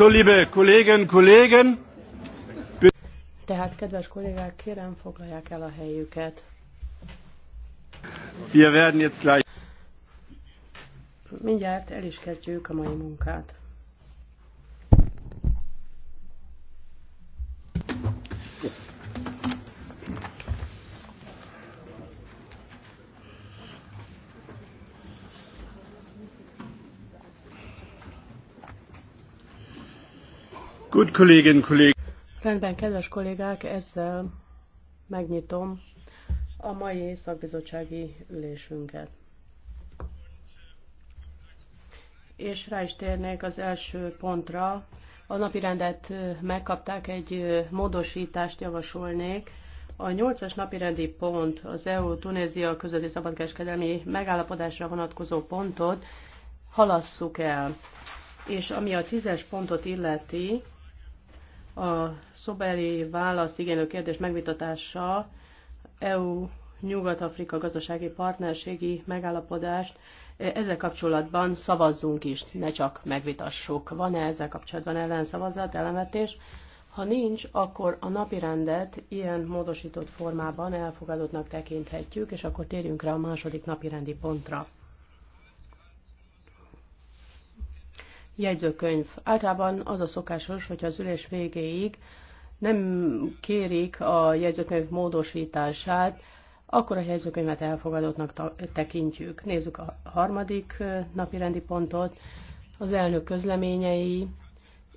So, liebe Kollegen. Tehát, kedves kollégák, kérem, foglalják el a helyüket. Wir werden jetzt gleich. Mindjárt el is kezdjük a mai munkát. Good Rendben, kedves kollégák, ezzel megnyitom a mai szakbizottsági ülésünket. És rá is térnék az első pontra. A napi rendet megkapták, egy módosítást javasolnék. A nyolcas napirendi pont az EU-Tunézia közötti szabadkereskedelmi megállapodásra vonatkozó pontot halasszuk el. És ami a tízes pontot illeti, a szobeli választ igénylő kérdés megvitatása EU Nyugat-Afrika gazdasági partnerségi megállapodást ezzel kapcsolatban szavazzunk is, ne csak megvitassuk. Van-e ezzel kapcsolatban ellenszavazat, elemetés? Ha nincs, akkor a napi rendet ilyen módosított formában elfogadottnak tekinthetjük, és akkor térjünk rá a második napi rendi pontra. jegyzőkönyv. Általában az a szokásos, hogy az ülés végéig nem kérik a jegyzőkönyv módosítását, akkor a jegyzőkönyvet elfogadottnak tekintjük. Nézzük a harmadik napi rendi pontot, az elnök közleményei.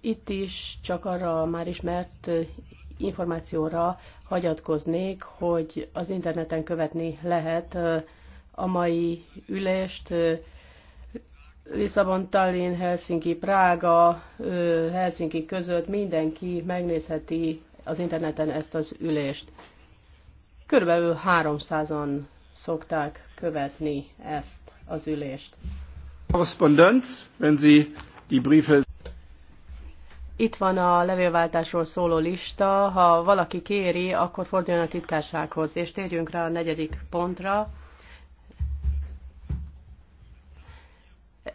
Itt is csak arra már ismert információra hagyatkoznék, hogy az interneten követni lehet a mai ülést, Lisszabon, Tallinn, Helsinki, Prága, Helsinki között mindenki megnézheti az interneten ezt az ülést. Körülbelül 300-an szokták követni ezt az ülést. itt van a levélváltásról szóló lista, ha valaki kéri, akkor forduljon a titkársághoz, és térjünk rá a negyedik pontra.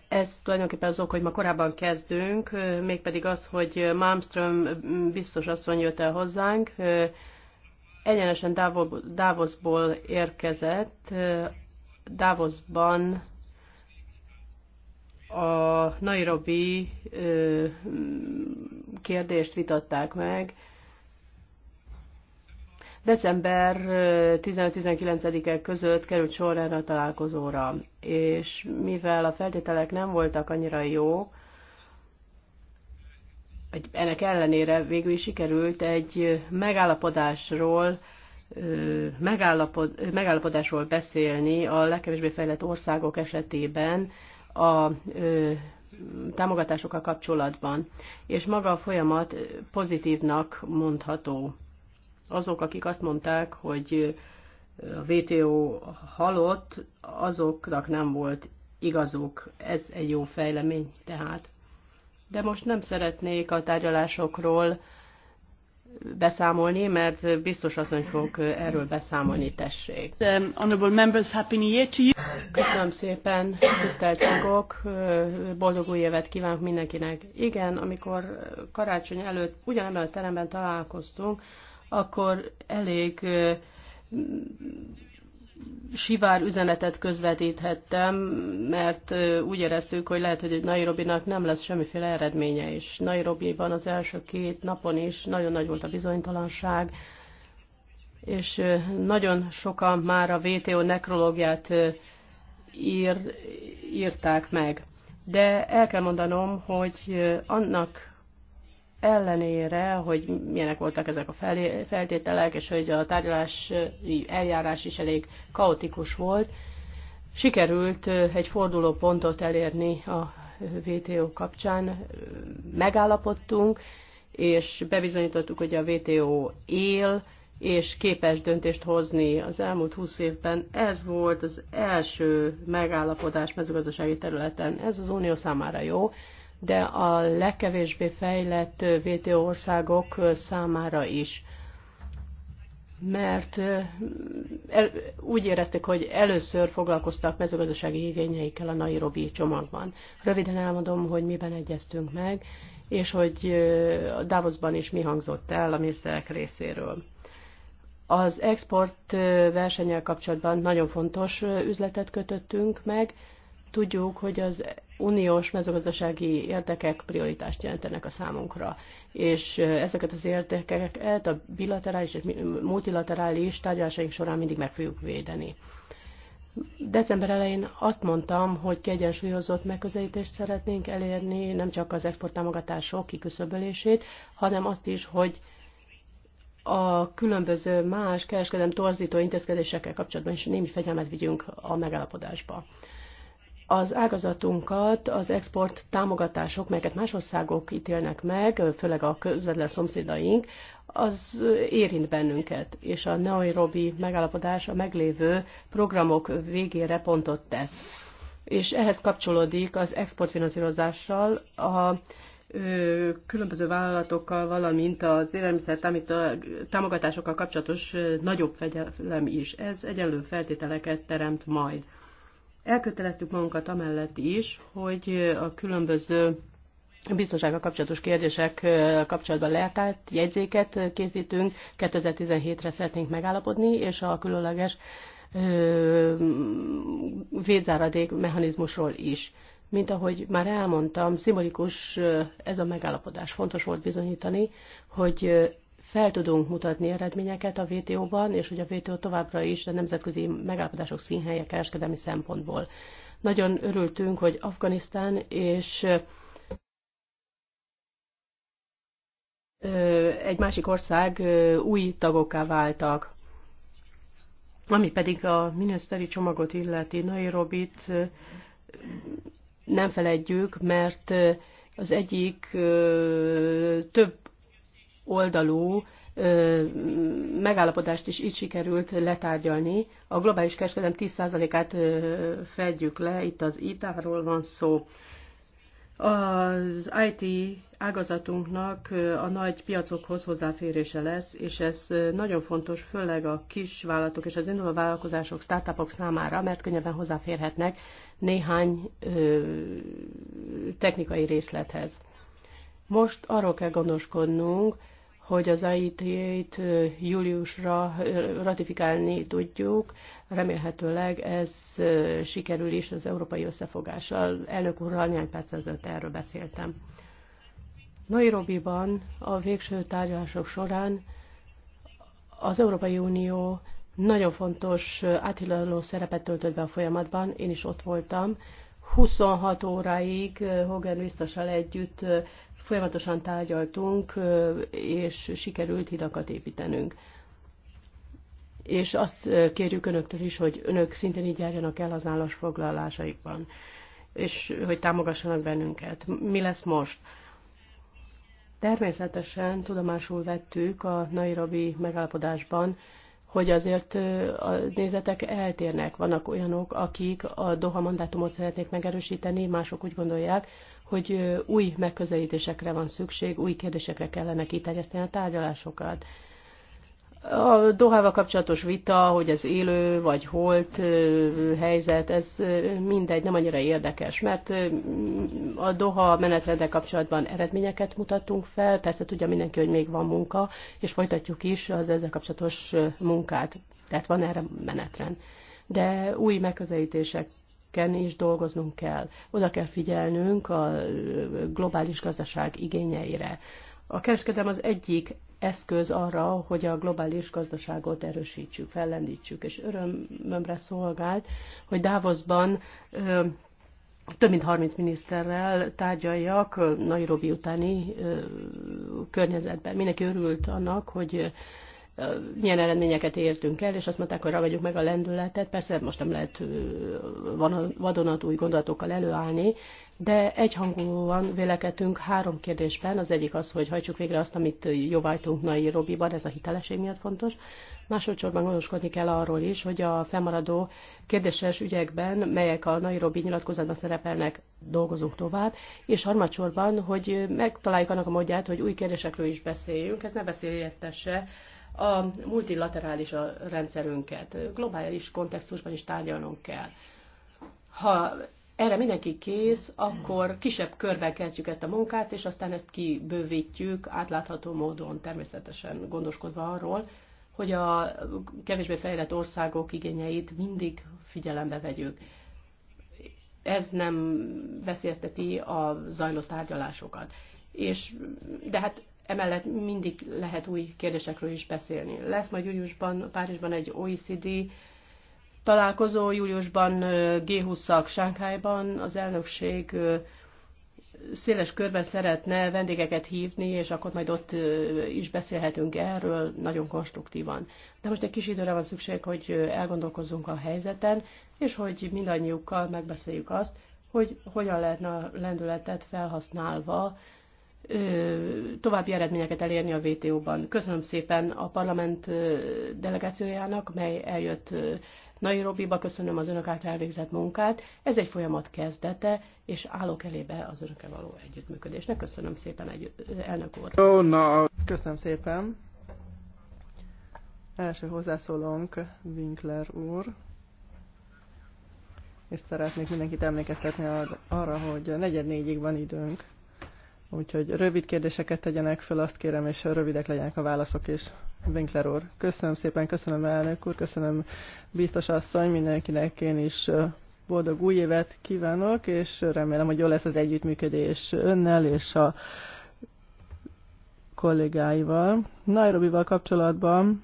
ez tulajdonképpen az ok, hogy ma korábban kezdünk, mégpedig az, hogy Malmström biztos asszony jött el hozzánk, egyenesen Davosból érkezett, Davosban a Nairobi kérdést vitatták meg, December 15-19-e között került sor erre a találkozóra, és mivel a feltételek nem voltak annyira jó, ennek ellenére végül is sikerült egy megállapodásról, megállapod, megállapodásról beszélni a legkevésbé fejlett országok esetében a támogatásokkal kapcsolatban, és maga a folyamat pozitívnak mondható azok, akik azt mondták, hogy a VTO halott, azoknak nem volt igazuk. Ez egy jó fejlemény tehát. De most nem szeretnék a tárgyalásokról beszámolni, mert biztos hogy fogok erről beszámolni, tessék. Um, honorable members, happy new year to you. Köszönöm szépen, tisztelt tagok, boldog új évet kívánok mindenkinek. Igen, amikor karácsony előtt ugyanebben a teremben találkoztunk, akkor elég sivár üzenetet közvetíthettem, mert úgy éreztük, hogy lehet, hogy Nairobi-nak nem lesz semmiféle eredménye, is. Nairobi-ban az első két napon is nagyon nagy volt a bizonytalanság, és nagyon sokan már a VTO nekrológiát ír, írták meg. De el kell mondanom, hogy annak ellenére, hogy milyenek voltak ezek a feltételek, és hogy a tárgyalási eljárás is elég kaotikus volt, sikerült egy fordulópontot elérni a VTO kapcsán. Megállapodtunk, és bebizonyítottuk, hogy a VTO él, és képes döntést hozni az elmúlt 20 évben. Ez volt az első megállapodás mezőgazdasági területen. Ez az unió számára jó, de a legkevésbé fejlett WTO országok számára is. Mert el, úgy érezték, hogy először foglalkoztak mezőgazdasági igényeikkel a Nairobi csomagban. Röviden elmondom, hogy miben egyeztünk meg, és hogy a Davosban is mi hangzott el a miniszterek részéről. Az export versenyel kapcsolatban nagyon fontos üzletet kötöttünk meg, Tudjuk, hogy az uniós mezőgazdasági érdekek prioritást jelentenek a számunkra, és ezeket az érdekeket a bilaterális és multilaterális tárgyalásaink során mindig meg fogjuk védeni. December elején azt mondtam, hogy kiegyensúlyozott megközelítést szeretnénk elérni, nem csak az exporttámogatások kiküszöbölését, hanem azt is, hogy a különböző más kereskedelem torzító intézkedésekkel kapcsolatban is némi fegyelmet vigyünk a megállapodásba az ágazatunkat az export támogatások, melyeket más országok ítélnek meg, főleg a közvetlen szomszédaink, az érint bennünket, és a Nairobi megállapodás a meglévő programok végére pontot tesz. És ehhez kapcsolódik az exportfinanszírozással a ö, különböző vállalatokkal, valamint az élelmiszer támogatásokkal kapcsolatos nagyobb fegyelem is. Ez egyenlő feltételeket teremt majd. Elköteleztük magunkat amellett is, hogy a különböző biztonsággal kapcsolatos kérdések kapcsolatban leltárt jegyzéket készítünk. 2017-re szeretnénk megállapodni, és a különleges védzáradék mechanizmusról is. Mint ahogy már elmondtam, szimbolikus ez a megállapodás. Fontos volt bizonyítani, hogy fel tudunk mutatni eredményeket a WTO-ban, és hogy a WTO továbbra is a nemzetközi megállapodások színhelye kereskedelmi szempontból. Nagyon örültünk, hogy Afganisztán és egy másik ország új tagokká váltak. Ami pedig a miniszteri csomagot illeti Nairobit nem feledjük, mert az egyik több oldalú megállapodást is így sikerült letárgyalni. A globális kereskedelem 10%-át fedjük le, itt az ITA-ról van szó. Az IT ágazatunknak a nagy piacokhoz hozzáférése lesz, és ez nagyon fontos, főleg a kis vállalatok és az induló vállalkozások, startupok számára, mert könnyebben hozzáférhetnek néhány ö, technikai részlethez. Most arról kell gondoskodnunk, hogy az AIT-t júliusra ratifikálni tudjuk. Remélhetőleg ez sikerül is az európai összefogással. Elnök úrral néhány perc ezelőtt erről beszéltem. Nairobiban a végső tárgyalások során az Európai Unió nagyon fontos átilaló szerepet töltött be a folyamatban, én is ott voltam. 26 óráig Hogan biztossal együtt Folyamatosan tárgyaltunk, és sikerült hidakat építenünk. És azt kérjük önöktől is, hogy önök szintén így járjanak el az állásfoglalásaikban, és hogy támogassanak bennünket. Mi lesz most? Természetesen tudomásul vettük a Nairobi megállapodásban, hogy azért a nézetek eltérnek. Vannak olyanok, akik a Doha mandátumot szeretnék megerősíteni, mások úgy gondolják, hogy új megközelítésekre van szükség, új kérdésekre kellene kiterjeszteni a tárgyalásokat. A Dohával kapcsolatos vita, hogy ez élő vagy holt helyzet, ez mindegy, nem annyira érdekes, mert a Doha menetrendel kapcsolatban eredményeket mutattunk fel, persze tudja mindenki, hogy még van munka, és folytatjuk is az ezzel kapcsolatos munkát, tehát van erre menetrend. De új megközelítések kenni is dolgoznunk kell. Oda kell figyelnünk a globális gazdaság igényeire. A kereskedelem az egyik eszköz arra, hogy a globális gazdaságot erősítsük, fellendítsük, és örömömre szolgált, hogy Davosban több mint 30 miniszterrel tárgyaljak Nairobi utáni környezetben. Mindenki örült annak, hogy milyen eredményeket értünk el, és azt mondták, hogy ragadjuk meg a lendületet. Persze most nem lehet vadonatúj gondolatokkal előállni, de egyhangúan vélekedtünk három kérdésben. Az egyik az, hogy hajtsuk végre azt, amit Nai Robiban, ez a hitelesség miatt fontos. Másodszorban gondoskodni kell arról is, hogy a felmaradó kérdéses ügyekben, melyek a Nairobi nyilatkozatban szerepelnek, dolgozunk tovább, és harmadsorban, hogy megtaláljuk annak a módját, hogy új kérdésekről is beszéljünk, ez ne beszéljeztesse a multilaterális a rendszerünket. Globális kontextusban is tárgyalnunk kell. Ha erre mindenki kész, akkor kisebb körben kezdjük ezt a munkát, és aztán ezt kibővítjük átlátható módon, természetesen gondoskodva arról, hogy a kevésbé fejlett országok igényeit mindig figyelembe vegyük. Ez nem veszélyezteti a zajló tárgyalásokat. És, de hát emellett mindig lehet új kérdésekről is beszélni. Lesz majd júliusban, Párizsban egy OECD találkozó, júliusban G20-szak Sánkhájban az elnökség széles körben szeretne vendégeket hívni, és akkor majd ott is beszélhetünk erről nagyon konstruktívan. De most egy kis időre van szükség, hogy elgondolkozzunk a helyzeten, és hogy mindannyiukkal megbeszéljük azt, hogy hogyan lehetne a lendületet felhasználva további eredményeket elérni a WTO-ban. Köszönöm szépen a parlament delegációjának, mely eljött Nairobiba, köszönöm az önök által elvégzett munkát. Ez egy folyamat kezdete, és állok elébe az önöke való együttműködésnek. Köszönöm szépen, egy, elnök úr. Oh, no. Köszönöm szépen. Első hozzászólónk Winkler úr és szeretnék mindenkit emlékeztetni arra, hogy negyed négyig van időnk. Úgyhogy rövid kérdéseket tegyenek föl, azt kérem, és rövidek legyenek a válaszok is. Winkler úr, köszönöm szépen, köszönöm elnök úr, köszönöm biztos asszony, mindenkinek én is boldog új évet kívánok, és remélem, hogy jó lesz az együttműködés önnel és a kollégáival. Nairobival kapcsolatban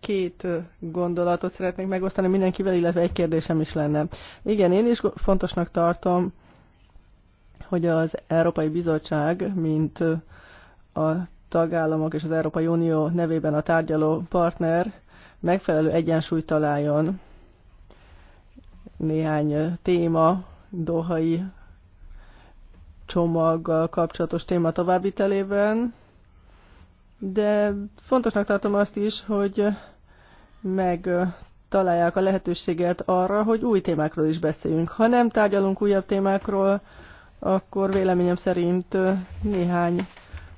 két gondolatot szeretnék megosztani mindenkivel, illetve egy kérdésem is lenne. Igen, én is fontosnak tartom hogy az Európai Bizottság, mint a tagállamok és az Európai Unió nevében a tárgyaló partner megfelelő egyensúlyt találjon. Néhány téma, dohai csomaggal kapcsolatos téma továbbitelében, de fontosnak tartom azt is, hogy megtalálják a lehetőséget arra, hogy új témákról is beszéljünk. Ha nem tárgyalunk újabb témákról, akkor véleményem szerint néhány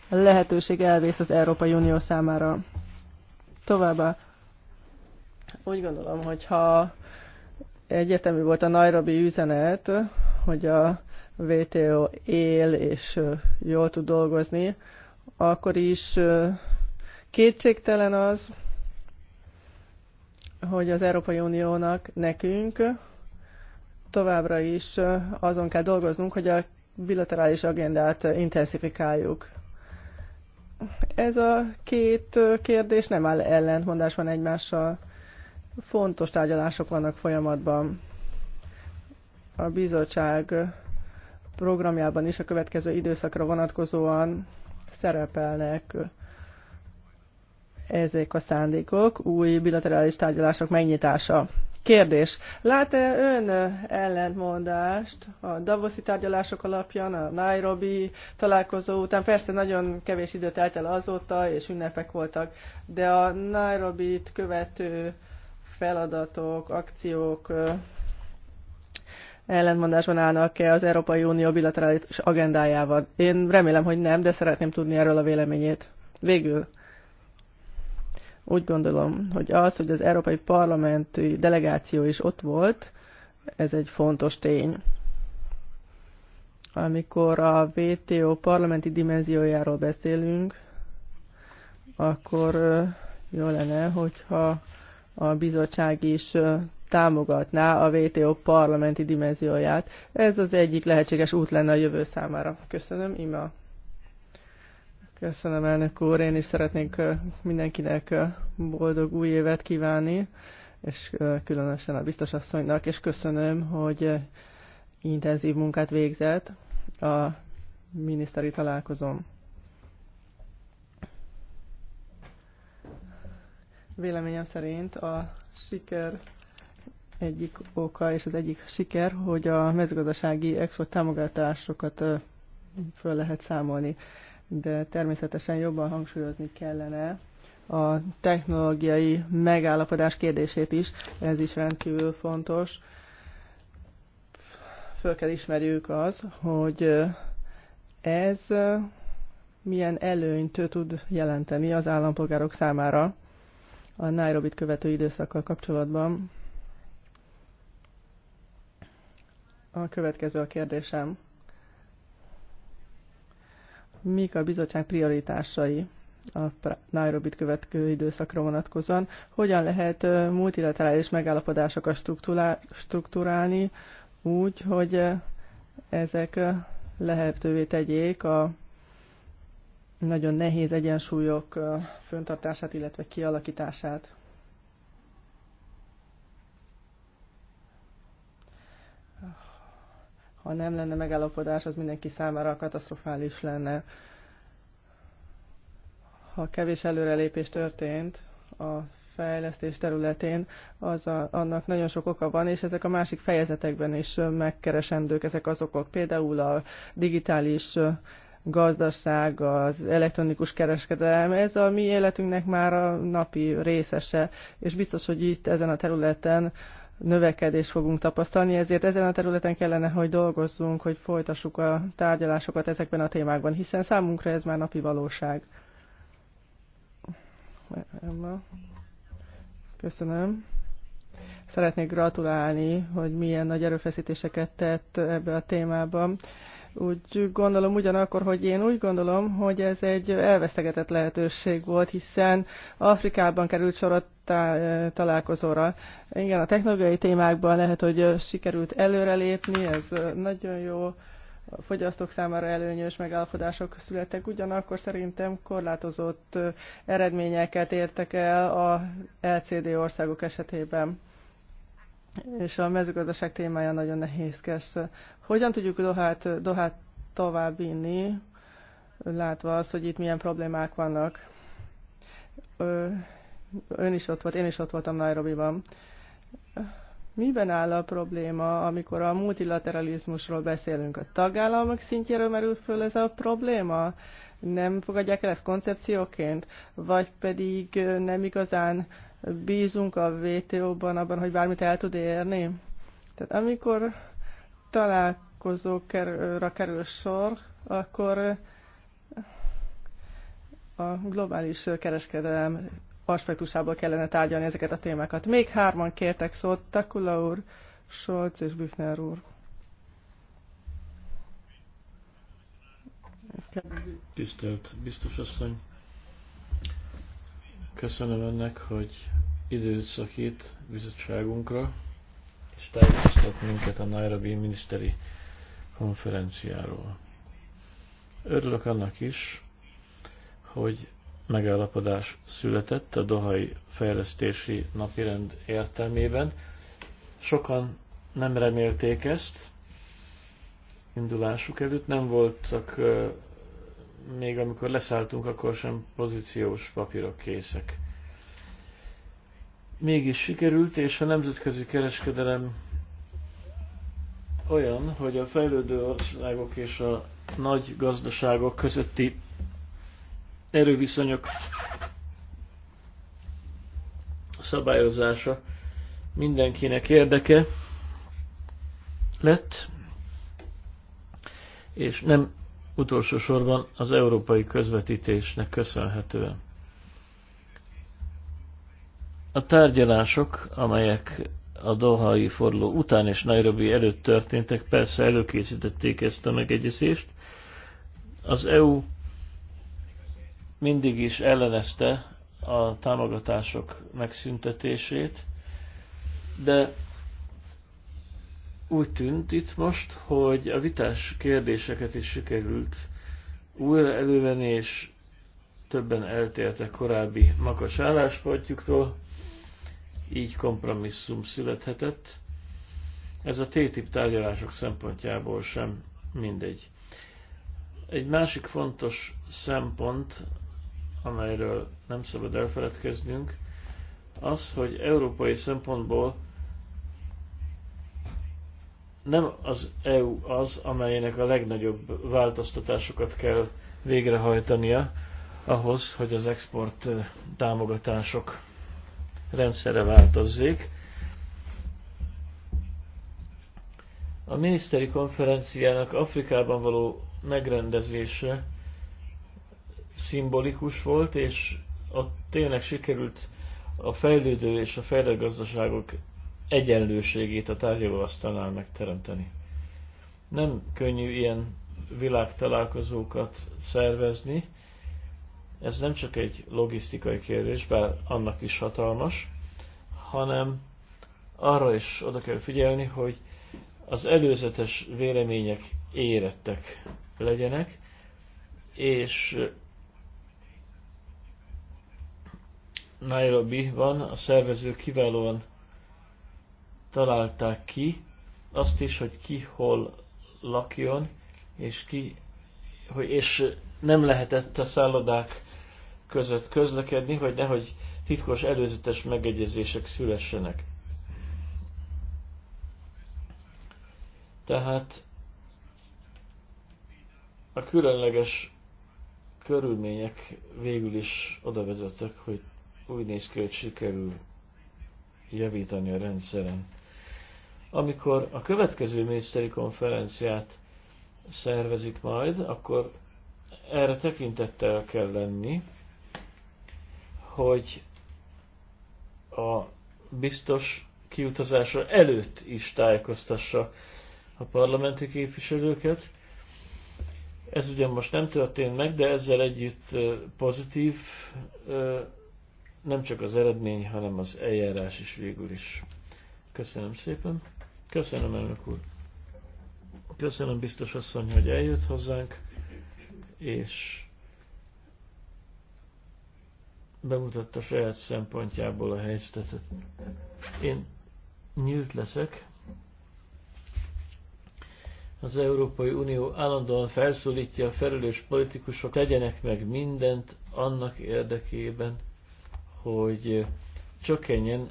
lehetőség elvész az Európai Unió számára. Továbbá úgy gondolom, hogyha egyetemű volt a Nairobi üzenet, hogy a VTO él és jól tud dolgozni, akkor is kétségtelen az, hogy az Európai Uniónak, nekünk továbbra is azon kell dolgoznunk, hogy a bilaterális agendát intenzifikáljuk. Ez a két kérdés nem áll ellentmondásban egymással. Fontos tárgyalások vannak folyamatban. A bizottság programjában is a következő időszakra vonatkozóan szerepelnek ezek a szándékok, új bilaterális tárgyalások megnyitása. Kérdés. Lát-e ön ellentmondást a Davoszi tárgyalások alapján, a Nairobi találkozó után? Persze nagyon kevés idő telt el azóta, és ünnepek voltak, de a Nairobi-t követő feladatok, akciók ellentmondásban állnak-e az Európai Unió bilaterális agendájával. Én remélem, hogy nem, de szeretném tudni erről a véleményét. Végül úgy gondolom, hogy az, hogy az Európai Parlamenti delegáció is ott volt, ez egy fontos tény. Amikor a WTO parlamenti dimenziójáról beszélünk, akkor jó lenne, hogyha a bizottság is támogatná a WTO parlamenti dimenzióját. Ez az egyik lehetséges út lenne a jövő számára. Köszönöm, Ima. Köszönöm, elnök úr. Én is szeretnék mindenkinek boldog új évet kívánni, és különösen a biztos asszonynak, és köszönöm, hogy intenzív munkát végzett a miniszteri találkozón. Véleményem szerint a siker egyik oka és az egyik siker, hogy a mezőgazdasági export támogatásokat föl lehet számolni de természetesen jobban hangsúlyozni kellene a technológiai megállapodás kérdését is, ez is rendkívül fontos. Föl kell ismerjük az, hogy ez milyen előnyt tud jelenteni az állampolgárok számára a Nairobi-t követő időszakkal kapcsolatban. A következő a kérdésem mik a bizottság prioritásai a nairobi követő időszakra vonatkozóan, hogyan lehet multilaterális megállapodásokat struktúrálni úgy, hogy ezek lehetővé tegyék a nagyon nehéz egyensúlyok föntartását, illetve kialakítását. Ha nem lenne megállapodás, az mindenki számára katasztrofális lenne. Ha kevés előrelépés történt a fejlesztés területén, az a, annak nagyon sok oka van, és ezek a másik fejezetekben is megkeresendők ezek az okok. Például a digitális gazdaság, az elektronikus kereskedelem, ez a mi életünknek már a napi részese, és biztos, hogy itt ezen a területen növekedést fogunk tapasztalni, ezért ezen a területen kellene, hogy dolgozzunk, hogy folytassuk a tárgyalásokat ezekben a témákban, hiszen számunkra ez már napi valóság. Köszönöm. Szeretnék gratulálni, hogy milyen nagy erőfeszítéseket tett ebbe a témában úgy gondolom ugyanakkor, hogy én úgy gondolom, hogy ez egy elvesztegetett lehetőség volt, hiszen Afrikában került sor a találkozóra. Igen, a technológiai témákban lehet, hogy sikerült előrelépni, ez nagyon jó, a fogyasztók számára előnyös megállapodások születtek, ugyanakkor szerintem korlátozott eredményeket értek el a LCD országok esetében és a mezőgazdaság témája nagyon nehézkes. Hogyan tudjuk Dohát, Dohát inni, látva azt, hogy itt milyen problémák vannak? Ön is ott volt, én is ott voltam Nájrobi-ban. Miben áll a probléma, amikor a multilateralizmusról beszélünk? A tagállamok szintjéről merül föl ez a probléma? Nem fogadják el ezt koncepcióként? Vagy pedig nem igazán Bízunk a vto ban abban, hogy bármit el tud érni? Tehát amikor találkozókra kerül sor, akkor a globális kereskedelem aspektusából kellene tárgyalni ezeket a témákat. Még hárman kértek szót, Takula úr, Scholz és Büchner úr. Tisztelt biztos asszony! Köszönöm önnek, hogy időt szakít bizottságunkra, és tájékoztat minket a Nairobi miniszteri konferenciáról. Örülök annak is, hogy megállapodás született a Dohai fejlesztési napirend értelmében. Sokan nem remélték ezt indulásuk előtt, nem voltak még amikor leszálltunk, akkor sem pozíciós papírok készek. Mégis sikerült, és a nemzetközi kereskedelem olyan, hogy a fejlődő országok és a nagy gazdaságok közötti erőviszonyok szabályozása mindenkinek érdeke lett, és nem utolsó sorban az európai közvetítésnek köszönhetően. A tárgyalások, amelyek a Dohai forló után és Nairobi előtt történtek, persze előkészítették ezt a megegyezést. Az EU mindig is ellenezte a támogatások megszüntetését, de úgy tűnt itt most, hogy a vitás kérdéseket is sikerült újra elővenni, és többen eltértek korábbi makas álláspontjuktól, így kompromisszum születhetett. Ez a TTIP tárgyalások szempontjából sem mindegy. Egy másik fontos szempont, amelyről nem szabad elfeledkeznünk, az, hogy európai szempontból nem az EU az, amelynek a legnagyobb változtatásokat kell végrehajtania ahhoz, hogy az export támogatások rendszere változzék. A miniszteri konferenciának Afrikában való megrendezése szimbolikus volt, és ott tényleg sikerült a fejlődő és a fejlett gazdaságok egyenlőségét a tárgyalóasztalnál megteremteni. Nem könnyű ilyen világtalálkozókat szervezni, ez nem csak egy logisztikai kérdés, bár annak is hatalmas, hanem arra is oda kell figyelni, hogy az előzetes vélemények érettek legyenek, és Nairobi van, a szervező kiválóan találták ki azt is, hogy ki hol lakjon, és ki, hogy, és nem lehetett a szállodák között közlekedni, hogy nehogy titkos előzetes megegyezések szülessenek. Tehát a különleges körülmények végül is oda vezettek, hogy úgy néz ki, hogy sikerül javítani a rendszeren. Amikor a következő miniszteri konferenciát szervezik majd, akkor erre tekintettel kell lenni, hogy a biztos kiutazása előtt is tájékoztassa a parlamenti képviselőket. Ez ugyan most nem történt meg, de ezzel együtt pozitív nem csak az eredmény, hanem az eljárás is végül is. Köszönöm szépen! Köszönöm, elnök úr. Köszönöm, biztos asszony, hogy eljött hozzánk, és bemutatta saját szempontjából a helyzetet. Én nyílt leszek. Az Európai Unió állandóan felszólítja a felelős politikusok, tegyenek meg mindent annak érdekében, hogy csökkenjen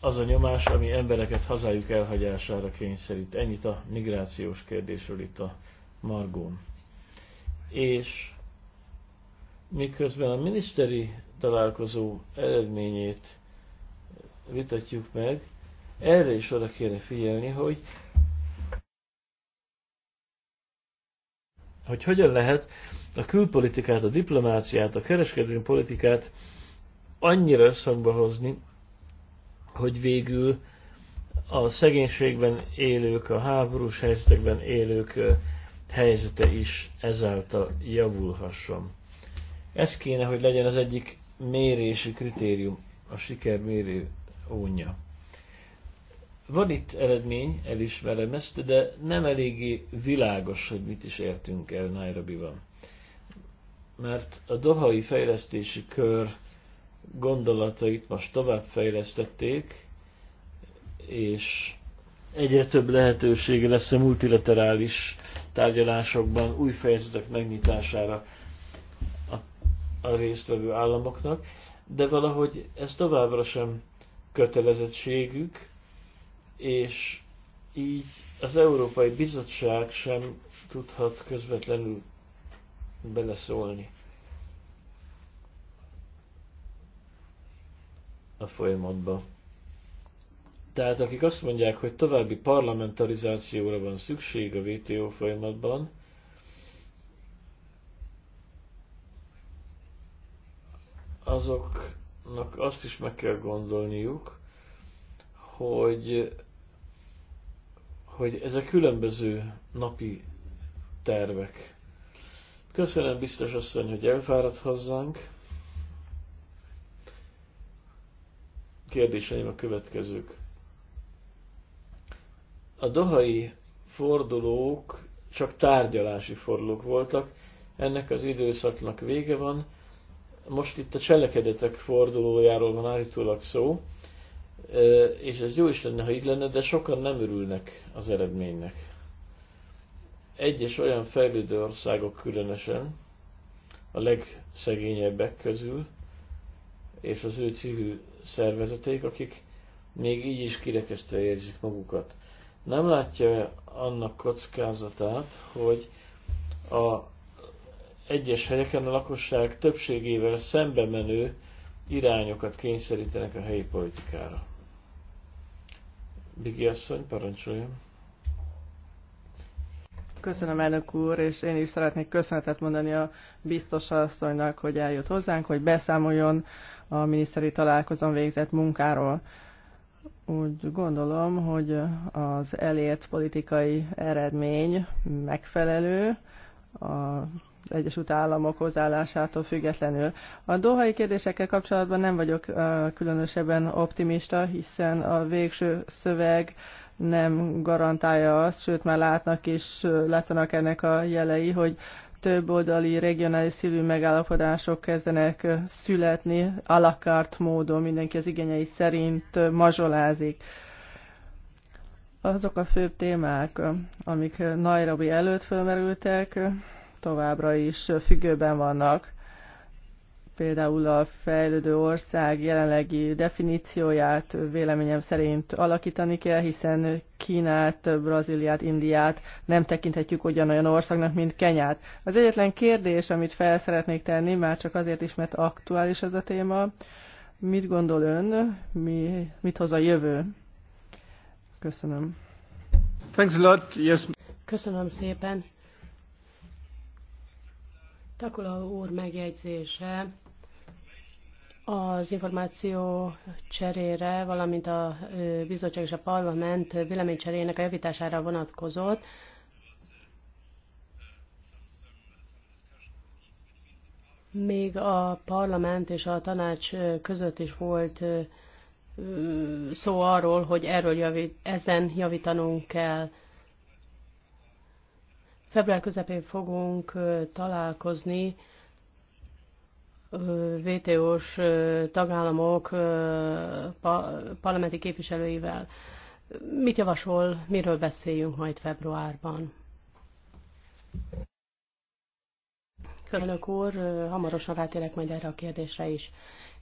az a nyomás, ami embereket hazájuk elhagyására kényszerít. Ennyit a migrációs kérdésről itt a Margón. És miközben a miniszteri találkozó eredményét vitatjuk meg, erre is oda kéne figyelni, hogy hogy hogyan lehet a külpolitikát, a diplomáciát, a kereskedelmi politikát annyira összhangba hozni, hogy végül a szegénységben élők, a háborús helyzetekben élők helyzete is ezáltal javulhasson. Ez kéne, hogy legyen az egyik mérési kritérium, a siker mérő ónya. Van itt eredmény, elismerem ezt, de nem eléggé világos, hogy mit is értünk el Nairobi-ban. Mert a Dohai fejlesztési kör gondolatait most továbbfejlesztették, és egyre több lehetősége lesz a multilaterális tárgyalásokban új fejezetek megnyitására a, a résztvevő államoknak, de valahogy ez továbbra sem kötelezettségük, és így az Európai Bizottság sem tudhat közvetlenül beleszólni. a folyamatba. Tehát akik azt mondják, hogy további parlamentarizációra van szükség a VTO folyamatban, azoknak azt is meg kell gondolniuk, hogy, hogy ezek különböző napi tervek. Köszönöm biztos asszony, hogy elfáradt hozzánk. kérdéseim a következők. A dohai fordulók csak tárgyalási fordulók voltak, ennek az időszaknak vége van. Most itt a cselekedetek fordulójáról van állítólag szó, és ez jó is lenne, ha így lenne, de sokan nem örülnek az eredménynek. Egyes olyan fejlődő országok különösen, a legszegényebbek közül, és az ő civil szervezeték, akik még így is kirekesztve érzik magukat. Nem látja annak kockázatát, hogy a egyes helyeken a lakosság többségével szembe menő irányokat kényszerítenek a helyi politikára. Bigi asszony, parancsoljon! Köszönöm, elnök úr, és én is szeretnék köszönetet mondani a biztos asszonynak, hogy eljött hozzánk, hogy beszámoljon a miniszteri találkozón végzett munkáról. Úgy gondolom, hogy az elért politikai eredmény megfelelő az Egyesült Államok hozzáállásától függetlenül. A dohai kérdésekkel kapcsolatban nem vagyok különösebben optimista, hiszen a végső szöveg nem garantálja azt, sőt már látnak is, látszanak ennek a jelei, hogy több oldali regionális szívű megállapodások kezdenek születni, alakárt módon mindenki az igényei szerint mazsolázik. Azok a főbb témák, amik Nairobi előtt felmerültek, továbbra is függőben vannak például a fejlődő ország jelenlegi definícióját véleményem szerint alakítani kell, hiszen Kínát, Brazíliát, Indiát nem tekinthetjük ugyanolyan országnak, mint Kenyát. Az egyetlen kérdés, amit fel szeretnék tenni, már csak azért is, mert aktuális ez a téma, mit gondol ön, mi, mit hoz a jövő? Köszönöm. Thanks a lot. Yes. Köszönöm szépen. Takula úr megjegyzése az információ cserére, valamint a bizottság és a parlament véleménycserének a javítására vonatkozott. Még a parlament és a tanács között is volt szó arról, hogy erről javít, ezen javítanunk kell. Február közepén fogunk találkozni VTO-s tagállamok parlamenti képviselőivel. Mit javasol, miről beszéljünk majd februárban? Köszönök úr, hamarosan rátérek majd erre a kérdésre is.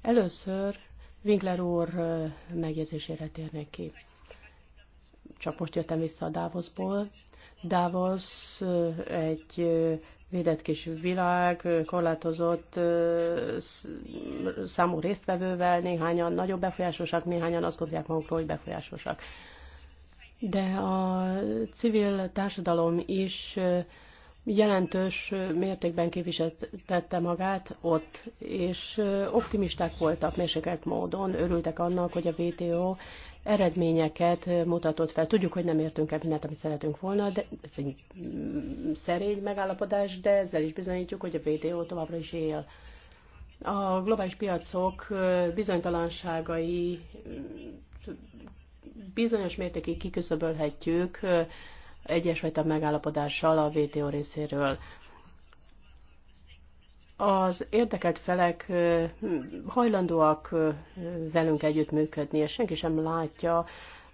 Először Winkler úr megjegyzésére térnék ki. Csak most jöttem vissza a Davosból. Davos egy védett kis világ, korlátozott számú résztvevővel, néhányan nagyobb befolyásosak, néhányan azt gondolják magukról, hogy befolyásosak. De a civil társadalom is jelentős mértékben képviseltette magát ott, és optimisták voltak mérsékelt módon, örültek annak, hogy a VTO eredményeket mutatott fel. Tudjuk, hogy nem értünk el mindent, amit szeretünk volna, de ez egy szerény megállapodás, de ezzel is bizonyítjuk, hogy a VTO továbbra is él. A globális piacok bizonytalanságai bizonyos mértékig kiküszöbölhetjük, egyesfajta megállapodással a WTO részéről. Az érdekelt felek hajlandóak velünk együttműködni, és senki sem látja,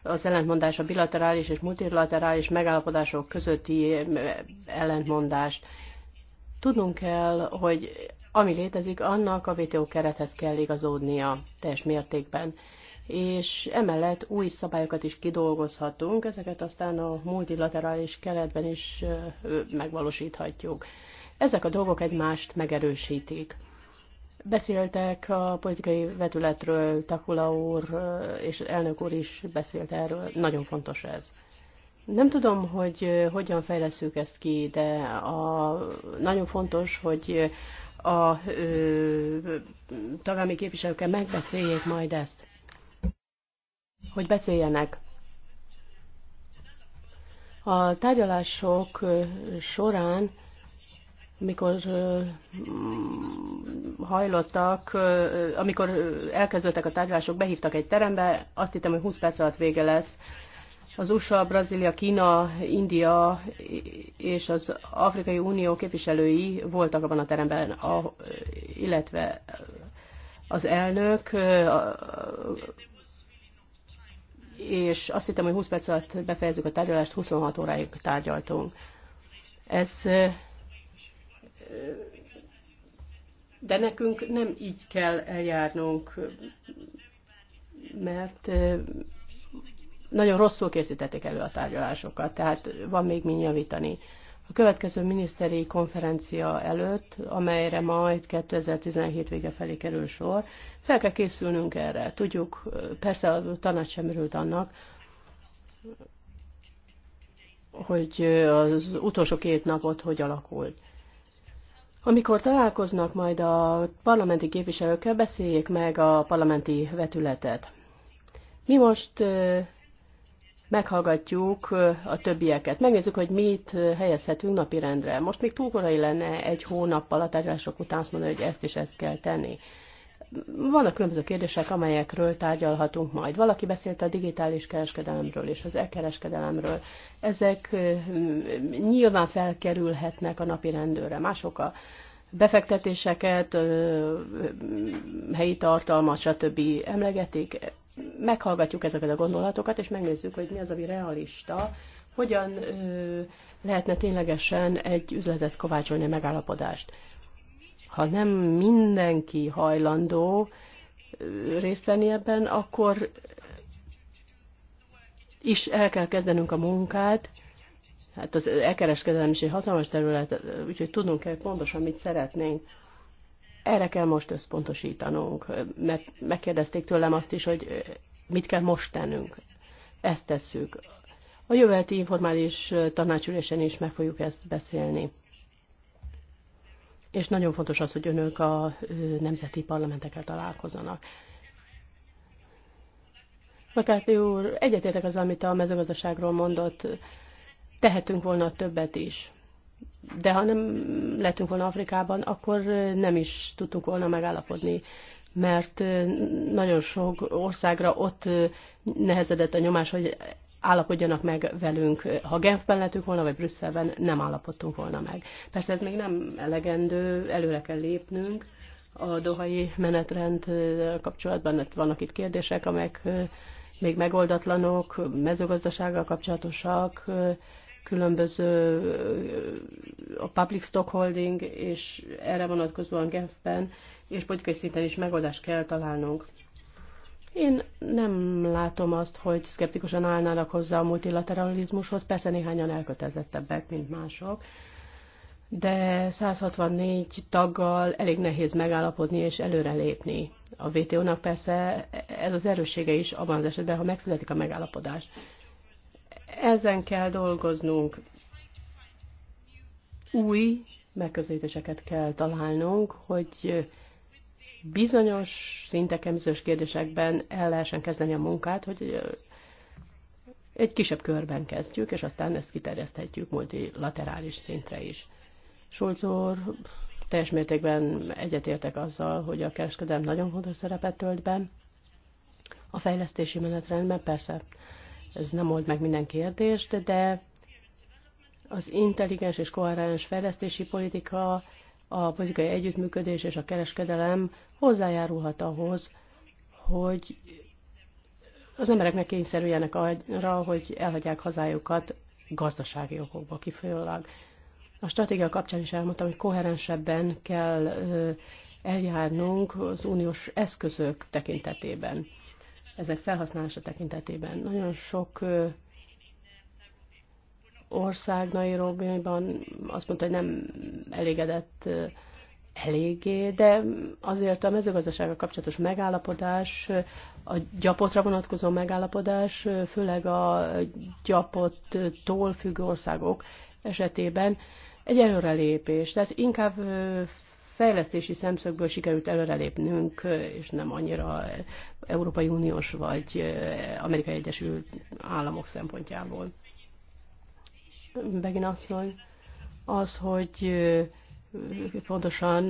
az ellentmondás a bilaterális és multilaterális megállapodások közötti ellentmondást. Tudnunk kell, hogy ami létezik, annak a WTO kerethez kell igazódnia teljes mértékben és emellett új szabályokat is kidolgozhatunk, ezeket aztán a multilaterális keretben is megvalósíthatjuk. Ezek a dolgok egymást megerősítik. Beszéltek a politikai vetületről, Takula úr és elnök úr is beszélt erről, nagyon fontos ez. Nem tudom, hogy hogyan fejleszünk ezt ki, de a, nagyon fontos, hogy a ö, tagállami képviselőkkel megbeszéljék majd ezt hogy beszéljenek. A tárgyalások során, mikor hajlottak, amikor elkezdődtek a tárgyalások, behívtak egy terembe, azt hittem, hogy 20 perc alatt vége lesz. Az USA, Brazília, Kína, India és az Afrikai Unió képviselői voltak abban a teremben, illetve az elnök, és azt hittem, hogy 20 perc alatt befejezzük a tárgyalást, 26 óráig tárgyaltunk. Ez de nekünk nem így kell eljárnunk, mert nagyon rosszul készítették elő a tárgyalásokat, tehát van még mi javítani. A következő miniszteri konferencia előtt, amelyre majd 2017 vége felé kerül sor, fel kell készülnünk erre. Tudjuk, persze a tanács sem örült annak, hogy az utolsó két napot hogy alakult. Amikor találkoznak majd a parlamenti képviselőkkel, beszéljék meg a parlamenti vetületet. Mi most meghallgatjuk a többieket. Megnézzük, hogy mit helyezhetünk napirendre. Most még túl korai lenne egy hónappal a tárgyalások után azt mondani, hogy ezt és ezt kell tenni. Vannak különböző kérdések, amelyekről tárgyalhatunk majd. Valaki beszélt a digitális kereskedelemről és az e-kereskedelemről. Ezek nyilván felkerülhetnek a napi rendőre. Mások a befektetéseket, helyi tartalmat, stb. emlegetik meghallgatjuk ezeket a gondolatokat, és megnézzük, hogy mi az, ami realista, hogyan ö, lehetne ténylegesen egy üzletet kovácsolni, megállapodást. Ha nem mindenki hajlandó ö, részt venni ebben, akkor is el kell kezdenünk a munkát. Hát az elkereskedelem is egy hatalmas terület, úgyhogy tudnunk kell pontosan, mit szeretnénk. Erre kell most összpontosítanunk, mert megkérdezték tőlem azt is, hogy mit kell most tennünk. Ezt tesszük. A jövőleti informális tanácsülésen is meg fogjuk ezt beszélni. És nagyon fontos az, hogy önök a nemzeti parlamentekkel találkozzanak. Makáti úr, egyetértek az, amit a mezőgazdaságról mondott, tehetünk volna többet is de ha nem lettünk volna Afrikában, akkor nem is tudtunk volna megállapodni, mert nagyon sok országra ott nehezedett a nyomás, hogy állapodjanak meg velünk. Ha Genfben lettünk volna, vagy Brüsszelben, nem állapodtunk volna meg. Persze ez még nem elegendő, előre kell lépnünk a dohai menetrend kapcsolatban, mert vannak itt kérdések, amelyek még megoldatlanok, mezőgazdasággal kapcsolatosak, különböző a public stockholding, és erre vonatkozóan Genfben, és politikai szinten is megoldást kell találnunk. Én nem látom azt, hogy szkeptikusan állnának hozzá a multilateralizmushoz, persze néhányan elkötelezettebbek, mint mások, de 164 taggal elég nehéz megállapodni és előrelépni. A WTO-nak persze ez az erőssége is abban az esetben, ha megszületik a megállapodás. Ezen kell dolgoznunk. Új megközelítéseket kell találnunk, hogy bizonyos szinteken, bizonyos kérdésekben el lehessen kezdeni a munkát, hogy egy kisebb körben kezdjük, és aztán ezt kiterjeszthetjük multilaterális szintre is. Schulz úr, teljes mértékben egyetértek azzal, hogy a kereskedelem nagyon fontos szerepet tölt be. A fejlesztési menetrendben persze ez nem old meg minden kérdést, de az intelligens és koherens fejlesztési politika, a politikai együttműködés és a kereskedelem hozzájárulhat ahhoz, hogy az embereknek kényszerüljenek arra, hogy elhagyják hazájukat gazdasági okokból kifolyólag. A stratégia kapcsán is elmondtam, hogy koherensebben kell eljárnunk az uniós eszközök tekintetében ezek felhasználása tekintetében. Nagyon sok ország Nairobiban azt mondta, hogy nem elégedett eléggé, de azért a mezőgazdasággal kapcsolatos megállapodás, a gyapotra vonatkozó megállapodás, főleg a gyapottól függő országok esetében egy előrelépés. Tehát inkább fejlesztési szemszögből sikerült előrelépnünk, és nem annyira Európai Uniós vagy Amerikai Egyesült Államok szempontjából. Begin asszony, az, hogy pontosan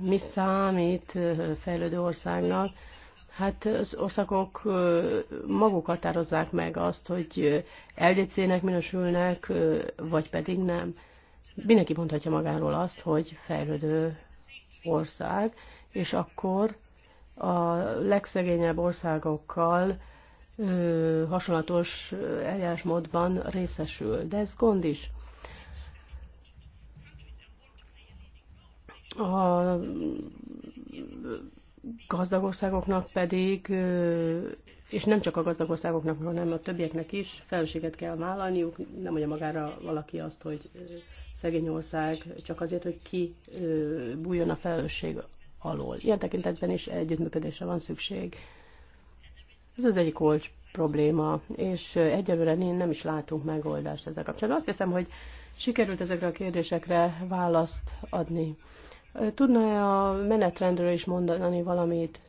mi számít fejlődő országnak, Hát az országok maguk határozzák meg azt, hogy LDC-nek minősülnek, vagy pedig nem mindenki mondhatja magáról azt, hogy fejlődő ország, és akkor a legszegényebb országokkal ö, hasonlatos eljárásmódban részesül. De ez gond is. A gazdag országoknak pedig, és nem csak a gazdag országoknak, hanem a többieknek is felelősséget kell vállalniuk, nem mondja magára valaki azt, hogy szegény ország csak azért, hogy ki bújjon a felelősség alól. Ilyen tekintetben is együttműködésre van szükség. Ez az egyik olcs probléma, és egyelőre nem is látunk megoldást ezzel kapcsolatban. Azt hiszem, hogy sikerült ezekre a kérdésekre választ adni. Tudna-e a menetrendről is mondani valamit?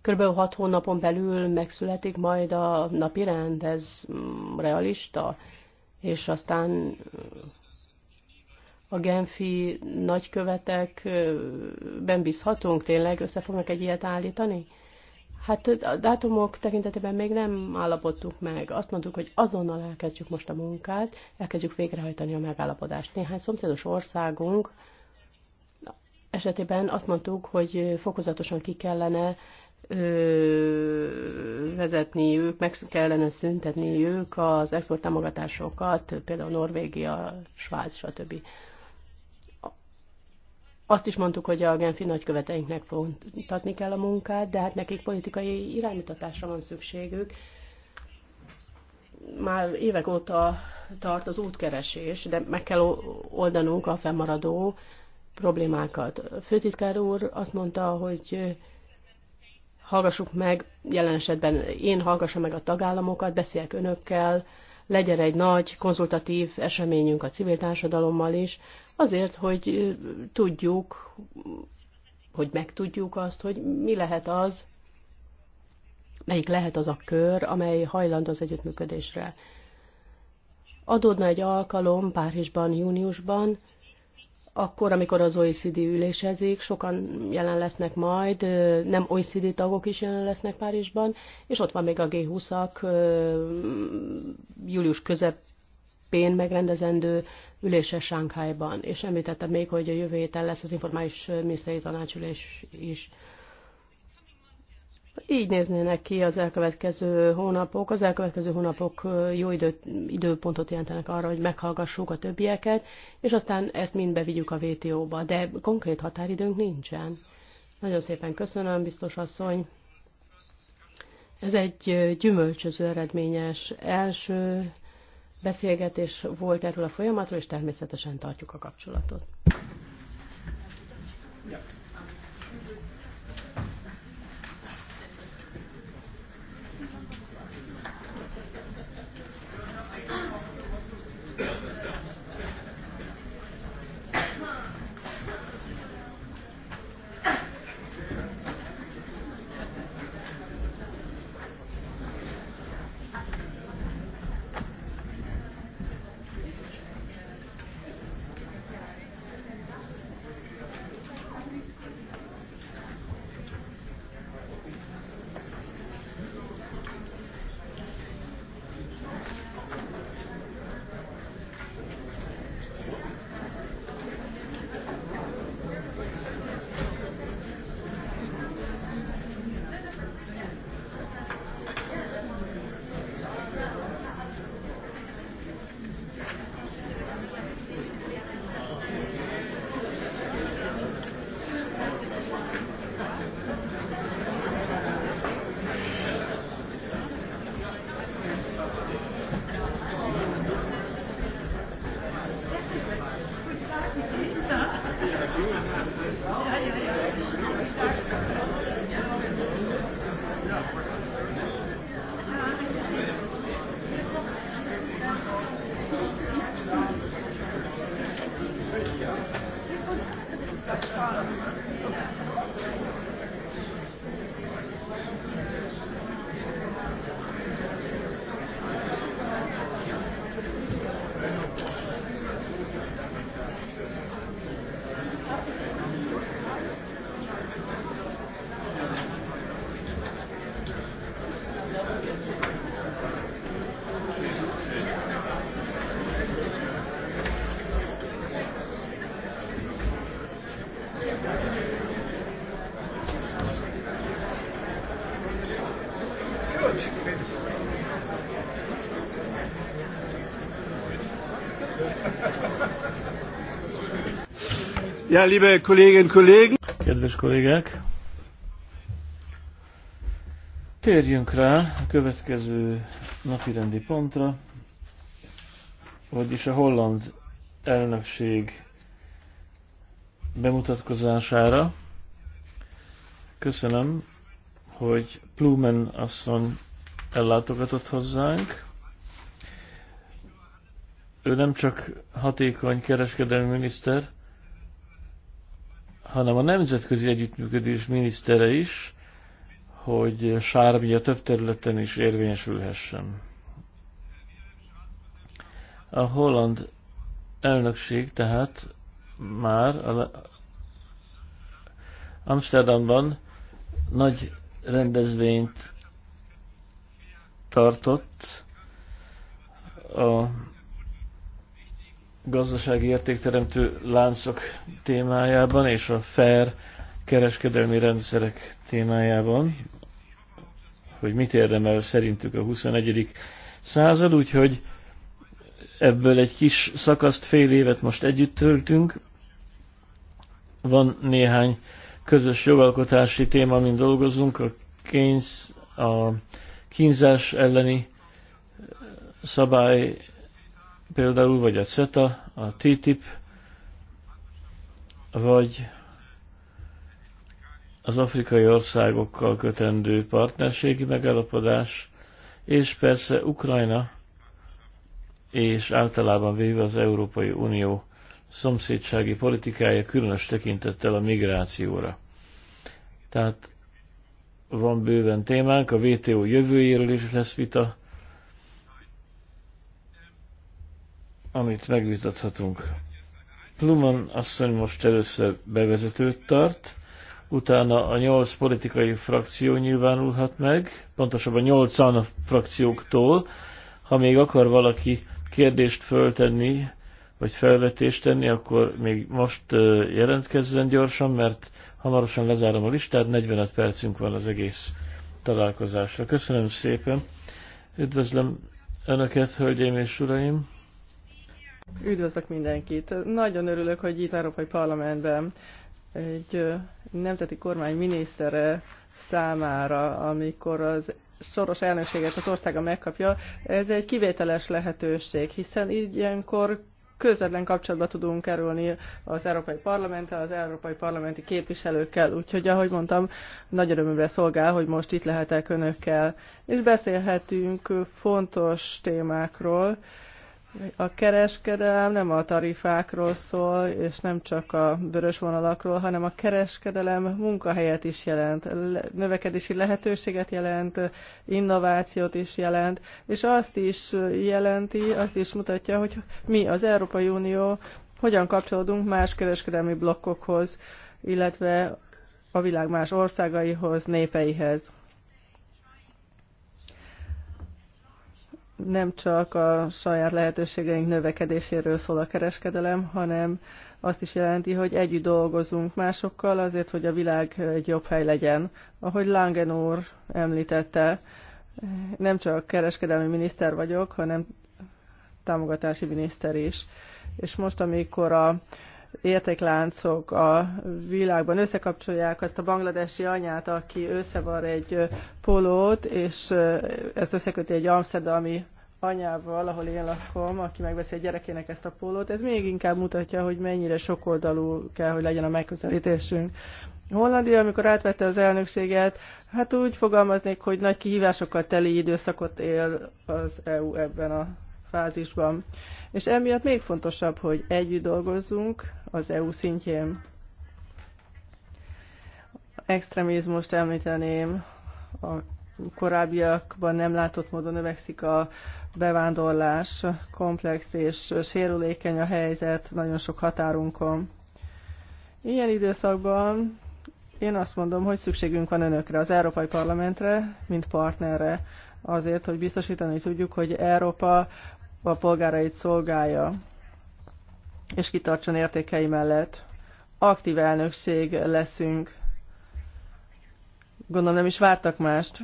Körülbelül hat hónapon belül megszületik majd a napi rend, ez mm, realista, és aztán a genfi nagykövetekben bízhatunk? Tényleg össze fognak egy ilyet állítani? Hát a dátumok tekintetében még nem állapodtunk meg. Azt mondtuk, hogy azonnal elkezdjük most a munkát, elkezdjük végrehajtani a megállapodást. Néhány szomszédos országunk esetében azt mondtuk, hogy fokozatosan ki kellene ö, vezetni ők, meg kellene szüntetni ők az exporttámogatásokat, például Norvégia, Svájc, stb. Azt is mondtuk, hogy a Genfi nagyköveteinknek fontatni kell a munkát, de hát nekik politikai iránymutatásra van szükségük. Már évek óta tart az útkeresés, de meg kell oldanunk a fennmaradó problémákat. Főtitkár úr azt mondta, hogy hallgassuk meg, jelen esetben én hallgassam meg a tagállamokat, beszéljek önökkel, legyen egy nagy konzultatív eseményünk a civil társadalommal is, azért, hogy tudjuk, hogy megtudjuk azt, hogy mi lehet az, melyik lehet az a kör, amely hajlandó az együttműködésre. Adódna egy alkalom Párizsban, júniusban, akkor, amikor az OECD ülésezik, sokan jelen lesznek majd, nem OECD tagok is jelen lesznek Párizsban, és ott van még a G20-ak július közepén megrendezendő ülése Sánkhájban. És említettem még, hogy a jövő héten lesz az informális miniszteri tanácsülés is. Így néznének ki az elkövetkező hónapok. Az elkövetkező hónapok jó idő, időpontot jelentenek arra, hogy meghallgassuk a többieket, és aztán ezt mind bevigyük a VTO-ba. De konkrét határidőnk nincsen. Nagyon szépen köszönöm, biztos asszony. Ez egy gyümölcsöző eredményes első beszélgetés volt erről a folyamatról, és természetesen tartjuk a kapcsolatot. Ja, liebe Kolleginnen Kollegen. Kedves kollégák! Térjünk rá a következő napirendi pontra, vagyis a holland elnökség bemutatkozására. Köszönöm, hogy Plumen asszony ellátogatott hozzánk. Ő nem csak hatékony kereskedelmi miniszter, hanem a nemzetközi együttműködés minisztere is, hogy sármia több területen is érvényesülhessen. A holland elnökség tehát már a Amsterdamban nagy rendezvényt tartott a gazdasági értékteremtő láncok témájában és a fair kereskedelmi rendszerek témájában, hogy mit érdemel szerintük a 21. század, úgyhogy ebből egy kis szakaszt, fél évet most együtt töltünk. Van néhány közös jogalkotási téma, amin dolgozunk, a, kénz, a kínzás elleni szabály például, vagy a CETA, a TTIP, vagy az afrikai országokkal kötendő partnerségi megállapodás, és persze Ukrajna, és általában véve az Európai Unió szomszédsági politikája különös tekintettel a migrációra. Tehát van bőven témánk, a WTO jövőjéről is lesz vita, amit megvitathatunk. Pluman asszony most először bevezetőt tart, utána a nyolc politikai frakció nyilvánulhat meg, pontosabban nyolcan a frakcióktól, ha még akar valaki kérdést föltenni, vagy felvetést tenni, akkor még most jelentkezzen gyorsan, mert hamarosan lezárom a listát, 45 percünk van az egész találkozásra. Köszönöm szépen, üdvözlöm Önöket, hölgyeim és uraim! Üdvözlök mindenkit! Nagyon örülök, hogy itt Európai Parlamentben egy nemzeti kormány minisztere számára, amikor az soros elnökséget az országa megkapja, ez egy kivételes lehetőség, hiszen így ilyenkor közvetlen kapcsolatba tudunk kerülni az Európai Parlamenttel, az Európai Parlamenti képviselőkkel, úgyhogy ahogy mondtam, nagy örömömre szolgál, hogy most itt lehetek önökkel, és beszélhetünk fontos témákról, a kereskedelem nem a tarifákról szól, és nem csak a vörös vonalakról, hanem a kereskedelem munkahelyet is jelent, növekedési lehetőséget jelent, innovációt is jelent, és azt is jelenti, azt is mutatja, hogy mi az Európai Unió hogyan kapcsolódunk más kereskedelmi blokkokhoz, illetve a világ más országaihoz, népeihez. nem csak a saját lehetőségeink növekedéséről szól a kereskedelem, hanem azt is jelenti, hogy együtt dolgozunk másokkal azért, hogy a világ egy jobb hely legyen. Ahogy Langen úr említette, nem csak kereskedelmi miniszter vagyok, hanem támogatási miniszter is. És most, amikor a értékláncok a világban összekapcsolják azt a bangladesi anyát, aki összevar egy polót, és ezt összeköti egy amsterdami anyával, ahol én lakom, aki megveszi a gyerekének ezt a pólót, ez még inkább mutatja, hogy mennyire sokoldalú kell, hogy legyen a megközelítésünk. Hollandia, amikor átvette az elnökséget, hát úgy fogalmaznék, hogy nagy kihívásokkal teli időszakot él az EU ebben a fázisban. És emiatt még fontosabb, hogy együtt dolgozzunk, az EU szintjén. Extremizmust említeném, a korábbiakban nem látott módon növekszik a bevándorlás, komplex és sérülékeny a helyzet nagyon sok határunkon. Ilyen időszakban én azt mondom, hogy szükségünk van önökre, az Európai Parlamentre, mint partnerre, azért, hogy biztosítani tudjuk, hogy Európa a polgárait szolgálja és kitartson értékei mellett. Aktív elnökség leszünk. Gondolom nem is vártak mást.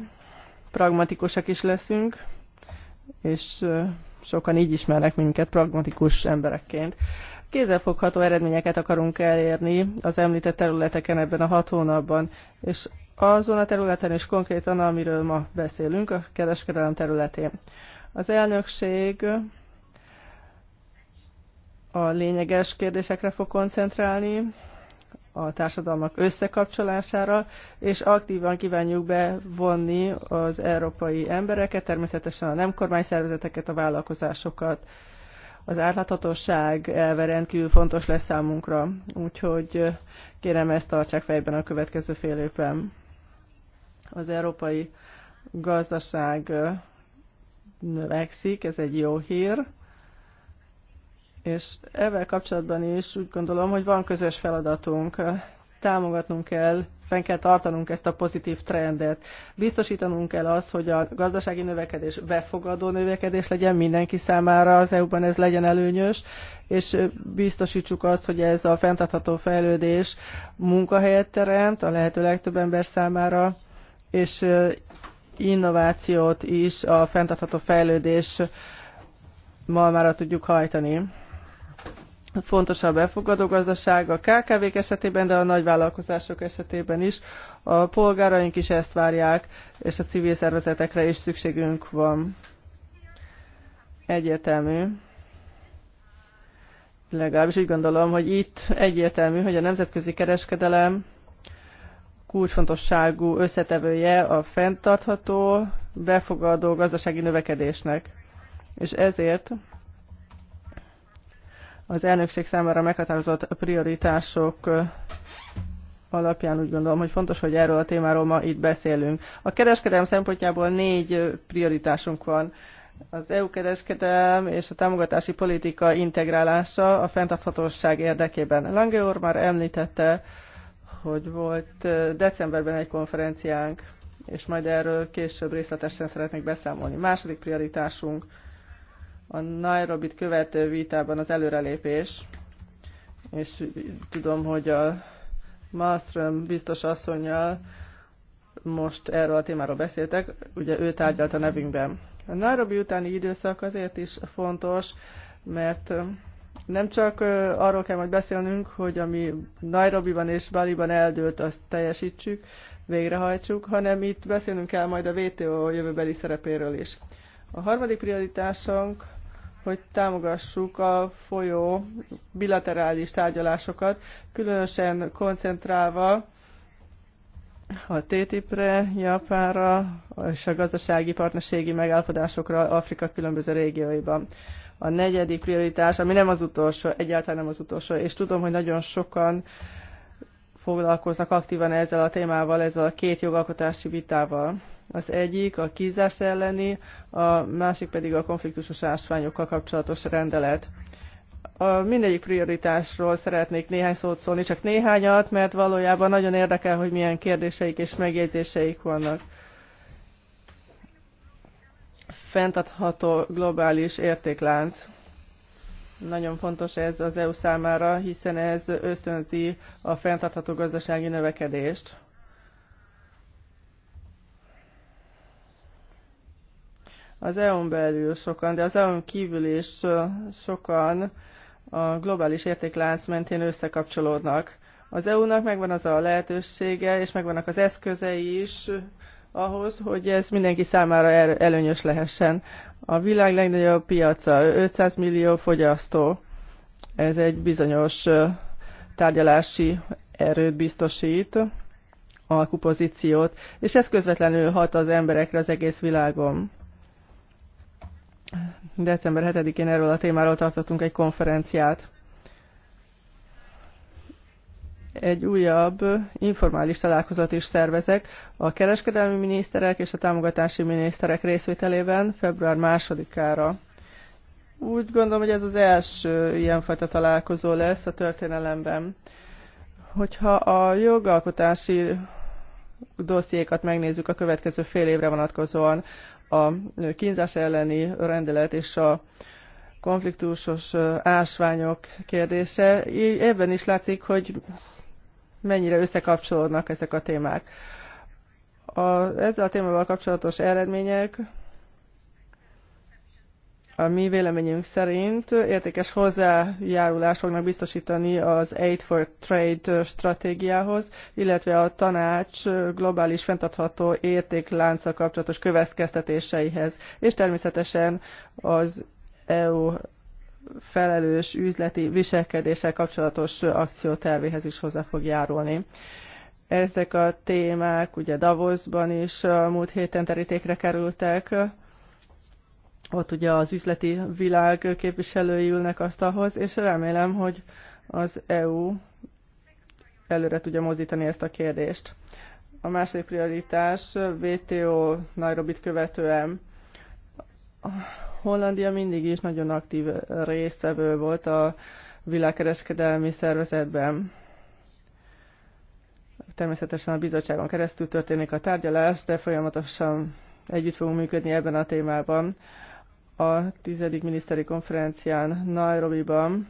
Pragmatikusak is leszünk, és sokan így ismernek minket pragmatikus emberekként. Kézzelfogható eredményeket akarunk elérni az említett területeken ebben a hat hónapban, és azon a területen is konkrétan, amiről ma beszélünk, a kereskedelem területén. Az elnökség a lényeges kérdésekre fog koncentrálni, a társadalmak összekapcsolására, és aktívan kívánjuk bevonni az európai embereket, természetesen a nem szervezeteket, a vállalkozásokat. Az átláthatóság elve rendkívül fontos lesz számunkra, úgyhogy kérem ezt tartsák fejben a következő fél évben. Az európai gazdaság növekszik, ez egy jó hír és ezzel kapcsolatban is úgy gondolom, hogy van közös feladatunk. Támogatnunk kell, fenn kell tartanunk ezt a pozitív trendet. Biztosítanunk kell azt, hogy a gazdasági növekedés befogadó növekedés legyen mindenki számára, az EU-ban ez legyen előnyös, és biztosítsuk azt, hogy ez a fenntartható fejlődés munkahelyet teremt a lehető legtöbb ember számára, és innovációt is a fenntartható fejlődés malmára tudjuk hajtani fontosabb befogadó gazdaság a KKV-k esetében, de a nagyvállalkozások esetében is. A polgáraink is ezt várják, és a civil szervezetekre is szükségünk van. Egyértelmű. Legalábbis úgy gondolom, hogy itt egyértelmű, hogy a nemzetközi kereskedelem kulcsfontosságú összetevője a fenntartható, befogadó gazdasági növekedésnek. És ezért az elnökség számára meghatározott prioritások alapján úgy gondolom, hogy fontos, hogy erről a témáról ma itt beszélünk. A kereskedelem szempontjából négy prioritásunk van. Az EU kereskedelem és a támogatási politika integrálása a fenntarthatóság érdekében. Lange úr már említette, hogy volt decemberben egy konferenciánk, és majd erről később részletesen szeretnék beszámolni. Második prioritásunk a Nairobit követő vitában az előrelépés, és tudom, hogy a Malmström biztos asszonyjal most erről a témáról beszéltek, ugye ő tárgyalt a nevünkben. A Nairobi utáni időszak azért is fontos, mert nem csak arról kell majd beszélnünk, hogy ami Nairobiban és Baliban eldőlt, azt teljesítsük, végrehajtsuk, hanem itt beszélnünk kell majd a WTO jövőbeli szerepéről is. A harmadik prioritásunk hogy támogassuk a folyó bilaterális tárgyalásokat, különösen koncentrálva a TTIP-re, Japánra és a gazdasági partnerségi megállapodásokra Afrika különböző régióiban. A negyedik prioritás, ami nem az utolsó, egyáltalán nem az utolsó, és tudom, hogy nagyon sokan foglalkoznak aktívan ezzel a témával, ezzel a két jogalkotási vitával. Az egyik a kízás elleni, a másik pedig a konfliktusos ásványokkal kapcsolatos rendelet. A mindegyik prioritásról szeretnék néhány szót szólni, csak néhányat, mert valójában nagyon érdekel, hogy milyen kérdéseik és megjegyzéseik vannak. Fentadható globális értéklánc. Nagyon fontos ez az EU számára, hiszen ez ösztönzi a fenntartható gazdasági növekedést. az EON belül sokan, de az EON kívül is sokan a globális értéklánc mentén összekapcsolódnak. Az EU-nak megvan az a lehetősége, és megvannak az eszközei is ahhoz, hogy ez mindenki számára előnyös lehessen. A világ legnagyobb piaca 500 millió fogyasztó. Ez egy bizonyos tárgyalási erőt biztosít, alkupozíciót, és ez közvetlenül hat az emberekre az egész világon. December 7-én erről a témáról tartottunk egy konferenciát. Egy újabb informális találkozót is szervezek a kereskedelmi miniszterek és a támogatási miniszterek részvételében február 2-ára. Úgy gondolom, hogy ez az első ilyenfajta találkozó lesz a történelemben. Hogyha a jogalkotási dossziékat megnézzük a következő fél évre vonatkozóan, a kínzás elleni rendelet és a konfliktusos ásványok kérdése. Ebben is látszik, hogy mennyire összekapcsolódnak ezek a témák. A, ezzel a témával kapcsolatos eredmények a mi véleményünk szerint értékes hozzájárulást fognak biztosítani az Aid for Trade stratégiához, illetve a tanács globális fenntartható értéklánca kapcsolatos következtetéseihez, és természetesen az EU felelős üzleti viselkedéssel kapcsolatos akciótervéhez is hozzá fog járulni. Ezek a témák ugye Davosban is a múlt héten terítékre kerültek, ott ugye az üzleti világ képviselői ülnek asztalhoz, és remélem, hogy az EU előre tudja mozdítani ezt a kérdést. A második prioritás WTO Nairobit követően Hollandia mindig is nagyon aktív résztvevő volt a világkereskedelmi szervezetben. Természetesen a bizottságon keresztül történik a tárgyalás, de folyamatosan együtt fogunk működni ebben a témában a tizedik miniszteri konferencián Nairobi-ban.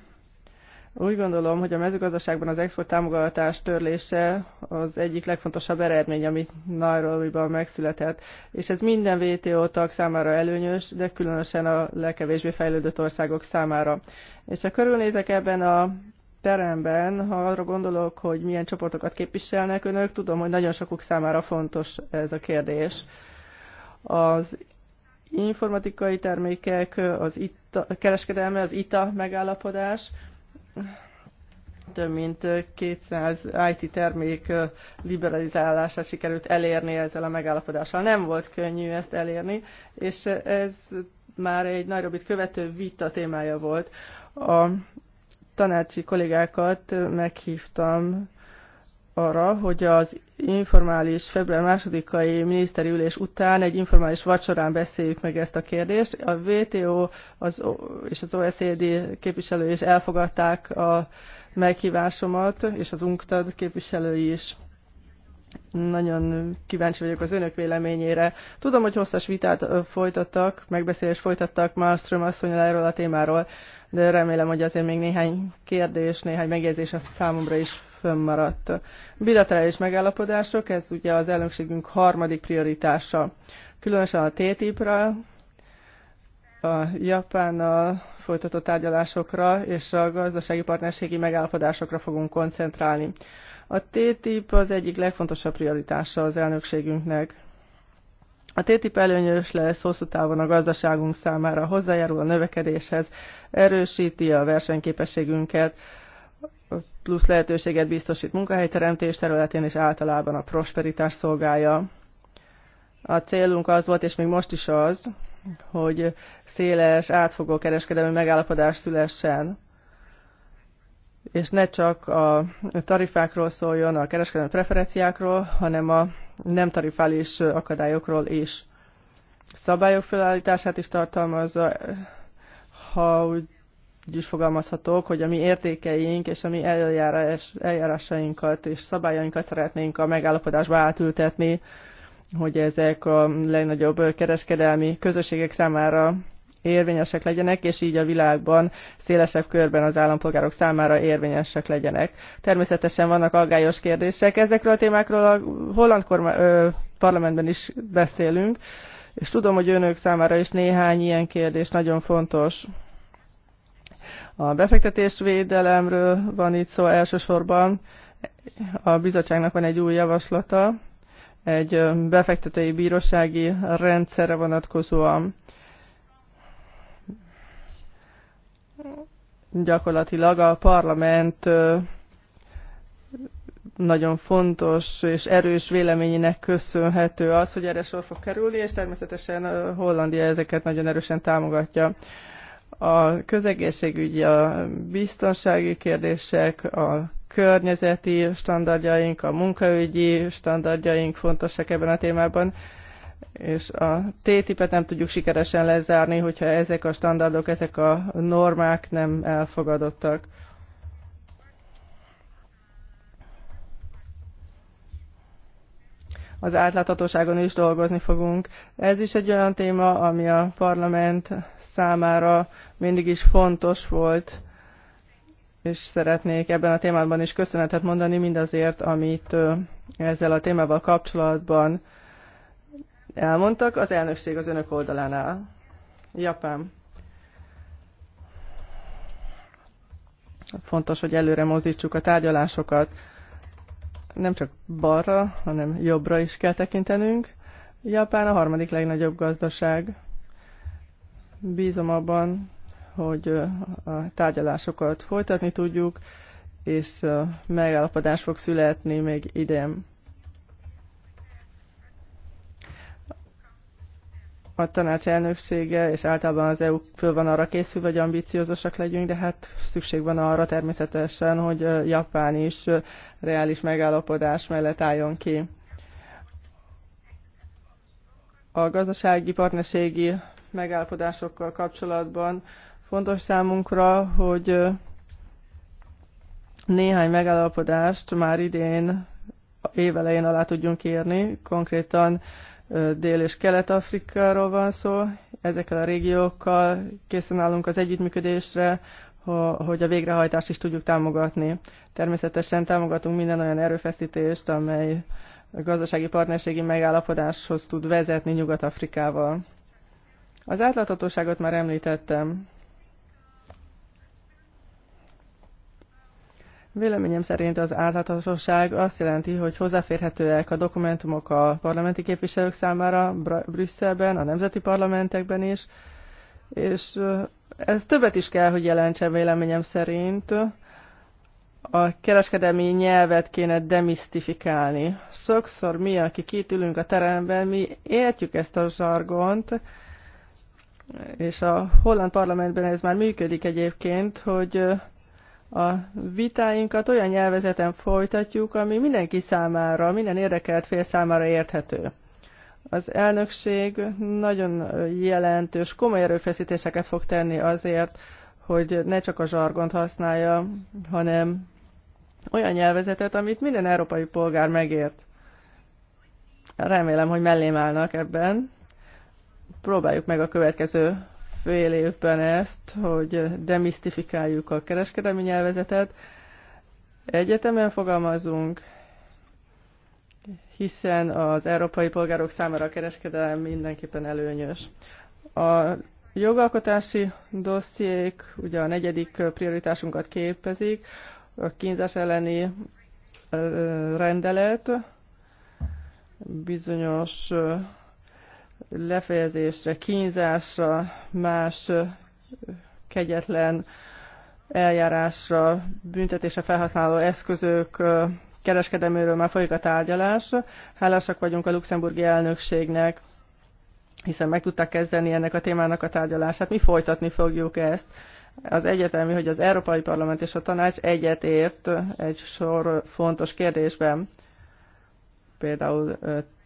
Úgy gondolom, hogy a mezőgazdaságban az export támogatás törlése az egyik legfontosabb eredmény, Nairobi-ban megszületett, és ez minden WTO tag számára előnyös, de különösen a legkevésbé fejlődött országok számára. És ha körülnézek ebben a teremben, ha arra gondolok, hogy milyen csoportokat képviselnek önök, tudom, hogy nagyon sokuk számára fontos ez a kérdés. Az informatikai termékek, az ITA, kereskedelme, az ITA megállapodás, több mint 200 IT termék liberalizálását sikerült elérni ezzel a megállapodással. Nem volt könnyű ezt elérni, és ez már egy nagyobbit követő vita témája volt. A tanácsi kollégákat meghívtam arra, hogy az informális február másodikai miniszteri ülés után egy informális vacsorán beszéljük meg ezt a kérdést. A WTO az, és az OECD képviselői is elfogadták a meghívásomat, és az UNCTAD képviselői is. Nagyon kíváncsi vagyok az önök véleményére. Tudom, hogy hosszas vitát folytattak, megbeszélést folytattak Malmström asszonyal erről a témáról, de remélem, hogy azért még néhány kérdés, néhány megjegyzés a számomra is fönnmaradt. Bilaterális megállapodások, ez ugye az elnökségünk harmadik prioritása. Különösen a TTIP-ra, a Japánnal folytatott tárgyalásokra és a gazdasági partnerségi megállapodásokra fogunk koncentrálni. A TTIP az egyik legfontosabb prioritása az elnökségünknek. A TTIP előnyös lesz hosszú távon a gazdaságunk számára, hozzájárul a növekedéshez, erősíti a versenyképességünket, plusz lehetőséget biztosít munkahelyteremtés területén, és általában a prosperitás szolgálja. A célunk az volt, és még most is az, hogy széles, átfogó kereskedelmi megállapodás szülessen, és ne csak a tarifákról szóljon, a kereskedelmi preferenciákról, hanem a nem tarifális akadályokról is. Szabályok felállítását is tartalmazza, ha úgy így is fogalmazhatok, hogy a mi értékeink és a mi eljárás, eljárásainkat és szabályainkat szeretnénk a megállapodásba átültetni, hogy ezek a legnagyobb kereskedelmi közösségek számára érvényesek legyenek, és így a világban szélesebb körben az állampolgárok számára érvényesek legyenek. Természetesen vannak aggályos kérdések. Ezekről a témákról a holland korma, ö, parlamentben is beszélünk, és tudom, hogy önök számára is néhány ilyen kérdés nagyon fontos. A befektetésvédelemről van itt szó elsősorban. A bizottságnak van egy új javaslata, egy befektetői bírósági rendszerre vonatkozóan. Gyakorlatilag a parlament nagyon fontos és erős véleményének köszönhető az, hogy erre sor fog kerülni, és természetesen Hollandia ezeket nagyon erősen támogatja a közegészségügyi, a biztonsági kérdések, a környezeti standardjaink, a munkaügyi standardjaink fontosak ebben a témában, és a T-tipet nem tudjuk sikeresen lezárni, hogyha ezek a standardok, ezek a normák nem elfogadottak. az átláthatóságon is dolgozni fogunk. Ez is egy olyan téma, ami a parlament számára mindig is fontos volt, és szeretnék ebben a témában is köszönetet mondani mindazért, amit ezzel a témával kapcsolatban elmondtak. Az elnökség az önök oldalán áll. Japán. Fontos, hogy előre mozdítsuk a tárgyalásokat. Nem csak balra, hanem jobbra is kell tekintenünk. Japán a harmadik legnagyobb gazdaság Bízom abban, hogy a tárgyalásokat folytatni tudjuk, és megállapodás fog születni még idén. a tanács elnöksége, és általában az EU föl van arra készül, hogy ambiciózusak legyünk, de hát szükség van arra természetesen, hogy Japán is reális megállapodás mellett álljon ki. A gazdasági partnerségi megállapodásokkal kapcsolatban. Fontos számunkra, hogy néhány megállapodást már idén évelején alá tudjunk írni, konkrétan Dél- és Kelet-Afrikáról van szó. Ezekkel a régiókkal készen állunk az együttműködésre, hogy a végrehajtást is tudjuk támogatni. Természetesen támogatunk minden olyan erőfeszítést, amely a gazdasági partnerségi megállapodáshoz tud vezetni Nyugat-Afrikával. Az átláthatóságot már említettem. Véleményem szerint az átláthatóság azt jelenti, hogy hozzáférhetőek a dokumentumok a parlamenti képviselők számára Brüsszelben, a nemzeti parlamentekben is, és ez többet is kell, hogy jelentsen véleményem szerint. A kereskedelmi nyelvet kéne demisztifikálni. Sokszor mi, akik itt ülünk a teremben, mi értjük ezt a zsargont, és a holland parlamentben ez már működik egyébként, hogy a vitáinkat olyan nyelvezeten folytatjuk, ami mindenki számára, minden érdekelt fél számára érthető. Az elnökség nagyon jelentős, komoly erőfeszítéseket fog tenni azért, hogy ne csak a zsargont használja, hanem olyan nyelvezetet, amit minden európai polgár megért. Remélem, hogy mellém állnak ebben próbáljuk meg a következő fél évben ezt, hogy demisztifikáljuk a kereskedelmi nyelvezetet. Egyetemen fogalmazunk, hiszen az európai polgárok számára a kereskedelem mindenképpen előnyös. A jogalkotási dossziék ugye a negyedik prioritásunkat képezik, a kínzás elleni rendelet, bizonyos lefejezésre, kínzásra, más kegyetlen eljárásra, büntetésre felhasználó eszközök kereskedelméről már folyik a tárgyalás. Hálásak vagyunk a luxemburgi elnökségnek, hiszen meg tudták kezdeni ennek a témának a tárgyalását. Mi folytatni fogjuk ezt. Az egyetemi, hogy az Európai Parlament és a Tanács egyetért egy sor fontos kérdésben, például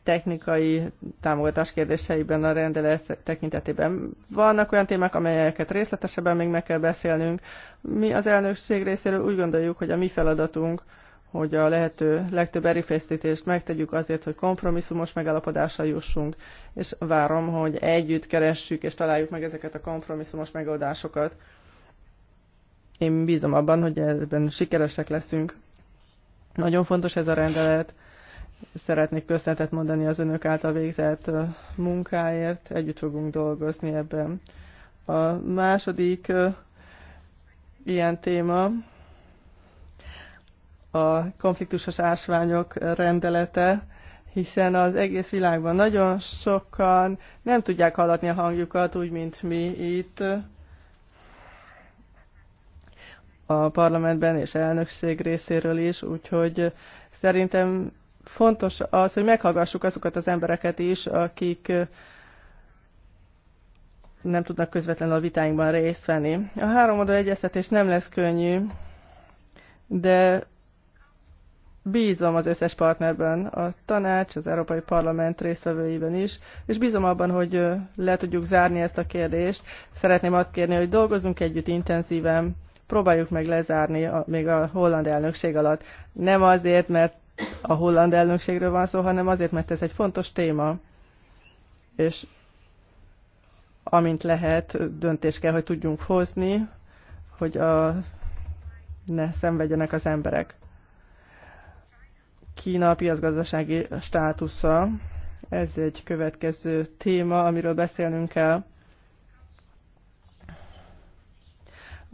technikai támogatás kérdéseiben a rendelet tekintetében. Vannak olyan témák, amelyeket részletesebben még meg kell beszélnünk. Mi az elnökség részéről úgy gondoljuk, hogy a mi feladatunk, hogy a lehető legtöbb erőfeszítést megtegyük azért, hogy kompromisszumos megállapodásra jussunk, és várom, hogy együtt keressük és találjuk meg ezeket a kompromisszumos megoldásokat. Én bízom abban, hogy ebben sikeresek leszünk. Nagyon fontos ez a rendelet Szeretnék köszönetet mondani az önök által végzett munkáért, együtt fogunk dolgozni ebben. A második ilyen téma a konfliktusos ásványok rendelete, hiszen az egész világban nagyon sokan nem tudják hallatni a hangjukat, úgy, mint mi itt a parlamentben és elnökség részéről is, úgyhogy szerintem fontos az, hogy meghallgassuk azokat az embereket is, akik nem tudnak közvetlenül a vitáinkban részt venni. A három oda egyeztetés nem lesz könnyű, de bízom az összes partnerben, a tanács, az Európai Parlament résztvevőiben is, és bízom abban, hogy le tudjuk zárni ezt a kérdést. Szeretném azt kérni, hogy dolgozunk együtt intenzíven, próbáljuk meg lezárni a, még a holland elnökség alatt. Nem azért, mert a holland elnökségről van szó, hanem azért, mert ez egy fontos téma, és amint lehet, döntés kell, hogy tudjunk hozni, hogy a, ne szenvedjenek az emberek. Kína piacgazdasági státusza, ez egy következő téma, amiről beszélnünk kell.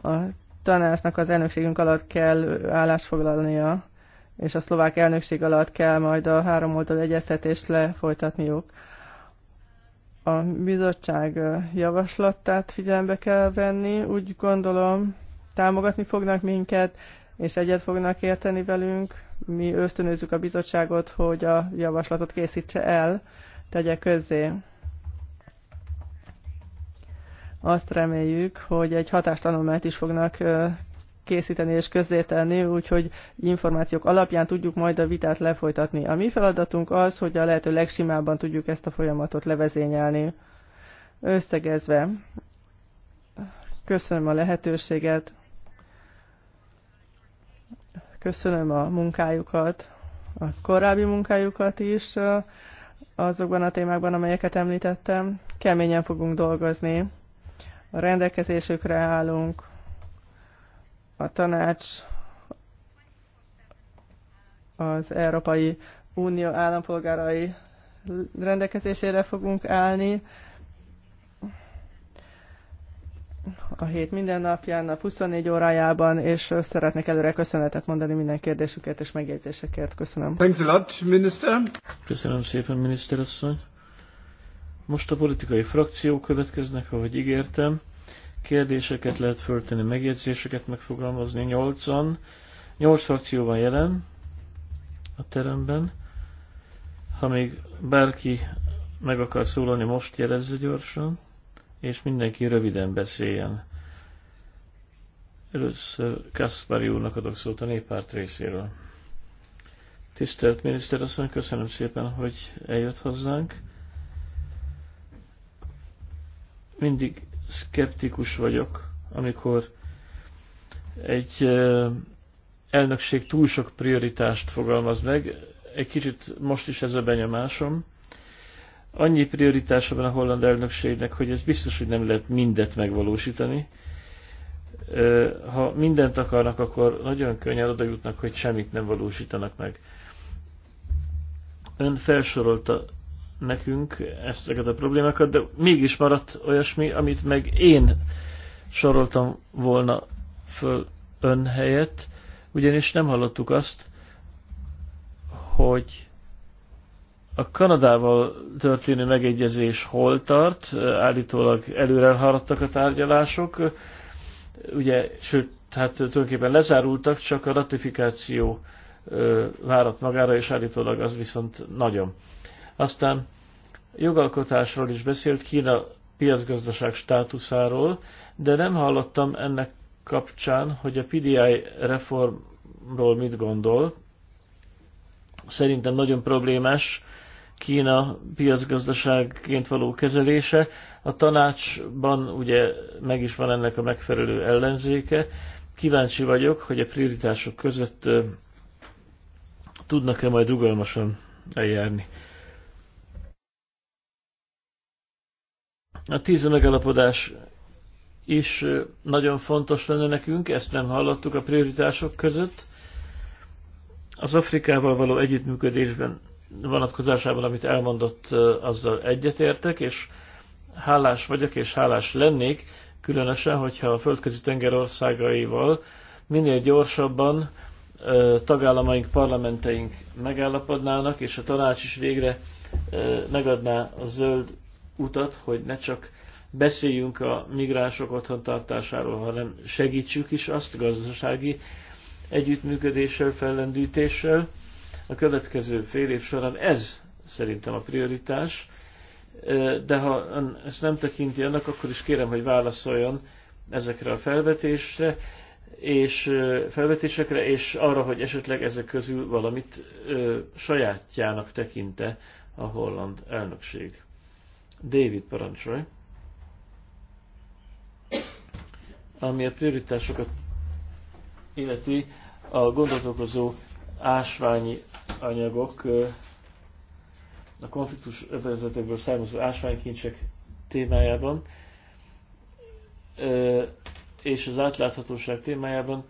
A tanácsnak az elnökségünk alatt kell állásfoglalnia és a szlovák elnökség alatt kell majd a három oldal egyeztetést lefolytatniuk. A bizottság javaslatát figyelembe kell venni, úgy gondolom támogatni fognak minket, és egyet fognak érteni velünk. Mi ösztönözzük a bizottságot, hogy a javaslatot készítse el, tegye közzé. Azt reméljük, hogy egy hatástanulmányt is fognak készíteni és közzétenni, úgyhogy információk alapján tudjuk majd a vitát lefolytatni. A mi feladatunk az, hogy a lehető legsimábban tudjuk ezt a folyamatot levezényelni. Összegezve, köszönöm a lehetőséget, köszönöm a munkájukat, a korábbi munkájukat is eh, azokban a témákban, amelyeket említettem. Keményen fogunk dolgozni, a rendelkezésükre állunk, a tanács az Európai Unió állampolgárai rendelkezésére fogunk állni. a hét minden napján, nap 24 órájában, és szeretnék előre köszönetet mondani minden kérdésüket és megjegyzésekért. Köszönöm. Thanks a lot, minister. Köszönöm szépen, miniszterasszony. Most a politikai frakciók következnek, ahogy ígértem. Kérdéseket lehet föltenni, megjegyzéseket megfogalmazni. Nyolcan, nyolc frakció van jelen a teremben. Ha még bárki meg akar szólalni, most jelezze gyorsan, és mindenki röviden beszéljen. Először Kaspari úrnak adok szót a néppárt részéről. Tisztelt miniszterasszony, köszönöm szépen, hogy eljött hozzánk. Mindig szkeptikus vagyok, amikor egy elnökség túl sok prioritást fogalmaz meg. Egy kicsit most is ez a benyomásom. Annyi prioritása van a holland elnökségnek, hogy ez biztos, hogy nem lehet mindet megvalósítani. Ha mindent akarnak, akkor nagyon könnyen oda jutnak, hogy semmit nem valósítanak meg. Ön felsorolta nekünk ezeket a problémákat, de mégis maradt olyasmi, amit meg én soroltam volna föl ön helyett, ugyanis nem hallottuk azt, hogy a Kanadával történő megegyezés hol tart, állítólag előre haradtak a tárgyalások, ugye, sőt, hát tulajdonképpen lezárultak, csak a ratifikáció várat magára, és állítólag az viszont nagyon. Aztán jogalkotásról is beszélt, Kína piacgazdaság státuszáról, de nem hallottam ennek kapcsán, hogy a PDI reformról mit gondol. Szerintem nagyon problémás Kína piacgazdaságként való kezelése. A tanácsban ugye meg is van ennek a megfelelő ellenzéke. Kíváncsi vagyok, hogy a prioritások között tudnak-e majd rugalmasan eljárni. A tíz megalapodás is nagyon fontos lenne nekünk, ezt nem hallottuk a prioritások között. Az Afrikával való együttműködésben vonatkozásában, amit elmondott, azzal egyetértek, és hálás vagyok, és hálás lennék, különösen, hogyha a földközi tenger országaival minél gyorsabban tagállamaink, parlamenteink megállapodnának, és a tanács is végre megadná a zöld utat, hogy ne csak beszéljünk a migránsok otthontartásáról, hanem segítsük is azt gazdasági együttműködéssel, fellendítéssel. A következő fél év során ez szerintem a prioritás, de ha ezt nem tekinti annak, akkor is kérem, hogy válaszoljon ezekre a felvetésre, és felvetésekre, és arra, hogy esetleg ezek közül valamit sajátjának tekinte a holland elnökség. David parancsolj. Ami a prioritásokat illeti, a gondot ásványi anyagok, a konfliktus övezetekből származó ásványkincsek témájában, és az átláthatóság témájában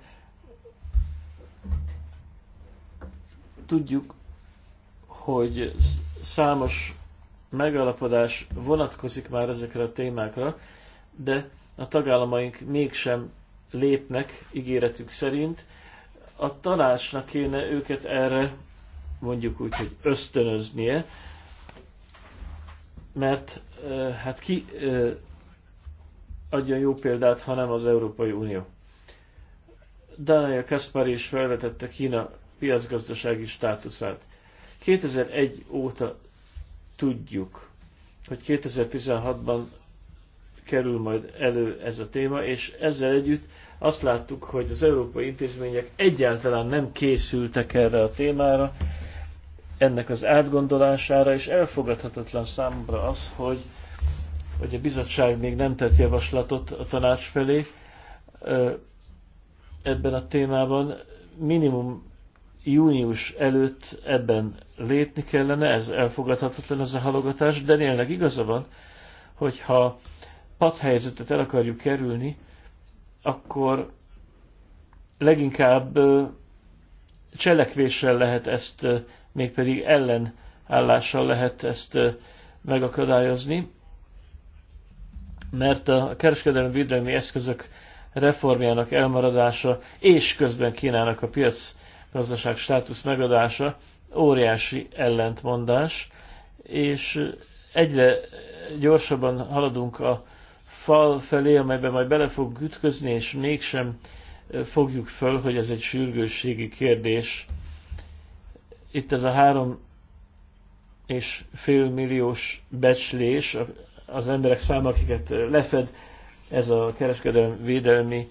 tudjuk, hogy számos megalapodás vonatkozik már ezekre a témákra, de a tagállamaink mégsem lépnek ígéretük szerint. A tanácsnak kéne őket erre mondjuk úgy, hogy ösztönöznie, mert hát ki adja jó példát, ha nem az Európai Unió. Daniel Kaspar is felvetette Kína piacgazdasági státuszát. 2001 óta tudjuk, hogy 2016-ban kerül majd elő ez a téma, és ezzel együtt azt láttuk, hogy az európai intézmények egyáltalán nem készültek erre a témára, ennek az átgondolására, és elfogadhatatlan számomra az, hogy, hogy a bizottság még nem tett javaslatot a tanács felé ebben a témában. Minimum június előtt ebben lépni kellene, ez elfogadhatatlan az a halogatás, de Danielnek igaza van, hogyha padhelyzetet el akarjuk kerülni, akkor leginkább cselekvéssel lehet ezt, mégpedig ellenállással lehet ezt megakadályozni, mert a kereskedelmi védelmi eszközök reformjának elmaradása és közben Kínának a piac gazdaság státusz megadása óriási ellentmondás, és egyre gyorsabban haladunk a fal felé, amelybe majd bele fog ütközni, és mégsem fogjuk föl, hogy ez egy sürgősségi kérdés. Itt ez a három és fél milliós becslés, az emberek száma, akiket lefed ez a kereskedelmi védelmi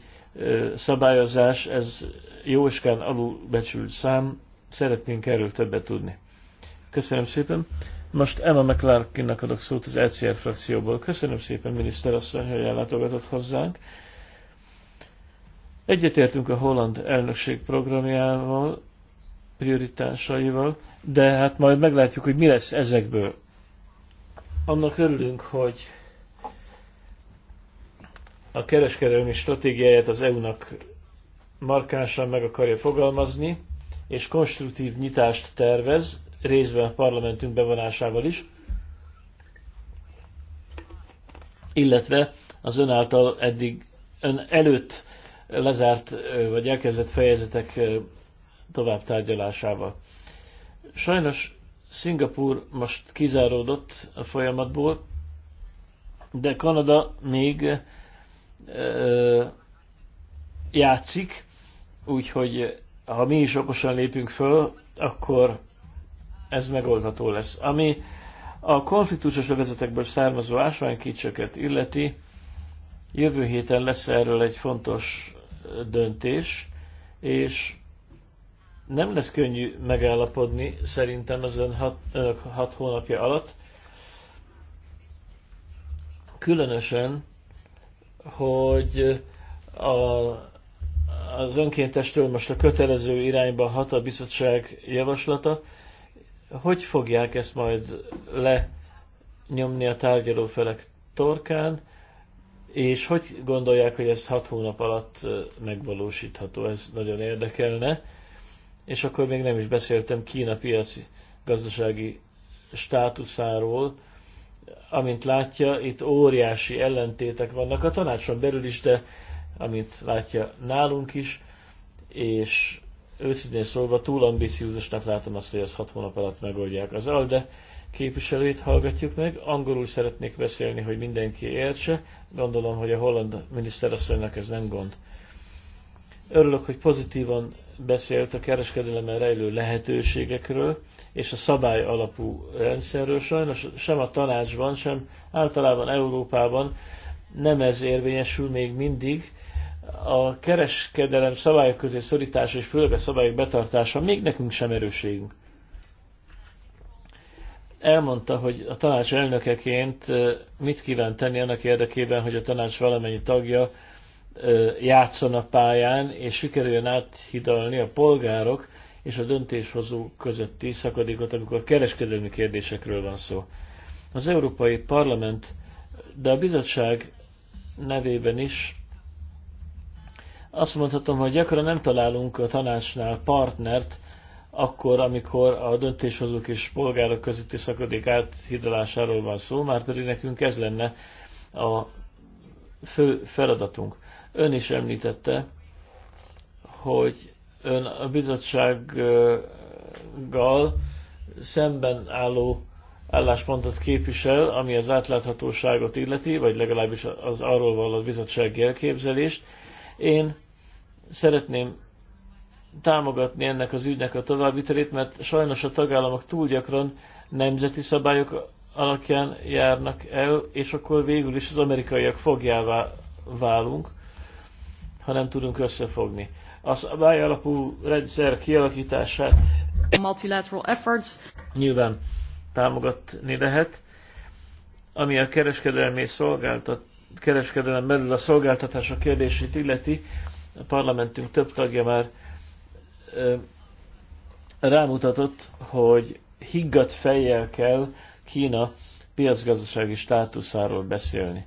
szabályozás, ez jóskán alulbecsült szám, szeretnénk erről többet tudni. Köszönöm szépen. Most Emma McClarkinnak adok szót az ECR frakcióból. Köszönöm szépen, miniszter asszony, hogy ellátogatott hozzánk. Egyetértünk a holland elnökség programjával, prioritásaival, de hát majd meglátjuk, hogy mi lesz ezekből. Annak örülünk, hogy a kereskedelmi stratégiáját az EU-nak markánsan meg akarja fogalmazni, és konstruktív nyitást tervez, részben a parlamentünk bevonásával is, illetve az ön által eddig, ön előtt lezárt vagy elkezdett fejezetek tovább tárgyalásával. Sajnos Szingapúr most kizáródott a folyamatból, de Kanada még játszik, úgyhogy ha mi is okosan lépünk föl, akkor ez megoldható lesz. Ami a konfliktusos övezetekből származó ásványkicsöket illeti, jövő héten lesz erről egy fontos döntés, és nem lesz könnyű megállapodni szerintem az ön hat, önök hat hónapja alatt, különösen hogy a, az önkéntestől most a kötelező irányba hat a bizottság javaslata, hogy fogják ezt majd lenyomni a felek torkán, és hogy gondolják, hogy ez hat hónap alatt megvalósítható, ez nagyon érdekelne. És akkor még nem is beszéltem Kína piaci gazdasági státuszáról, amint látja, itt óriási ellentétek vannak a tanácson belül is, de amint látja nálunk is, és őszintén szólva túl ambiciózusnak látom azt, hogy ezt hat hónap alatt megoldják. Az ALDE képviselőit hallgatjuk meg, angolul szeretnék beszélni, hogy mindenki értse, gondolom, hogy a holland miniszterasszonynak ez nem gond. Örülök, hogy pozitívan beszélt a kereskedelemmel rejlő lehetőségekről, és a szabály alapú rendszerről. Sajnos sem a tanácsban, sem általában Európában nem ez érvényesül még mindig. A kereskedelem szabályok közé szorítása és főleg a szabályok betartása még nekünk sem erőségünk. Elmondta, hogy a tanács elnökeként mit kíván tenni annak érdekében, hogy a tanács valamennyi tagja játszon a pályán, és sikerüljön áthidalni a polgárok és a döntéshozó közötti szakadékot, amikor kereskedelmi kérdésekről van szó. Az Európai Parlament, de a bizottság nevében is azt mondhatom, hogy gyakran nem találunk a tanácsnál partnert, akkor, amikor a döntéshozók és polgárok közötti szakadék áthidalásáról van szó, már pedig nekünk ez lenne a fő feladatunk. Ön is említette, hogy ön a bizottsággal szemben álló álláspontot képvisel, ami az átláthatóságot illeti, vagy legalábbis az arról való bizottsági elképzelést. Én szeretném támogatni ennek az ügynek a továbbvitelét, mert sajnos a tagállamok túl gyakran nemzeti szabályok alapján járnak el, és akkor végül is az amerikaiak fogjává válunk, ha nem tudunk összefogni a szabályalapú rendszer kialakítását multilateral efforts. nyilván támogatni lehet, ami a kereskedelmi szolgáltat, kereskedelem belül a szolgáltatások kérdését illeti, a parlamentünk több tagja már ö, rámutatott, hogy higgadt fejjel kell Kína piacgazdasági státuszáról beszélni.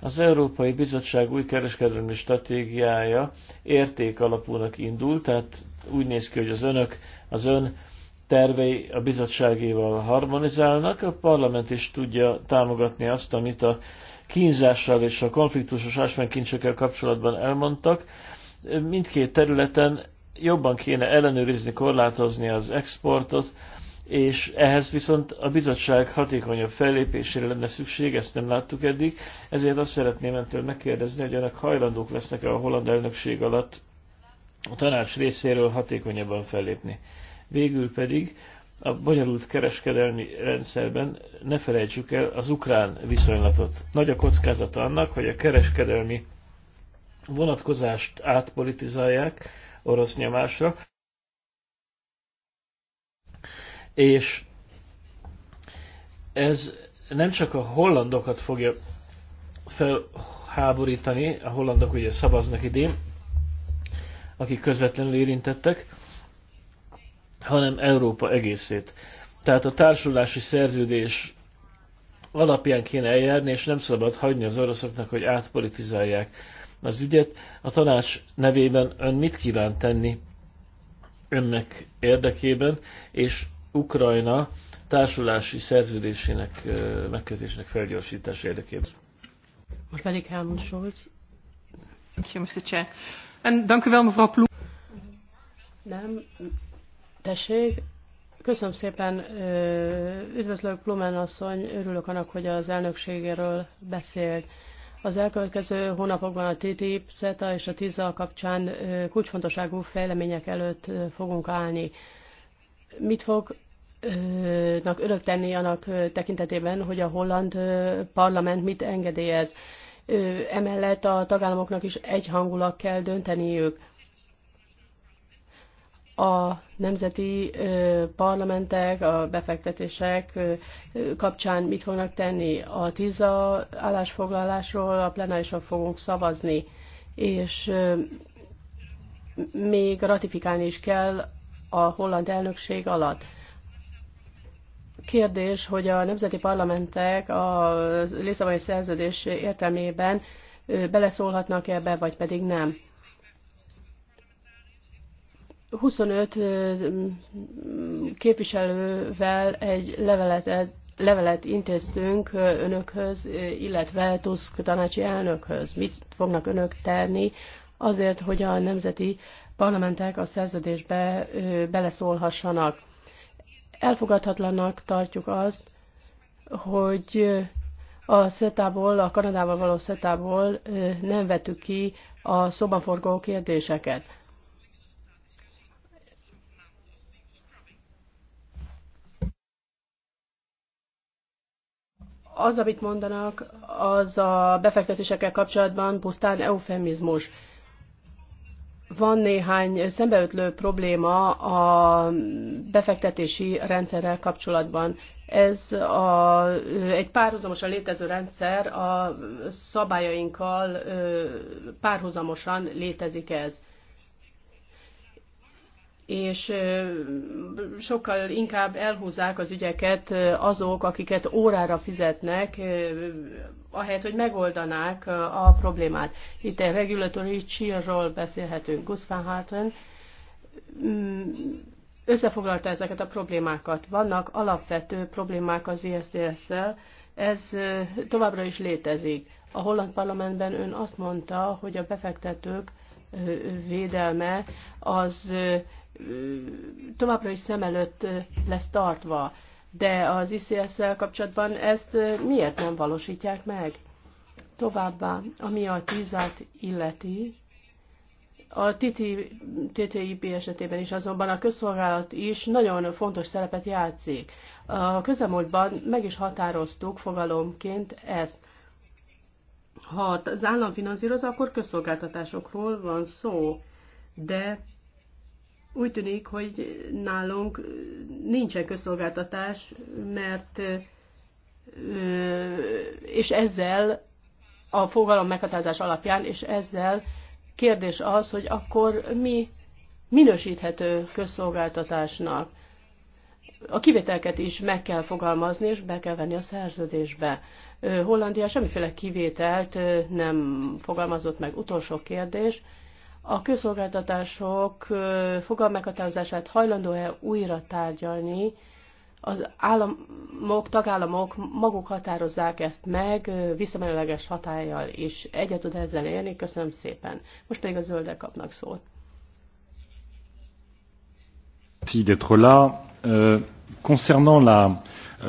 Az Európai Bizottság új kereskedelmi stratégiája érték alapúnak indul, tehát úgy néz ki, hogy az önök, az ön tervei a bizottságéval harmonizálnak, a parlament is tudja támogatni azt, amit a kínzással és a konfliktusos ásványkincsekkel kapcsolatban elmondtak. Mindkét területen jobban kéne ellenőrizni, korlátozni az exportot, és ehhez viszont a bizottság hatékonyabb fellépésére lenne szükség, ezt nem láttuk eddig, ezért azt szeretném öntől megkérdezni, hogy önök hajlandók lesznek-e a holland elnökség alatt a tanács részéről hatékonyabban fellépni. Végül pedig a bonyolult kereskedelmi rendszerben ne felejtsük el az ukrán viszonylatot. Nagy a kockázata annak, hogy a kereskedelmi vonatkozást átpolitizálják orosz nyomásra, és ez nem csak a hollandokat fogja felháborítani, a hollandok ugye szavaznak idén, akik közvetlenül érintettek, hanem Európa egészét. Tehát a társulási szerződés alapján kéne eljárni, és nem szabad hagyni az oroszoknak, hogy átpolitizálják az ügyet. A tanács nevében ön mit kíván tenni önnek érdekében, és Ukrajna társulási szerződésének megkötésének felgyorsítása érdekében. Most pedig Helmut Scholz. Nem, tessék, Köszönöm szépen, üdvözlök Blumen asszony, örülök annak, hogy az elnökségéről beszélt. Az elkövetkező hónapokban a TTIP, CETA és a TISA kapcsán kulcsfontosságú fejlemények előtt fogunk állni mit fog nak örök tenni annak tekintetében, hogy a holland parlament mit engedélyez. Emellett a tagállamoknak is egyhangulag kell dönteniük. A nemzeti parlamentek, a befektetések kapcsán mit fognak tenni? A TISA állásfoglalásról a plenárisra fogunk szavazni, és még ratifikálni is kell a holland elnökség alatt. Kérdés, hogy a nemzeti parlamentek a Lisszaboni szerződés értelmében beleszólhatnak ebbe, vagy pedig nem. 25 képviselővel egy levelet, levelet intéztünk önökhöz, illetve Tusk tanácsi elnökhöz. Mit fognak önök tenni azért, hogy a nemzeti parlamentek a szerződésbe beleszólhassanak. Elfogadhatlannak tartjuk azt, hogy a szetából, a Kanadával való szetából nem vettük ki a szobaforgó kérdéseket. Az, amit mondanak, az a befektetésekkel kapcsolatban pusztán eufemizmus van néhány szembeötlő probléma a befektetési rendszerrel kapcsolatban. Ez a, egy párhuzamosan létező rendszer, a szabályainkkal párhuzamosan létezik ez és sokkal inkább elhúzzák az ügyeket azok, akiket órára fizetnek, ahelyett, hogy megoldanák a problémát. Itt egy regulatory chill-ról beszélhetünk, Harten mm, összefoglalta ezeket a problémákat. Vannak alapvető problémák az ISDS-szel, ez továbbra is létezik. A holland parlamentben ön azt mondta, hogy a befektetők védelme az továbbra is szem előtt lesz tartva. De az ICS-szel kapcsolatban ezt miért nem valósítják meg? Továbbá, ami a tízát illeti, a TTIP esetében is azonban a közszolgálat is nagyon fontos szerepet játszik. A közelmúltban meg is határoztuk fogalomként ezt. Ha az állam finanszíroz, akkor közszolgáltatásokról van szó, de úgy tűnik, hogy nálunk nincsen közszolgáltatás, mert és ezzel a fogalom meghatározás alapján, és ezzel kérdés az, hogy akkor mi minősíthető közszolgáltatásnak. A kivételket is meg kell fogalmazni, és be kell venni a szerződésbe. Hollandia semmiféle kivételt nem fogalmazott meg. Utolsó kérdés a közszolgáltatások fogalmeghatározását hajlandó-e újra tárgyalni, az államok, tagállamok maguk határozzák ezt meg, visszamenőleges hatállyal, és egyet tud ezzel élni. Köszönöm szépen. Most pedig a zöldek kapnak szót. Merci d'être là. Euh, concernant la,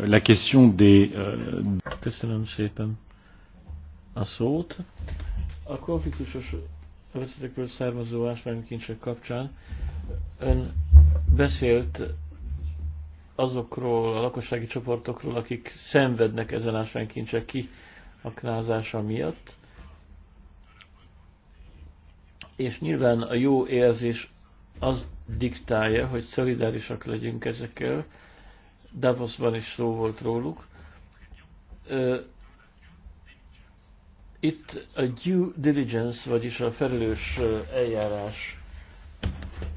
la question des... Euh, Köszönöm szépen a szót. A konfliktusos a vezetekből származó ásványkincsek kapcsán. Ön beszélt azokról a lakossági csoportokról, akik szenvednek ezen ásványkincsek kiaknázása miatt, és nyilván a jó érzés az diktálja, hogy szolidárisak legyünk ezekkel. Davosban is szó volt róluk. Itt a due diligence, vagyis a felelős eljárás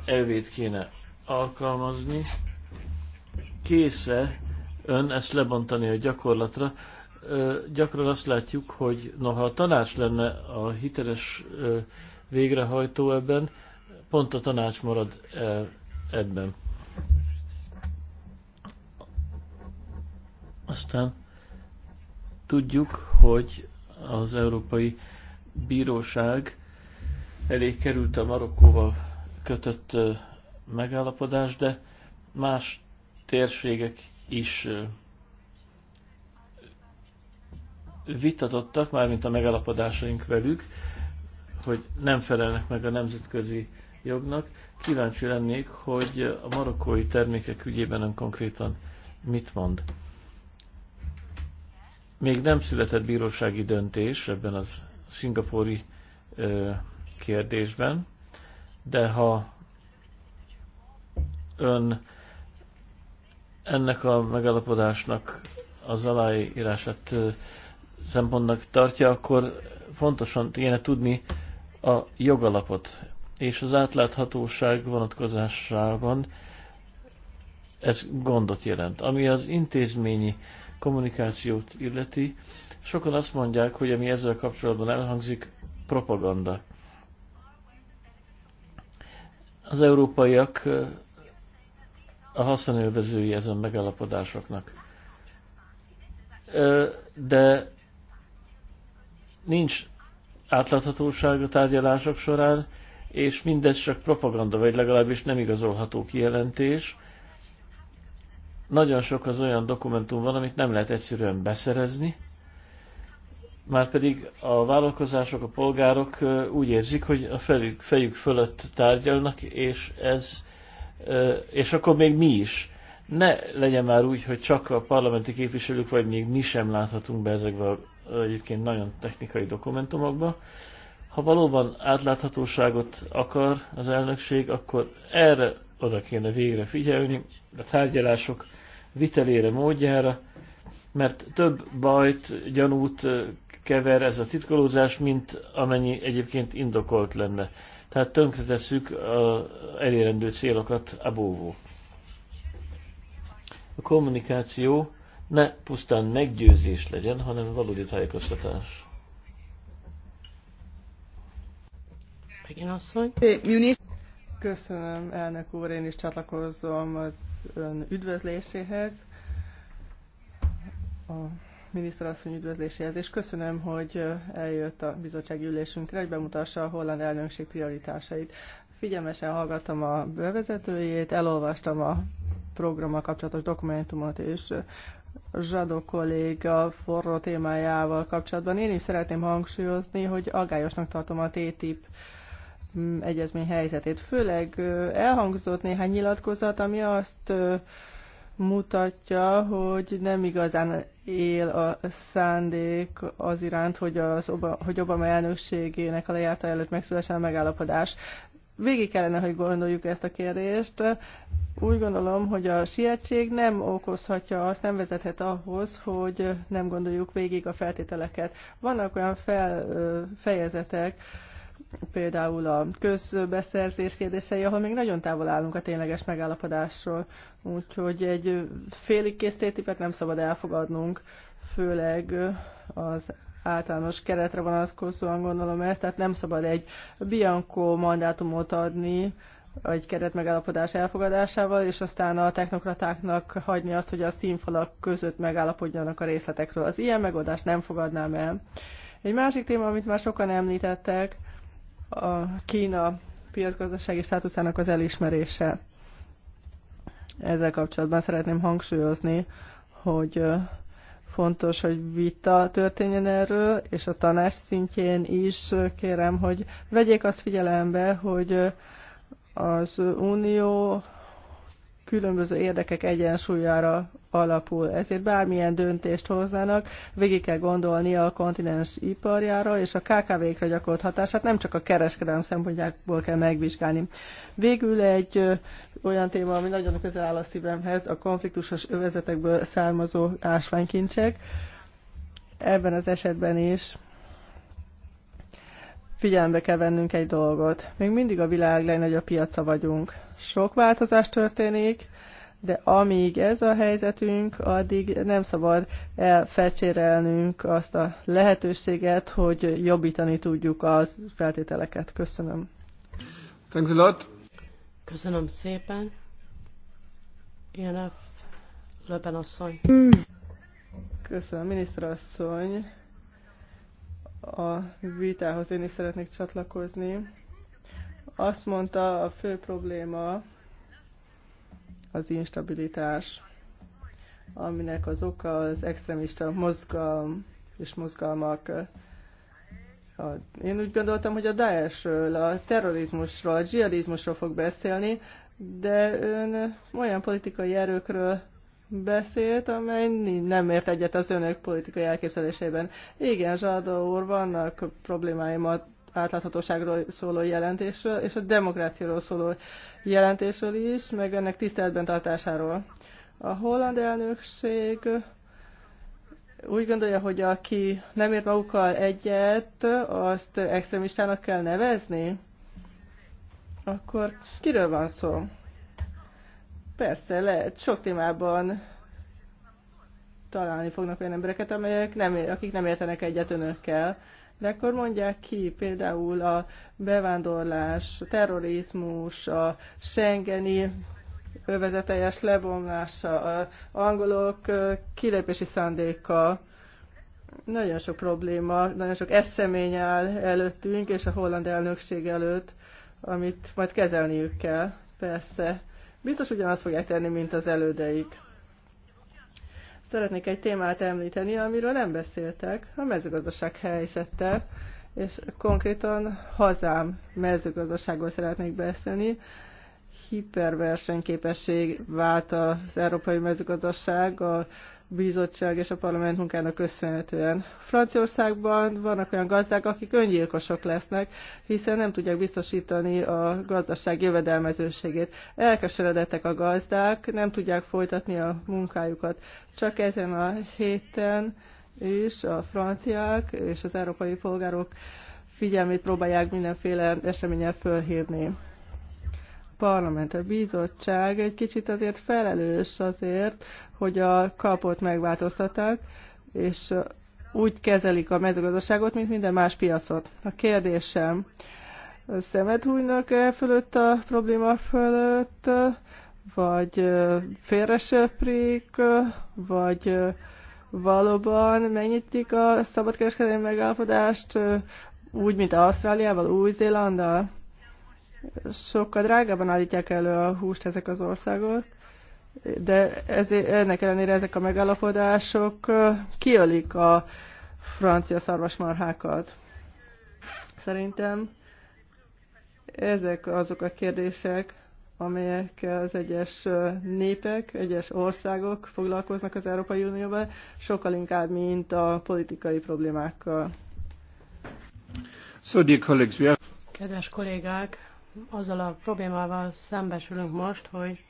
elvét kéne alkalmazni. Késze ön ezt lebontani a gyakorlatra. Gyakran azt látjuk, hogy noha a tanács lenne a hiteles végrehajtó ebben, pont a tanács marad ebben. Aztán tudjuk, hogy az Európai Bíróság elé került a Marokkóval kötött megállapodás, de más térségek is vitatottak, mármint a megállapodásaink velük, hogy nem felelnek meg a nemzetközi jognak. Kíváncsi lennék, hogy a marokkói termékek ügyében ön konkrétan mit mond. Még nem született bírósági döntés ebben az szingapúri kérdésben, de ha ön ennek a megalapodásnak az aláírását szempontnak tartja, akkor fontosan kéne tudni a jogalapot. És az átláthatóság vonatkozásában ez gondot jelent. Ami az intézményi kommunikációt illeti, sokan azt mondják, hogy ami ezzel kapcsolatban elhangzik, propaganda. Az európaiak a haszonélvezői ezen megállapodásoknak. De nincs átláthatóság a tárgyalások során, és mindez csak propaganda, vagy legalábbis nem igazolható kijelentés, nagyon sok az olyan dokumentum van, amit nem lehet egyszerűen beszerezni, márpedig a vállalkozások, a polgárok úgy érzik, hogy a fejük, fejük fölött tárgyalnak, és ez, és akkor még mi is. Ne legyen már úgy, hogy csak a parlamenti képviselők, vagy még mi sem láthatunk be ezekbe a egyébként nagyon technikai dokumentumokba. Ha valóban átláthatóságot akar az elnökség, akkor erre oda kéne végre figyelni, a tárgyalások vitelére, módjára, mert több bajt, gyanút kever ez a titkolózás, mint amennyi egyébként indokolt lenne. Tehát tönkretesszük a elérendő célokat a bóvó. A kommunikáció ne pusztán meggyőzés legyen, hanem valódi tájékoztatás. Megint asszony. Köszönöm, elnök úr, én is csatlakozom az ön üdvözléséhez, a miniszterasszony üdvözléséhez, és köszönöm, hogy eljött a bizottsági ülésünkre, hogy bemutassa a holland elnökség prioritásait. Figyelmesen hallgattam a bevezetőjét, elolvastam a programmal kapcsolatos dokumentumot, és Zsadó kolléga forró témájával kapcsolatban én is szeretném hangsúlyozni, hogy agályosnak tartom a TTIP Mm, egyezmény helyzetét. Főleg elhangzott néhány nyilatkozat, ami azt mutatja, hogy nem igazán él a szándék az iránt, hogy, az Obama, hogy Obama elnökségének a lejárta előtt megszülesen a megállapodás. Végig kellene, hogy gondoljuk ezt a kérdést. Úgy gondolom, hogy a sietség nem okozhatja azt, nem vezethet ahhoz, hogy nem gondoljuk végig a feltételeket. Vannak olyan fel, fejezetek, például a közbeszerzés kérdései, ahol még nagyon távol állunk a tényleges megállapodásról. Úgyhogy egy félig kész tétipet nem szabad elfogadnunk, főleg az általános keretre vonatkozóan gondolom ezt, tehát nem szabad egy bianco mandátumot adni egy keret megállapodás elfogadásával, és aztán a technokratáknak hagyni azt, hogy a színfalak között megállapodjanak a részletekről. Az ilyen megoldást nem fogadnám el. Egy másik téma, amit már sokan említettek, a Kína piacgazdasági státuszának az elismerése. Ezzel kapcsolatban szeretném hangsúlyozni, hogy fontos, hogy vita történjen erről, és a tanács szintjén is kérem, hogy vegyék azt figyelembe, hogy az Unió különböző érdekek egyensúlyára alapul. Ezért bármilyen döntést hoznának, végig kell gondolni a kontinens iparjára és a KKV-kra gyakorolt hatását, nem csak a kereskedelem szempontjából kell megvizsgálni. Végül egy ö, olyan téma, ami nagyon közel áll a szívemhez, a konfliktusos övezetekből származó ásványkincsek. Ebben az esetben is figyelembe kell vennünk egy dolgot. Még mindig a világ legnagyobb piaca vagyunk. Sok változás történik, de amíg ez a helyzetünk, addig nem szabad elfecsérelnünk azt a lehetőséget, hogy jobbítani tudjuk az feltételeket. Köszönöm. Thanks a lot. Köszönöm szépen. Ilyen Löben asszony. Köszönöm, miniszter asszony a vitához én is szeretnék csatlakozni. Azt mondta, a fő probléma az instabilitás, aminek az oka az extremista mozgalm és mozgalmak. A, én úgy gondoltam, hogy a Daesh-ről, a terrorizmusról, a dzsihadizmusról fog beszélni, de ön olyan politikai erőkről beszélt, amely nem ért egyet az önök politikai elképzelésében. Igen, Zsadó úr, vannak problémáim a átláthatóságról szóló jelentésről, és a demokráciáról szóló jelentésről is, meg ennek tiszteletben tartásáról. A holland elnökség úgy gondolja, hogy aki nem ért magukkal egyet, azt extremistának kell nevezni? Akkor kiről van szó? Persze, lehet, sok témában találni fognak olyan embereket, amelyek nem, akik nem értenek egyet önökkel. De akkor mondják ki például a bevándorlás, a terrorizmus, a Schengeni övezeteljes lebomlása, a angolok kilépési szándéka, nagyon sok probléma, nagyon sok esemény áll előttünk, és a holland elnökség előtt, amit majd kezelniük kell, persze Biztos ugyanazt fogják tenni, mint az elődeik. Szeretnék egy témát említeni, amiről nem beszéltek, a mezőgazdaság helyzete, és konkrétan hazám mezőgazdaságról szeretnék beszélni. Hiperversenyképesség vált az európai mezőgazdaság a bizottság és a parlament munkának köszönhetően. Franciaországban vannak olyan gazdák, akik öngyilkosok lesznek, hiszen nem tudják biztosítani a gazdaság jövedelmezőségét. Elkeseredettek a gazdák, nem tudják folytatni a munkájukat. Csak ezen a héten is a franciák és az európai polgárok figyelmét próbálják mindenféle eseményen fölhívni. Parlament, a bizottság egy kicsit azért felelős azért, hogy a kapot megváltoztatták, és úgy kezelik a mezőgazdaságot, mint minden más piacot. A kérdésem, szemet hújnak -e fölött a probléma fölött, vagy félresöprik, vagy valóban megnyitik a szabadkereskedelmi megállapodást, úgy, mint Ausztráliával, Új-Zélanddal? sokkal drágában állítják elő a húst ezek az országok, de ezért, ennek ellenére ezek a megállapodások kiölik a francia szarvasmarhákat. Szerintem ezek azok a kérdések, amelyek az egyes népek, egyes országok foglalkoznak az Európai Unióban, sokkal inkább, mint a politikai problémákkal. Kedves kollégák, azzal a problémával szembesülünk most, hogy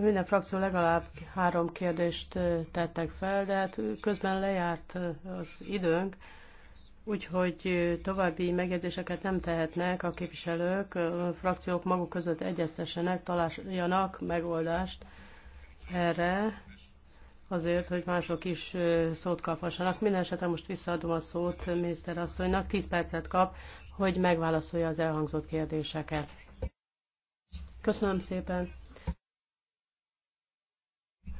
minden frakció legalább három kérdést tettek fel, de hát közben lejárt az időnk, úgyhogy további megjegyzéseket nem tehetnek a képviselők, a frakciók maguk között egyeztessenek, találjanak megoldást erre, azért, hogy mások is szót kaphassanak. Minden esetre most visszaadom a szót miniszter asszonynak, 10 percet kap, hogy megválaszolja az elhangzott kérdéseket. Köszönöm szépen!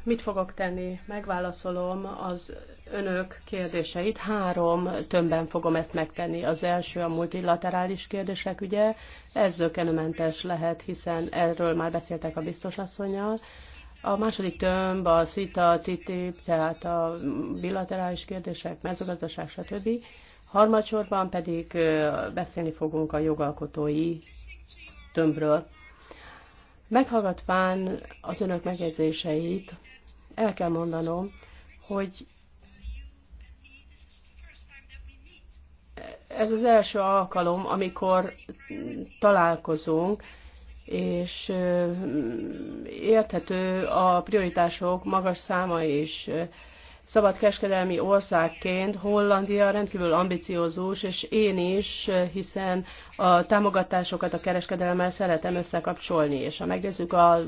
Mit fogok tenni? Megválaszolom az önök kérdéseit. Három tömbben fogom ezt megtenni. Az első a multilaterális kérdések ugye? Ez zökenőmentes lehet, hiszen erről már beszéltek a biztosasszonyjal. A második tömb a CITA, TTIP, tehát a bilaterális kérdések, mezőgazdaság, stb. Harmadsorban pedig beszélni fogunk a jogalkotói tömbről. Meghallgatván az önök megjegyzéseit, el kell mondanom, hogy ez az első alkalom, amikor találkozunk, és érthető a prioritások magas száma is szabadkereskedelmi országként Hollandia rendkívül ambiciózus, és én is, hiszen a támogatásokat a kereskedelemmel szeretem összekapcsolni, és ha megnézzük a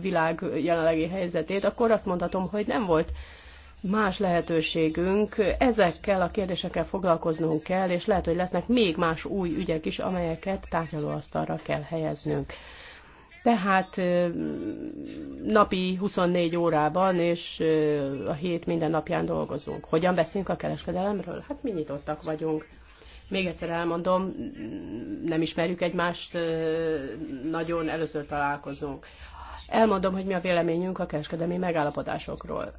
világ jelenlegi helyzetét, akkor azt mondhatom, hogy nem volt más lehetőségünk, ezekkel a kérdésekkel foglalkoznunk kell, és lehet, hogy lesznek még más új ügyek is, amelyeket tárgyalóasztalra kell helyeznünk tehát napi 24 órában és a hét minden napján dolgozunk. Hogyan beszélünk a kereskedelemről? Hát mi nyitottak vagyunk. Még egyszer elmondom, nem ismerjük egymást, nagyon először találkozunk. Elmondom, hogy mi a véleményünk a kereskedelmi megállapodásokról.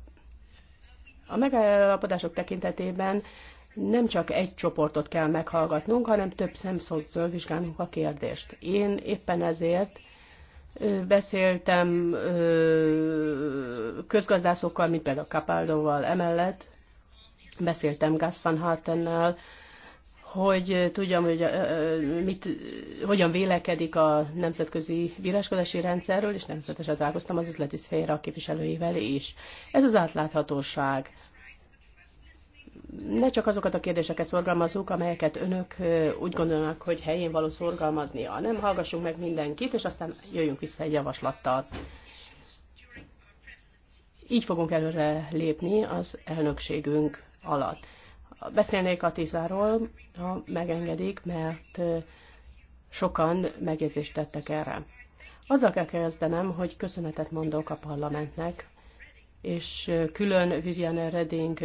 A megállapodások tekintetében nem csak egy csoportot kell meghallgatnunk, hanem több szemszögből vizsgálnunk a kérdést. Én éppen ezért beszéltem közgazdászokkal, mint például Capaldoval emellett, beszéltem Gas van Hartennel, hogy tudjam, hogy mit, hogyan vélekedik a nemzetközi bíráskodási rendszerről, és nemzetesen találkoztam az üzleti szféra képviselőivel is. Ez az átláthatóság ne csak azokat a kérdéseket szorgalmazzuk, amelyeket önök úgy gondolnak, hogy helyén való szorgalmaznia. Nem hallgassunk meg mindenkit, és aztán jöjjünk vissza egy javaslattal. Így fogunk előre lépni az elnökségünk alatt. Beszélnék a Tizáról, ha megengedik, mert sokan megjegyzést tettek erre. Azzal kell kezdenem, hogy köszönetet mondok a parlamentnek és külön Viviane Redding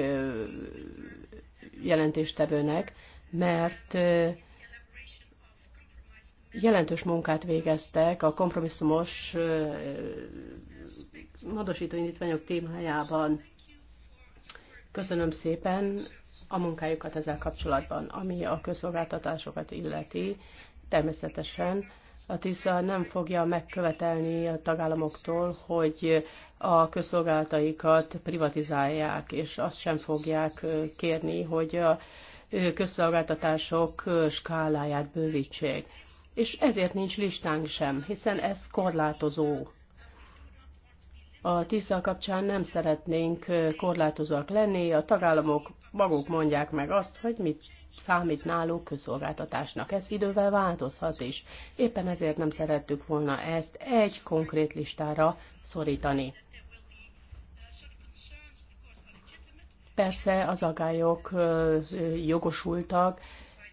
jelentéstevőnek, mert jelentős munkát végeztek a kompromisszumos módosító indítványok témájában. Köszönöm szépen a munkájukat ezzel kapcsolatban, ami a közszolgáltatásokat illeti. Természetesen a TISZA nem fogja megkövetelni a tagállamoktól, hogy a közszolgálataikat privatizálják, és azt sem fogják kérni, hogy a közszolgáltatások skáláját bővítsék. És ezért nincs listánk sem, hiszen ez korlátozó. A TISZA kapcsán nem szeretnénk korlátozóak lenni, a tagállamok maguk mondják meg azt, hogy mit számít náluk közszolgáltatásnak. Ez idővel változhat is. Éppen ezért nem szerettük volna ezt egy konkrét listára szorítani. Persze az agályok jogosultak,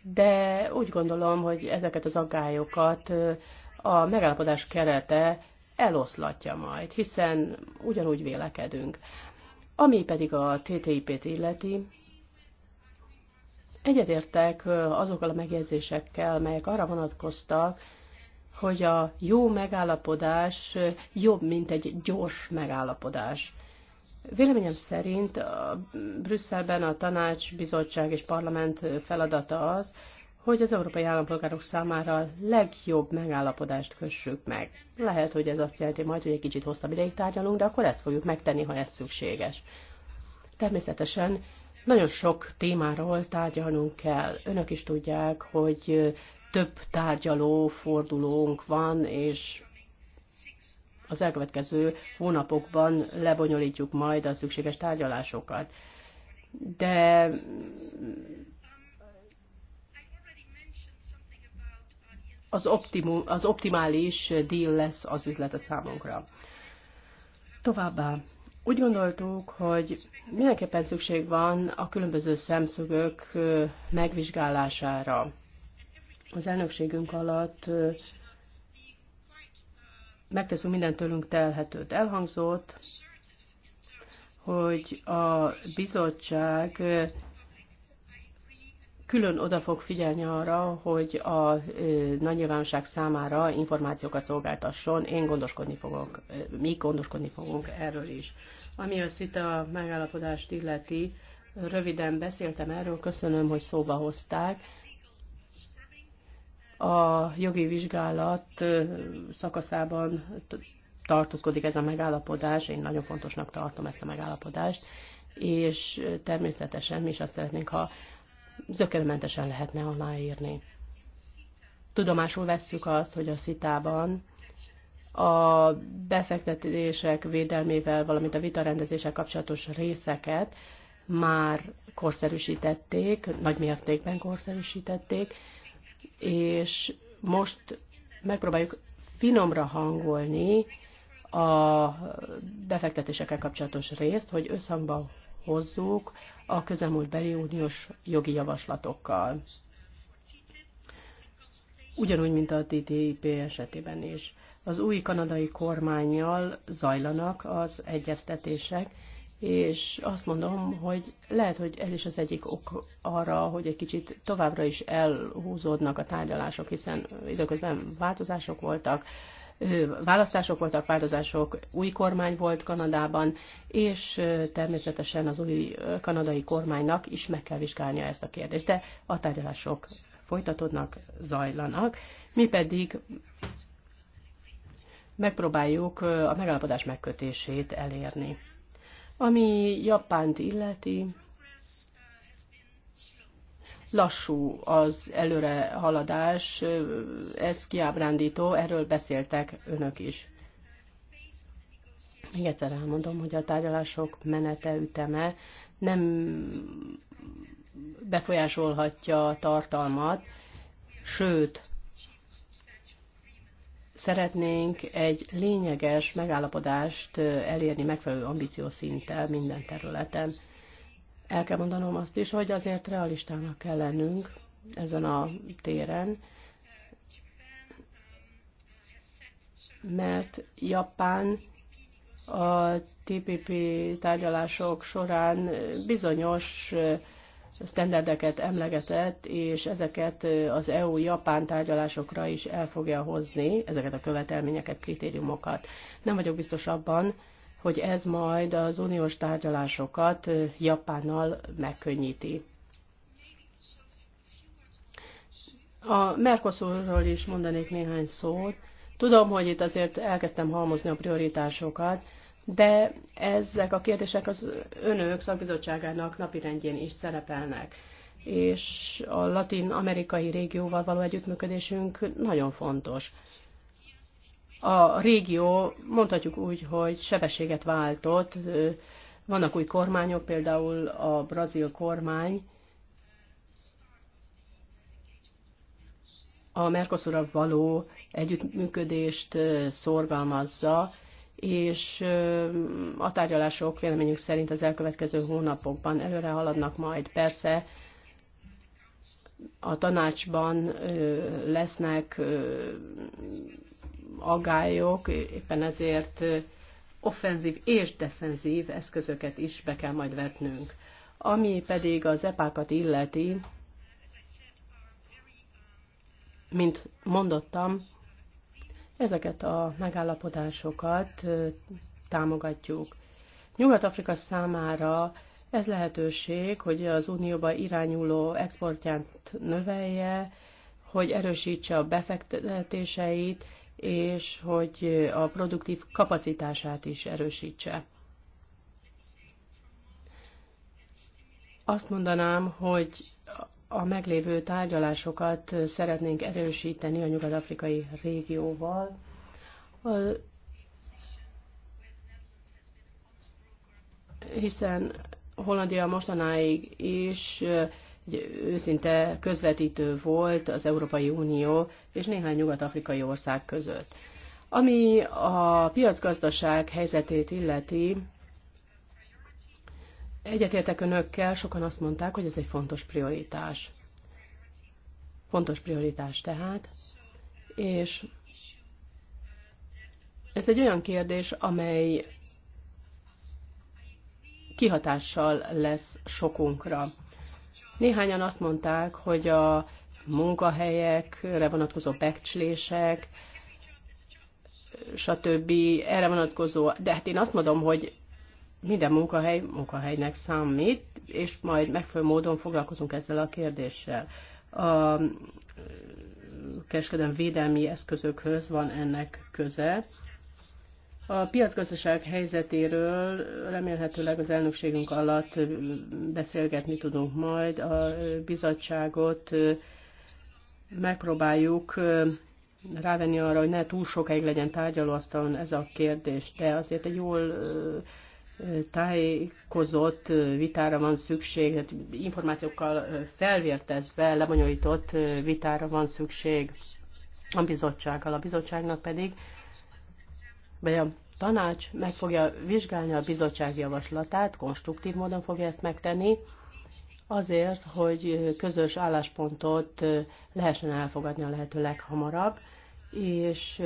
de úgy gondolom, hogy ezeket az aggályokat a megállapodás kerete eloszlatja majd, hiszen ugyanúgy vélekedünk. Ami pedig a TTIP-t illeti, Egyetértek azokkal a megjegyzésekkel, melyek arra vonatkoztak, hogy a jó megállapodás jobb, mint egy gyors megállapodás. Véleményem szerint a Brüsszelben a tanács, bizottság és parlament feladata az, hogy az európai állampolgárok számára a legjobb megállapodást kössük meg. Lehet, hogy ez azt jelenti majd, hogy egy kicsit hosszabb ideig tárgyalunk, de akkor ezt fogjuk megtenni, ha ez szükséges. Természetesen nagyon sok témáról tárgyalnunk kell. Önök is tudják, hogy több tárgyaló fordulónk van, és az elkövetkező hónapokban lebonyolítjuk majd a szükséges tárgyalásokat. De az, optimum, az optimális deal lesz az üzlete számunkra. Továbbá úgy gondoltuk, hogy mindenképpen szükség van a különböző szemszögök megvizsgálására. Az elnökségünk alatt megteszünk minden tőlünk telhetőt. Elhangzott, hogy a bizottság külön oda fog figyelni arra, hogy a nagy nyilvánosság számára információkat szolgáltasson. Én gondoskodni fogok, mi gondoskodni fogunk erről is. Ami a szita megállapodást illeti, röviden beszéltem erről, köszönöm, hogy szóba hozták. A jogi vizsgálat szakaszában tartózkodik ez a megállapodás, én nagyon fontosnak tartom ezt a megállapodást, és természetesen mi is azt szeretnénk, ha zökkenőmentesen lehetne aláírni. Tudomásul vesszük azt, hogy a szitában a befektetések védelmével, valamint a vitarendezéssel kapcsolatos részeket már korszerűsítették, nagy mértékben korszerűsítették, és most megpróbáljuk finomra hangolni a befektetésekkel kapcsolatos részt, hogy összhangban hozzuk a közelmúltbeli uniós jogi javaslatokkal. Ugyanúgy, mint a TTIP esetében is. Az új kanadai kormányjal zajlanak az egyeztetések, és azt mondom, hogy lehet, hogy ez is az egyik ok arra, hogy egy kicsit továbbra is elhúzódnak a tárgyalások, hiszen időközben változások voltak, választások voltak, változások, új kormány volt Kanadában, és természetesen az új kanadai kormánynak is meg kell vizsgálnia ezt a kérdést. De a tárgyalások folytatódnak, zajlanak, mi pedig megpróbáljuk a megállapodás megkötését elérni. Ami Japánt illeti, lassú az előre haladás, ez kiábrándító, erről beszéltek önök is. Még egyszer elmondom, hogy a tárgyalások menete, üteme nem befolyásolhatja a tartalmat, sőt, szeretnénk egy lényeges megállapodást elérni megfelelő szinttel minden területen. El kell mondanom azt is, hogy azért realistának kell lennünk ezen a téren, mert Japán a TPP tárgyalások során bizonyos sztenderdeket emlegetett, és ezeket az EU-Japán tárgyalásokra is el fogja hozni, ezeket a követelményeket, kritériumokat. Nem vagyok biztos abban, hogy ez majd az uniós tárgyalásokat Japánnal megkönnyíti. A Mercosurról is mondanék néhány szót. Tudom, hogy itt azért elkezdtem halmozni a prioritásokat, de ezek a kérdések az önök szakbizottságának napirendjén is szerepelnek. És a latin-amerikai régióval való együttműködésünk nagyon fontos a régió mondhatjuk úgy, hogy sebességet váltott. Vannak új kormányok, például a brazil kormány a Mercosurra való együttműködést szorgalmazza, és a tárgyalások véleményük szerint az elkövetkező hónapokban előre haladnak majd. Persze a tanácsban lesznek agályok, éppen ezért offenzív és defenzív eszközöket is be kell majd vetnünk. Ami pedig az epákat illeti, mint mondottam, ezeket a megállapodásokat támogatjuk. Nyugat-Afrika számára ez lehetőség, hogy az unióba irányuló exportját növelje, hogy erősítse a befektetéseit, és hogy a produktív kapacitását is erősítse. Azt mondanám, hogy a meglévő tárgyalásokat szeretnénk erősíteni a nyugat-afrikai régióval. Hiszen Hollandia mostanáig is egy őszinte közvetítő volt az Európai Unió és néhány nyugat-afrikai ország között. Ami a piacgazdaság helyzetét illeti, egyetértek önökkel, sokan azt mondták, hogy ez egy fontos prioritás. Fontos prioritás tehát, és ez egy olyan kérdés, amely kihatással lesz sokunkra. Néhányan azt mondták, hogy a munkahelyekre vonatkozó becslések, stb. erre vonatkozó, de hát én azt mondom, hogy minden munkahely munkahelynek számít, és majd megfelelő módon foglalkozunk ezzel a kérdéssel. A kereskedelmi védelmi eszközökhöz van ennek köze, a piacgazdaság helyzetéről remélhetőleg az elnökségünk alatt beszélgetni tudunk majd. A bizottságot megpróbáljuk rávenni arra, hogy ne túl sokáig legyen tárgyalóasztalon ez a kérdés, de azért egy jól tájékozott vitára van szükség, tehát információkkal felvértezve, lebonyolított vitára van szükség a bizottsággal. A bizottságnak pedig vagy a tanács meg fogja vizsgálni a bizottság javaslatát, konstruktív módon fogja ezt megtenni, azért, hogy közös álláspontot lehessen elfogadni a lehető leghamarabb, és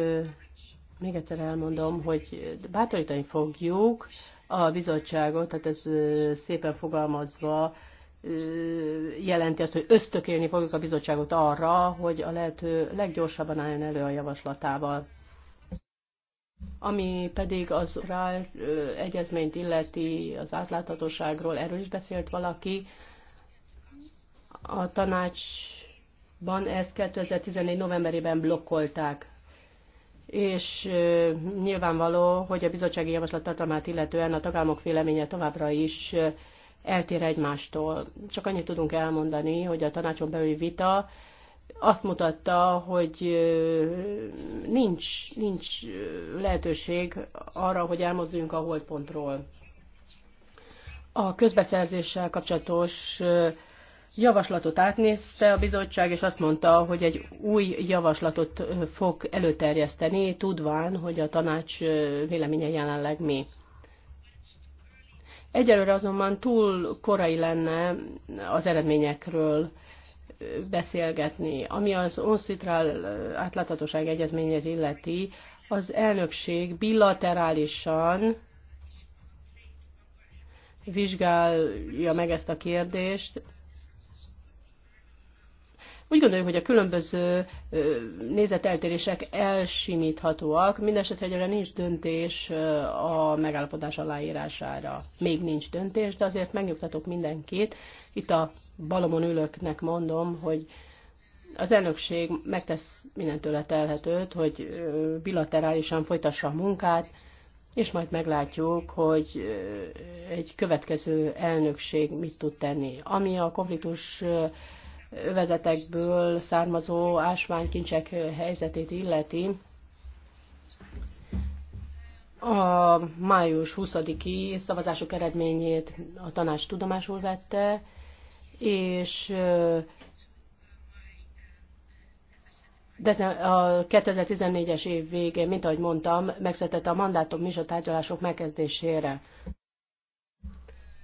még egyszer elmondom, hogy bátorítani fogjuk a bizottságot, tehát ez szépen fogalmazva jelenti azt, hogy ösztökélni fogjuk a bizottságot arra, hogy a lehető leggyorsabban álljon elő a javaslatával. Ami pedig az rá egyezményt illeti az átláthatóságról, erről is beszélt valaki. A tanácsban ezt 2014. novemberében blokkolták és nyilvánvaló, hogy a bizottsági javaslat tartalmát illetően a tagállamok véleménye továbbra is eltér egymástól. Csak annyit tudunk elmondani, hogy a tanácson belüli vita azt mutatta, hogy nincs, nincs lehetőség arra, hogy elmozduljunk a holdpontról. A közbeszerzéssel kapcsolatos javaslatot átnézte a bizottság, és azt mondta, hogy egy új javaslatot fog előterjeszteni, tudván, hogy a tanács véleménye jelenleg mi. Egyelőre azonban túl korai lenne az eredményekről beszélgetni. Ami az onszitrál átláthatóság egyezményét illeti, az elnökség bilaterálisan vizsgálja meg ezt a kérdést. Úgy gondoljuk, hogy a különböző nézeteltérések elsimíthatóak, mindesetre egyre nincs döntés a megállapodás aláírására. Még nincs döntés, de azért megnyugtatok mindenkit. Itt a balomon ülőknek mondom, hogy az elnökség megtesz mindentől telhetőt, hogy bilaterálisan folytassa a munkát, és majd meglátjuk, hogy egy következő elnökség mit tud tenni. Ami a konfliktus övezetekből származó ásványkincsek helyzetét illeti, a május 20-i szavazások eredményét a tanács tudomásul vette, és de a 2014-es év végén, mint ahogy mondtam, megszületett a mandátum is a tárgyalások megkezdésére.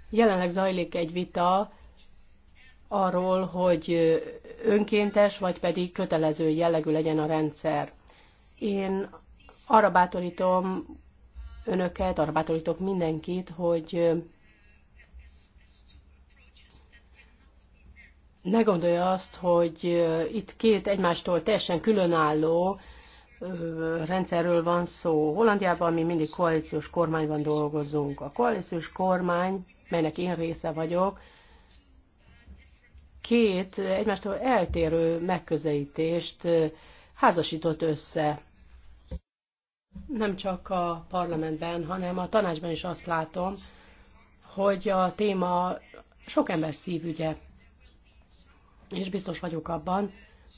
Jelenleg zajlik egy vita arról, hogy önkéntes vagy pedig kötelező jellegű legyen a rendszer. Én arra bátorítom önöket, arra bátorítok mindenkit, hogy ne gondolja azt, hogy itt két egymástól teljesen különálló rendszerről van szó. Hollandiában mi mindig koalíciós kormányban dolgozunk. A koalíciós kormány, melynek én része vagyok, két egymástól eltérő megközelítést házasított össze. Nem csak a parlamentben, hanem a tanácsban is azt látom, hogy a téma sok ember szívügye és biztos vagyok abban,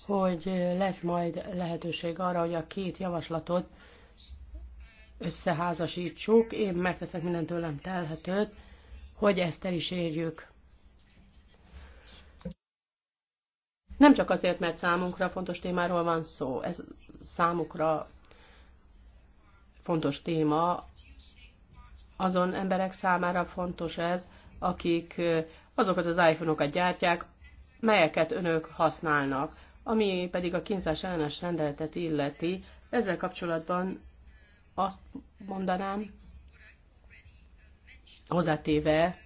hogy lesz majd lehetőség arra, hogy a két javaslatot összeházasítsuk. Én megteszek minden tőlem telhetőt, hogy ezt el is érjük. Nem csak azért, mert számunkra fontos témáról van szó, ez számukra fontos téma, azon emberek számára fontos ez, akik azokat az iPhone-okat gyártják, melyeket önök használnak. Ami pedig a kínzás ellenes rendeletet illeti, ezzel kapcsolatban azt mondanám, hozzátéve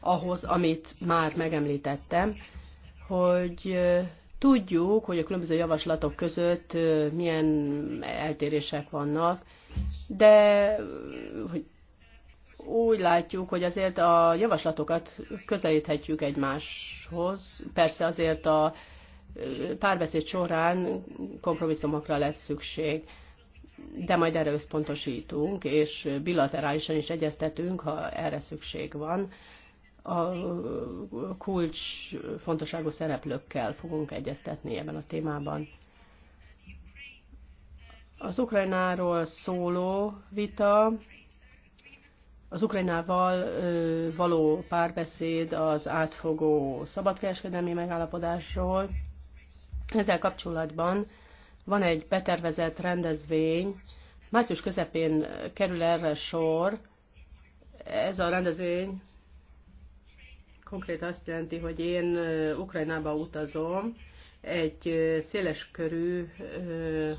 ahhoz, amit már megemlítettem, hogy tudjuk, hogy a különböző javaslatok között milyen eltérések vannak, de hogy úgy látjuk, hogy azért a javaslatokat közelíthetjük egymáshoz. Persze azért a párbeszéd során kompromisszumokra lesz szükség, de majd erre összpontosítunk, és bilaterálisan is egyeztetünk, ha erre szükség van. A kulcs fontosságú szereplőkkel fogunk egyeztetni ebben a témában. Az Ukrajnáról szóló vita az Ukrajnával való párbeszéd az átfogó szabadkereskedelmi megállapodásról. Ezzel kapcsolatban van egy betervezett rendezvény, március közepén kerül erre sor. Ez a rendezvény konkrét azt jelenti, hogy én Ukrajnába utazom, egy széleskörű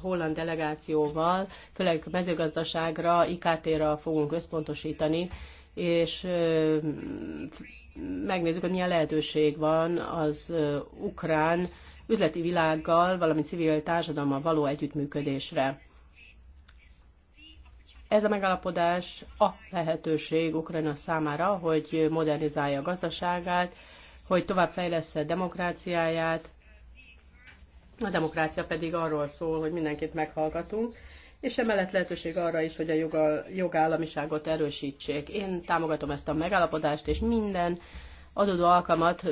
holland delegációval, főleg mezőgazdaságra, IKT-ra fogunk összpontosítani, és megnézzük, hogy milyen lehetőség van az ukrán üzleti világgal, valamint civil társadalommal való együttműködésre. Ez a megállapodás a lehetőség Ukrajna számára, hogy modernizálja a gazdaságát, hogy tovább fejlesz demokráciáját, a demokrácia pedig arról szól, hogy mindenkit meghallgatunk, és emellett lehetőség arra is, hogy a jogállamiságot erősítsék. Én támogatom ezt a megállapodást, és minden adódó alkalmat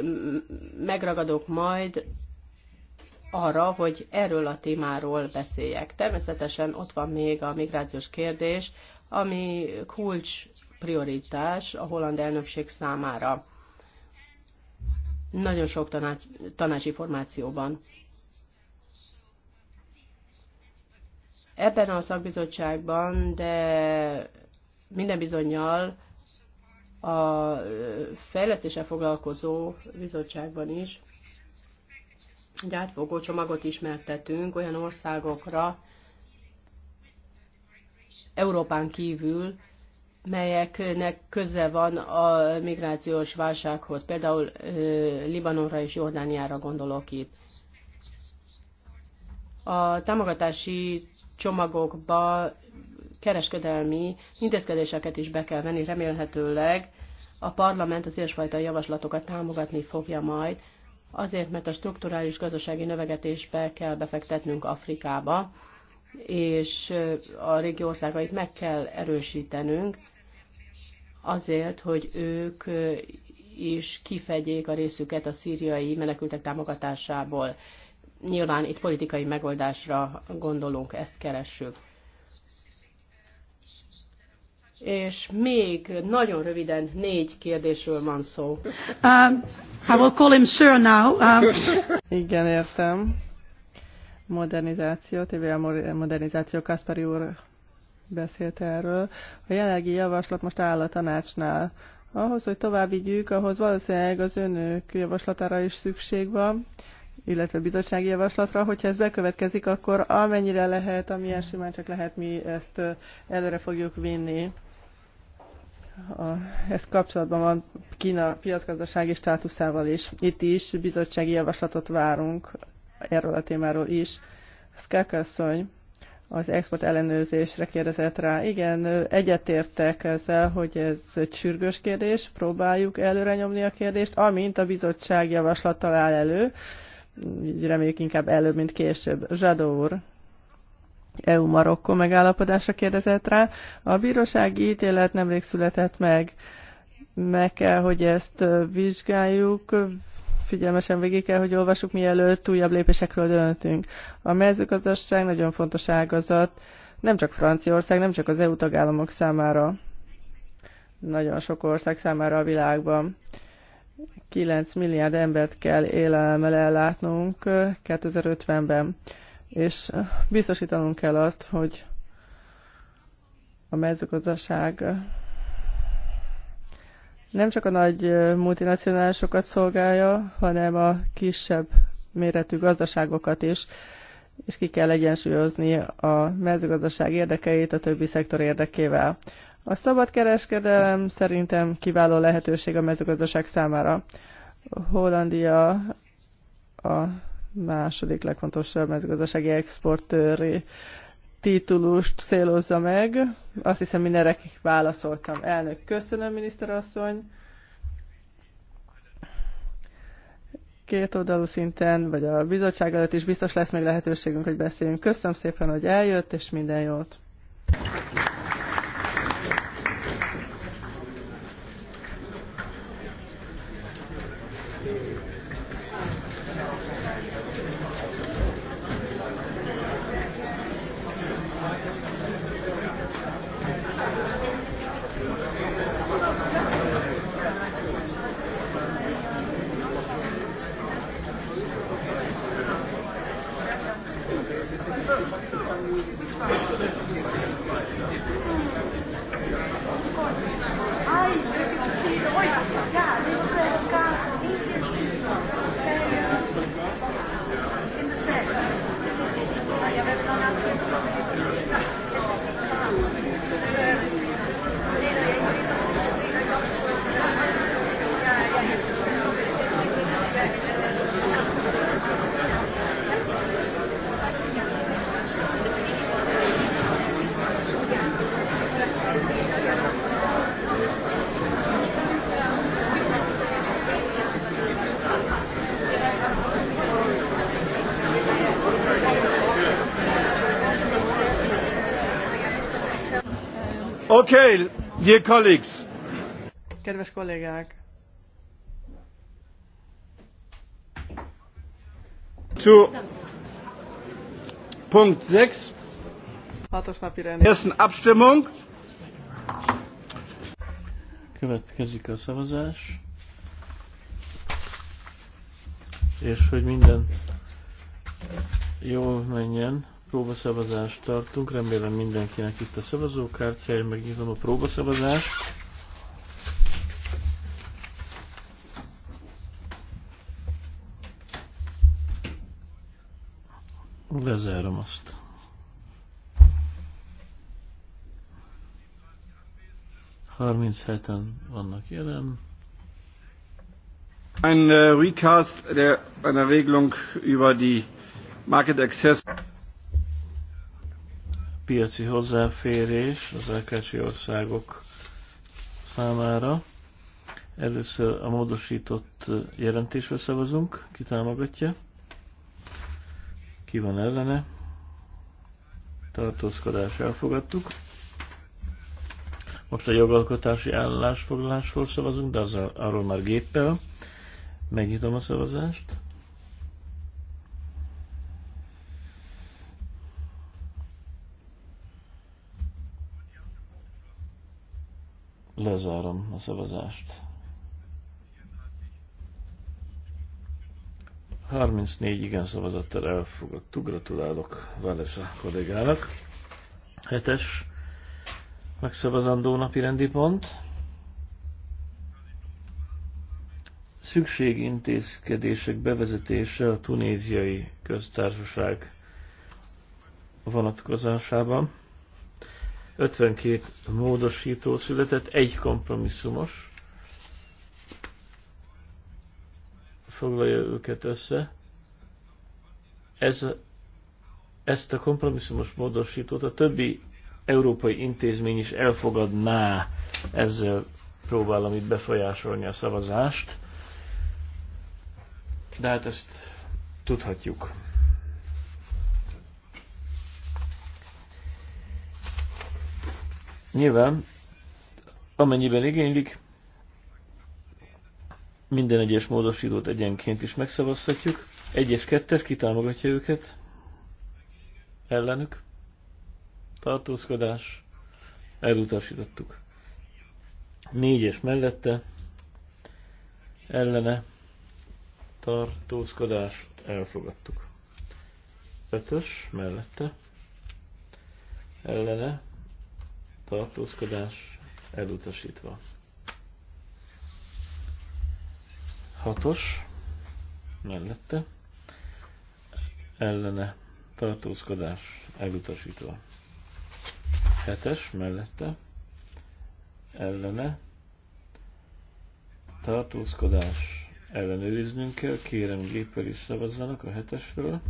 megragadok majd arra, hogy erről a témáról beszéljek. Természetesen ott van még a migrációs kérdés, ami kulcs prioritás a holland elnökség számára. Nagyon sok tanács, tanácsi információban. ebben a szakbizottságban, de minden bizonyal a fejlesztéssel foglalkozó bizottságban is egy átfogó csomagot ismertetünk olyan országokra, Európán kívül, melyeknek köze van a migrációs válsághoz. Például Libanonra és Jordániára gondolok itt. A támogatási csomagokba kereskedelmi intézkedéseket is be kell venni, remélhetőleg a parlament az ilyesfajta javaslatokat támogatni fogja majd, azért, mert a strukturális gazdasági növegetésbe kell befektetnünk Afrikába, és a régi országait meg kell erősítenünk azért, hogy ők is kifegyék a részüket a szíriai menekültek támogatásából. Nyilván itt politikai megoldásra gondolunk, ezt keressük. És még nagyon röviden négy kérdésről van szó. Um, I will call him sir now. Um. Igen, értem. Modernizáció, a modernizáció, Kaspari úr beszélt erről. A jelenlegi javaslat most áll a tanácsnál. Ahhoz, hogy tovább vigyük, ahhoz valószínűleg az önök javaslatára is szükség van illetve bizottsági javaslatra, hogyha ez bekövetkezik, akkor amennyire lehet, amilyen simán csak lehet, mi ezt előre fogjuk vinni. A, ez kapcsolatban van Kína piacgazdasági státuszával is. Itt is bizottsági javaslatot várunk erről a témáról is. Szkákasszony az export ellenőrzésre kérdezett rá. Igen, egyetértek ezzel, hogy ez egy sürgős kérdés, próbáljuk előre nyomni a kérdést, amint a bizottság javaslat talál elő reméljük inkább előbb, mint később. Zsadó úr, EU-Marokkó megállapodása kérdezett rá. A bírósági ítélet nemrég született meg. Meg kell, hogy ezt vizsgáljuk, figyelmesen végig kell, hogy olvassuk, mielőtt újabb lépésekről döntünk. A mezőgazdaság nagyon fontos ágazat, nem csak Franciaország, nem csak az EU tagállamok számára, nagyon sok ország számára a világban. 9 milliárd embert kell élelemmel ellátnunk 2050-ben, és biztosítanunk kell azt, hogy a mezőgazdaság nem csak a nagy multinacionálisokat szolgálja, hanem a kisebb méretű gazdaságokat is, és ki kell egyensúlyozni a mezőgazdaság érdekeit a többi szektor érdekével. A szabadkereskedelem szerintem kiváló lehetőség a mezőgazdaság számára. Hollandia a második legfontosabb mezőgazdasági exportőri titulust célozza meg. Azt hiszem mindenre válaszoltam. Elnök, köszönöm, miniszterasszony. Két oldalú szinten, vagy a bizottság előtt is biztos lesz még lehetőségünk, hogy beszéljünk. Köszönöm szépen, hogy eljött, és minden jót! Okay, dear colleagues. Kedves kollégák. Zu Punkt 6. Ersten Abstimmung. Következik a szavazás. És hogy minden jól menjen, próbaszavazást tartunk. Remélem mindenkinek itt a szavazókártyája, megnyitom a próbaszavazást. Lezárom azt. Harminc heten vannak jelen. Ein uh, Recast der, einer Regelung über die Market Access piaci hozzáférés az LKC országok számára. Először a módosított jelentésre szavazunk, ki támogatja, ki van ellene, tartózkodás elfogadtuk. Most a jogalkotási állásfoglalásról szavazunk, de az, arról már géppel. Megnyitom a szavazást. Lezárom a szavazást. 34 igen szavazattal elfogadtuk. Gratulálok Valesza kollégának. Hetes megszavazandó napi rendi pont. Szükségintézkedések bevezetése a tunéziai köztársaság vonatkozásában. 52 módosító született, egy kompromisszumos. Foglalja őket össze. Ez, ezt a kompromisszumos módosítót a többi európai intézmény is elfogadná. Ezzel próbálom itt befolyásolni a szavazást. De hát ezt tudhatjuk. Nyilván, amennyiben igénylik, minden egyes módosítót egyenként is megszavazhatjuk. Egyes kettes kitámogatja őket, ellenük, tartózkodás, elutasítottuk. Négyes mellette, ellene, tartózkodás, elfogadtuk. Ötös mellette, ellene, tartózkodás elutasítva. Hatos mellette ellene tartózkodás elutasítva. Hetes mellette ellene tartózkodás ellenőriznünk kell. Kérem géppel is szavazzanak a hetesről.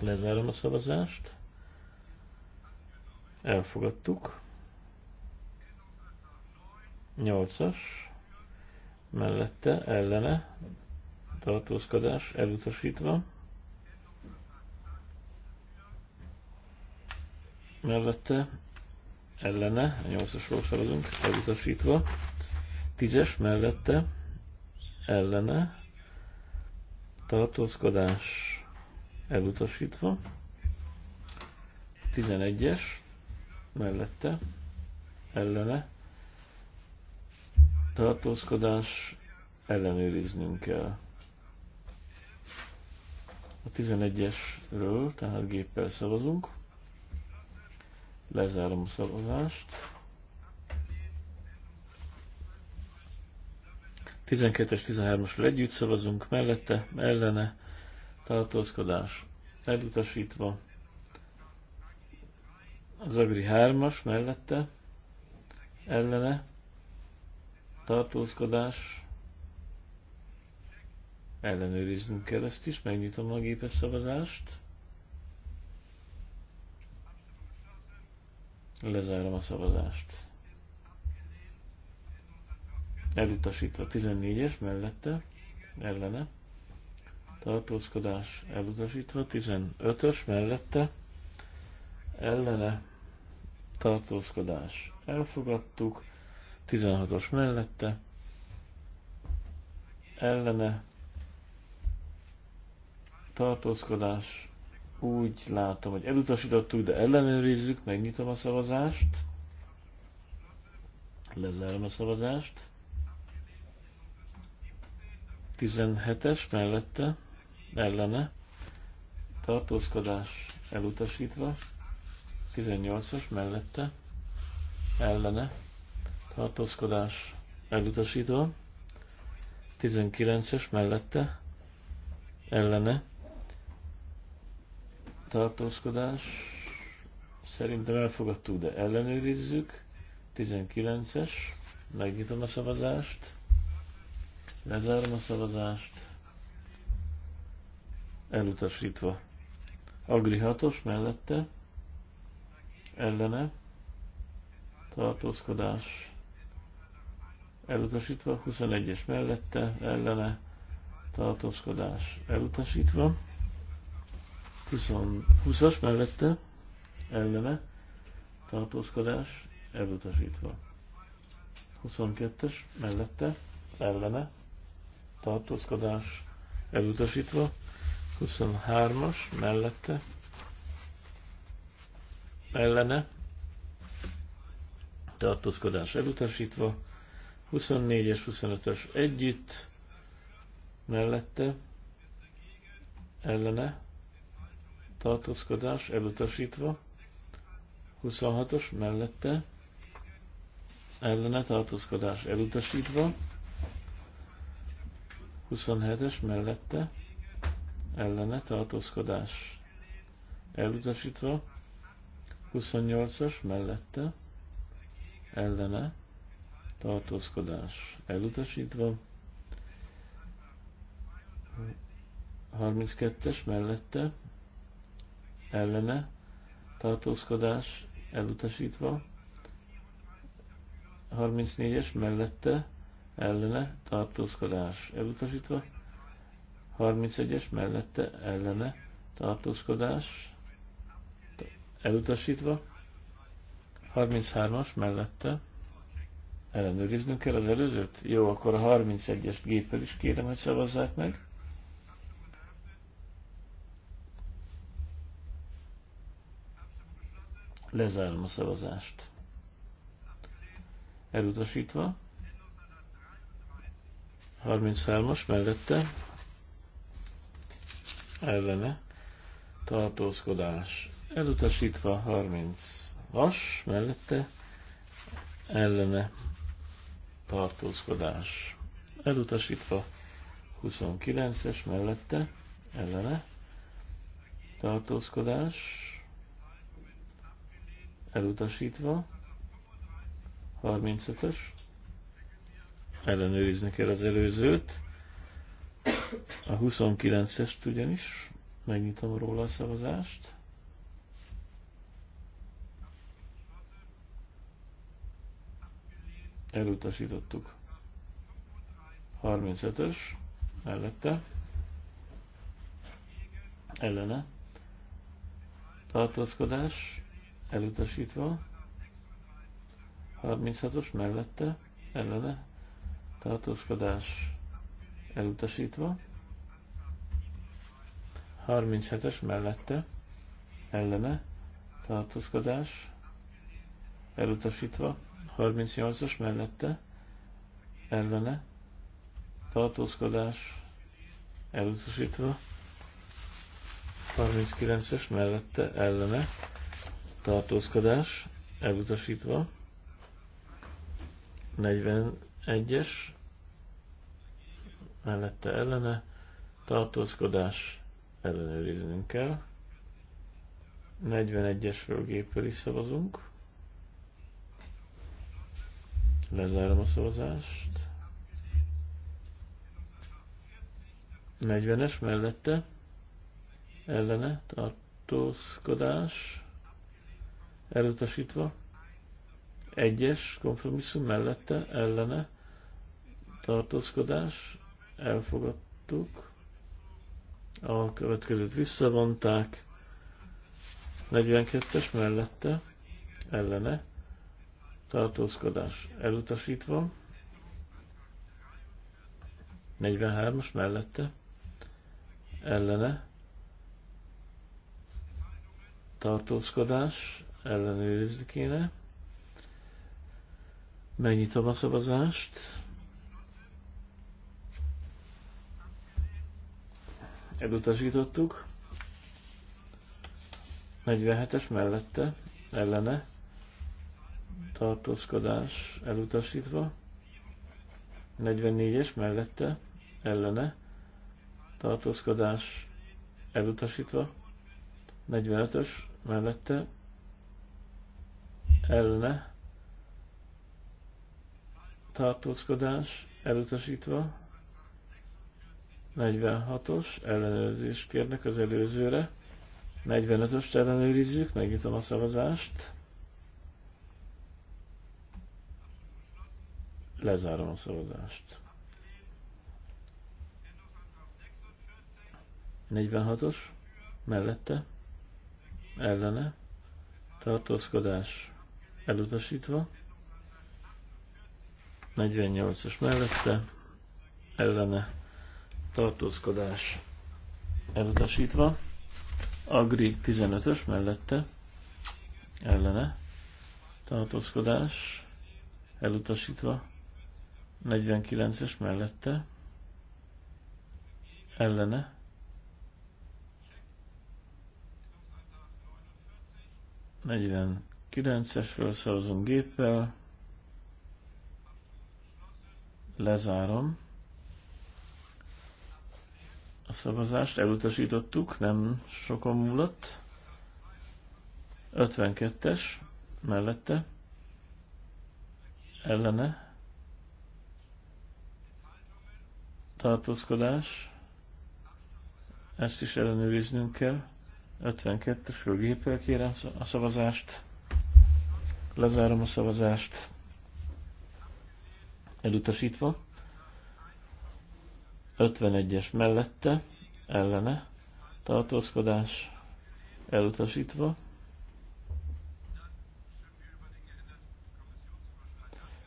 Lezárom a szavazást. Elfogadtuk. 8-as. Mellette, ellene, tartózkodás elutasítva. Mellette, ellene, 8-asról szavazunk, elutasítva. 10-es mellette, ellene, tartózkodás elutasítva. 11-es mellette ellene tartózkodás ellenőriznünk kell. A 11-esről, tehát géppel szavazunk. Lezárom a szavazást. 12-es, 13-asról együtt szavazunk, mellette, ellene, tartózkodás elutasítva. Az Agri 3-as mellette ellene tartózkodás ellenőriznünk kell ezt is, megnyitom a gépes szavazást. Lezárom a szavazást. Elutasítva 14-es mellette, ellene tartózkodás elutasítva, 15-ös mellette ellene tartózkodás elfogadtuk, 16-os mellette ellene tartózkodás úgy látom, hogy elutasítottuk, de ellenőrizzük, megnyitom a szavazást, lezárom a szavazást, 17-es mellette, ellene, tartózkodás elutasítva, 18-as mellette, ellene, tartózkodás elutasítva, 19-es mellette, ellene, tartózkodás, szerintem elfogadtuk, de ellenőrizzük, 19-es, megnyitom a szavazást, lezárom a szavazást, elutasítva. Agri 6 mellette, ellene, tartózkodás elutasítva, 21-es mellette, ellene, tartózkodás elutasítva, 20-as mellette, ellene, tartózkodás elutasítva. 22-es mellette, ellene, tartózkodás elutasítva, 23-as mellette ellene tartózkodás elutasítva, 24-es, 25-ös együtt mellette ellene tartózkodás elutasítva, 26-os mellette ellene tartózkodás elutasítva, 27-es mellette ellene tartózkodás elutasítva, 28-as mellette ellene tartózkodás elutasítva, 32-es mellette ellene tartózkodás elutasítva, 34-es mellette ellene tartózkodás elutasítva, 31-es mellette ellene tartózkodás elutasítva. 33-as mellette ellenőriznünk kell az előzőt? Jó, akkor a 31-es géppel is kérem, hogy szavazzák meg. Lezárom a szavazást. Elutasítva. 33-as mellette ellene tartózkodás elutasítva 30-as mellette ellene tartózkodás elutasítva 29-es mellette ellene tartózkodás elutasítva 35-ös ellenőrizni kell az előzőt a 29-est ugyanis. Megnyitom róla a szavazást. Elutasítottuk. 35-ös mellette. Ellene. Tartózkodás elutasítva. 36-os mellette. Ellene. Tartózkodás elutasítva. 37-es mellette, ellene, tartózkodás, elutasítva. 38-as mellette, ellene, tartózkodás, elutasítva. 39-es mellette, ellene, tartózkodás, elutasítva. 41-es mellette ellene tartózkodás ellenőriznünk kell. 41-esről géppel is szavazunk. Lezárom a szavazást. 40-es mellette ellene tartózkodás elutasítva. 1-es kompromisszum mellette ellene tartózkodás elfogadtuk, a következőt visszavonták, 42-es mellette, ellene, tartózkodás elutasítva, 43-as mellette, ellene, tartózkodás, ellenőrizni kéne. Megnyitom a szavazást. elutasítottuk. 47-es mellette, ellene, tartózkodás elutasítva. 44-es mellette, ellene, tartózkodás elutasítva. 45-ös mellette, ellene, tartózkodás elutasítva. 46-os, ellenőrzést kérnek az előzőre. 45-öst ellenőrizzük, megnyitom a szavazást. Lezárom a szavazást. 46-os, mellette, ellene, tartózkodás elutasítva, 48 os mellette, ellene, tartózkodás elutasítva, Agri 15-ös mellette, ellene, tartózkodás elutasítva, 49-es mellette, ellene, negyven kilences es felszavazom géppel, lezárom, szavazást, elutasítottuk, nem sokan múlott. 52-es mellette, ellene, tartózkodás, ezt is ellenőriznünk kell. 52 es géppel kérem a szavazást, lezárom a szavazást, elutasítva. 51-es mellette, ellene, tartózkodás elutasítva.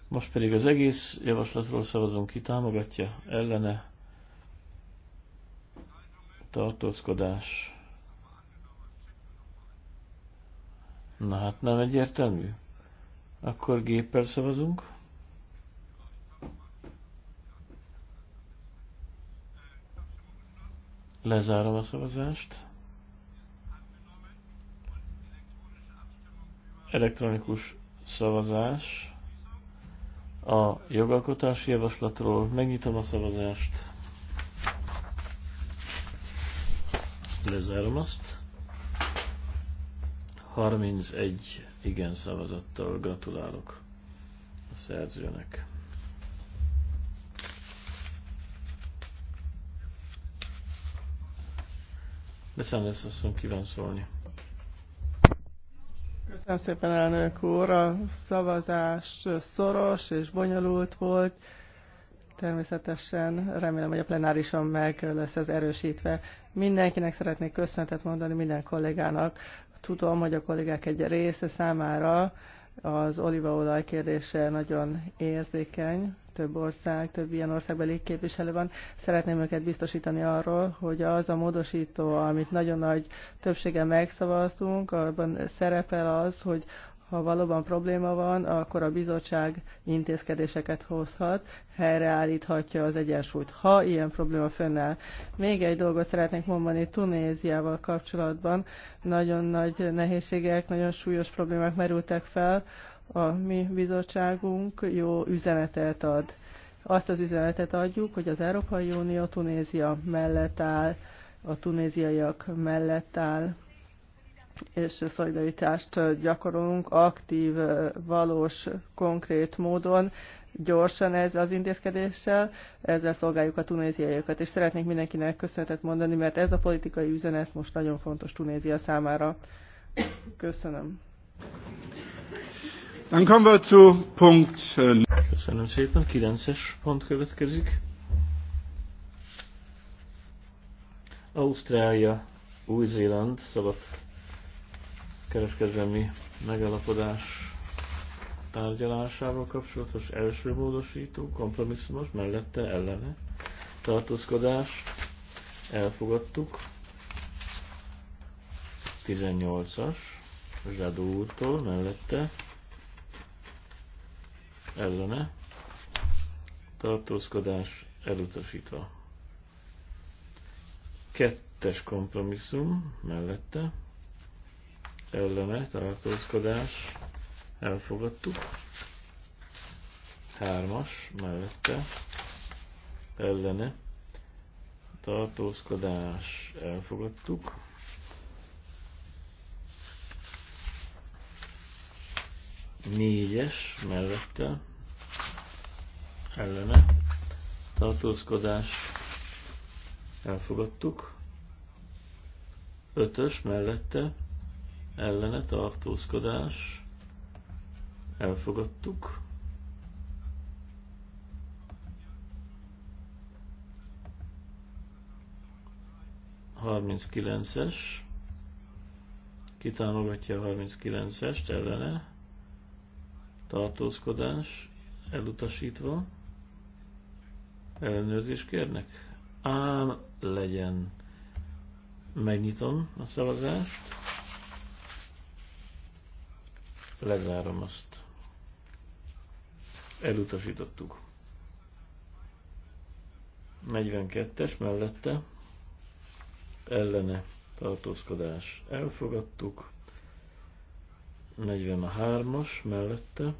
Most pedig az egész javaslatról szavazunk ki, támogatja, ellene, tartózkodás. Na hát nem egyértelmű. Akkor géppel szavazunk. Lezárom a szavazást. Elektronikus szavazás a jogalkotási javaslatról. Megnyitom a szavazást. Lezárom azt. 31 igen szavazattal gratulálok a szerzőnek. De Sanders asszony kíván szólni. Köszönöm szépen, elnök úr. A szavazás szoros és bonyolult volt. Természetesen remélem, hogy a plenárison meg lesz ez erősítve. Mindenkinek szeretnék köszönetet mondani, minden kollégának. Tudom, hogy a kollégák egy része számára az olívaolaj kérdése nagyon érzékeny, több ország, több ilyen országbeli képviselő van. Szeretném őket biztosítani arról, hogy az a módosító, amit nagyon nagy többséggel megszavaztunk, abban szerepel az, hogy ha valóban probléma van, akkor a bizottság intézkedéseket hozhat, helyreállíthatja az egyensúlyt, ha ilyen probléma fönnáll. Még egy dolgot szeretnék mondani Tunéziával kapcsolatban. Nagyon nagy nehézségek, nagyon súlyos problémák merültek fel. A mi bizottságunk jó üzenetet ad. Azt az üzenetet adjuk, hogy az Európai Unió Tunézia mellett áll, a tunéziaiak mellett áll és szolidaritást gyakorolunk aktív, valós, konkrét módon, gyorsan ez az intézkedéssel, ezzel szolgáljuk a tunéziaiakat, és szeretnék mindenkinek köszönetet mondani, mert ez a politikai üzenet most nagyon fontos Tunézia számára. Köszönöm. Äh, Köszönöm szépen, 9-es pont következik. Ausztrália, Új-Zéland szabad kereskedelmi megalapodás tárgyalásával kapcsolatos első módosító, kompromisszumos, mellette ellene tartózkodás, elfogadtuk. 18-as, Zsadó úrtól mellette ellene tartózkodás elutasítva. Kettes kompromisszum mellette ellene tartózkodás elfogadtuk. Hármas mellette ellene tartózkodás elfogadtuk. Négyes mellette ellene tartózkodás elfogadtuk. Ötös mellette ellene tartózkodás, elfogadtuk. Harminckilences, kitámogatja a 39-est ellene, tartózkodás, elutasítva, ellenőrzést kérnek? Ám legyen. Megnyitom a szavazást. Lezárom azt. Elutasítottuk. 42-es mellette ellene tartózkodás elfogadtuk. 43-as mellette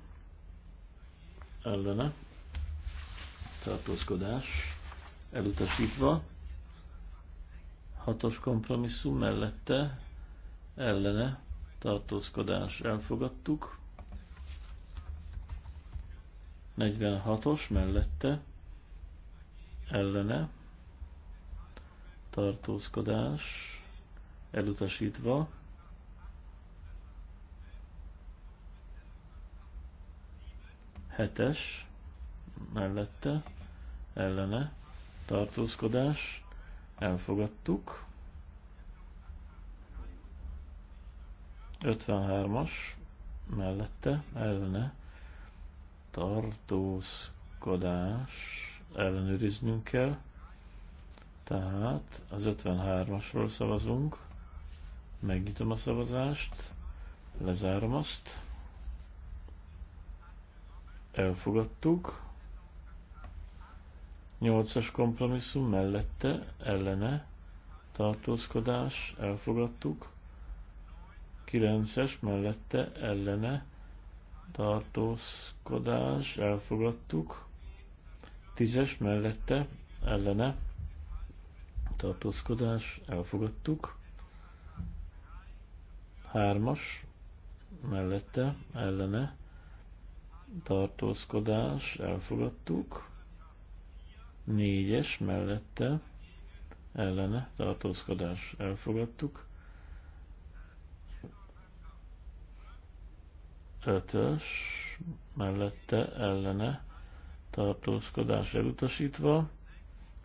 ellene tartózkodás elutasítva, hatos kompromisszum mellette ellene tartózkodás elfogadtuk. 46-os mellette ellene tartózkodás elutasítva. Hetes mellette ellene tartózkodás elfogadtuk. 53-as mellette ellene tartózkodás ellenőriznünk kell. Tehát az 53-asról szavazunk. Megnyitom a szavazást. Lezárom azt. Elfogadtuk. 8-as kompromisszum mellette ellene tartózkodás. Elfogadtuk. 9-es mellette ellene tartózkodás, elfogadtuk. 10-es mellette ellene tartózkodás, elfogadtuk. 3-as mellette ellene tartózkodás, elfogadtuk. 4-es mellette ellene tartózkodás, elfogadtuk. ötös mellette ellene tartózkodás elutasítva,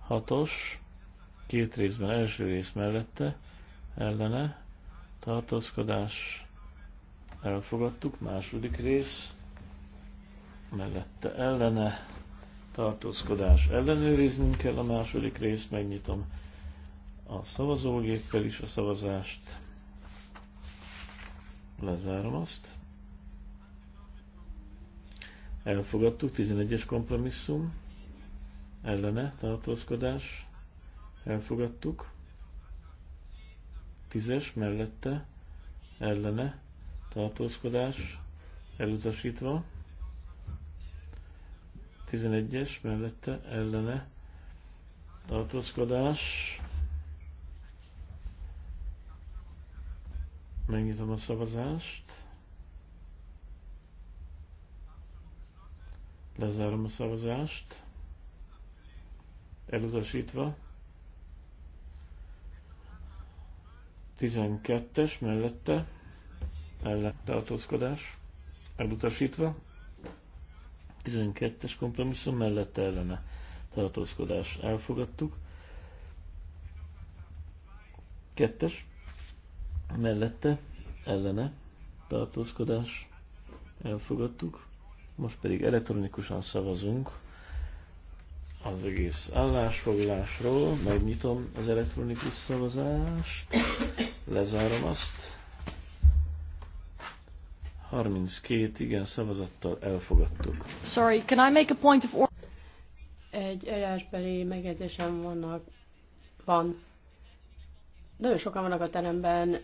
hatos két részben első rész mellette ellene tartózkodás elfogadtuk, második rész mellette ellene tartózkodás ellenőriznünk kell a második részt, megnyitom a szavazógéppel is a szavazást, lezárom azt. Elfogadtuk. 11-es kompromisszum. Ellene tartózkodás. Elfogadtuk. 10-es mellette. Ellene tartózkodás. Elutasítva. 11-es mellette. Ellene tartózkodás. Megnyitom a szavazást. Lezárom a szavazást. Elutasítva. 12-es mellette ellen tartózkodás. Elutasítva. 12-es kompromisszum mellette ellene tartózkodás. Elfogadtuk. 2-es mellette ellene tartózkodás. Elfogadtuk. Most pedig elektronikusan szavazunk az egész állásfoglalásról. Megnyitom az elektronikus szavazást, lezárom azt. 32 igen szavazattal elfogadtuk. Sorry, can I make a point of order? Egy eljárásbeli megjegyzésem vannak, van. Nagyon sokan vannak a teremben.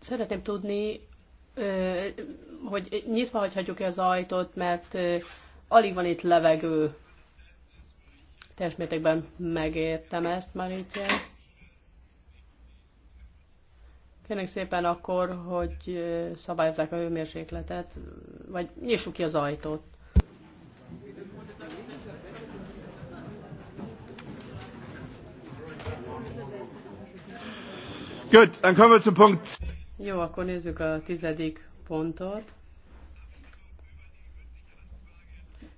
Szeretném tudni, hogy nyitva hagyhatjuk-e az ajtót, mert alig van itt levegő. Teljes mértékben megértem ezt, Maritja. Kérnék szépen akkor, hogy szabályozzák a hőmérsékletet, vagy nyissuk ki az ajtót. Good, dann kommen wir zu Punkt jó, akkor nézzük a tizedik pontot.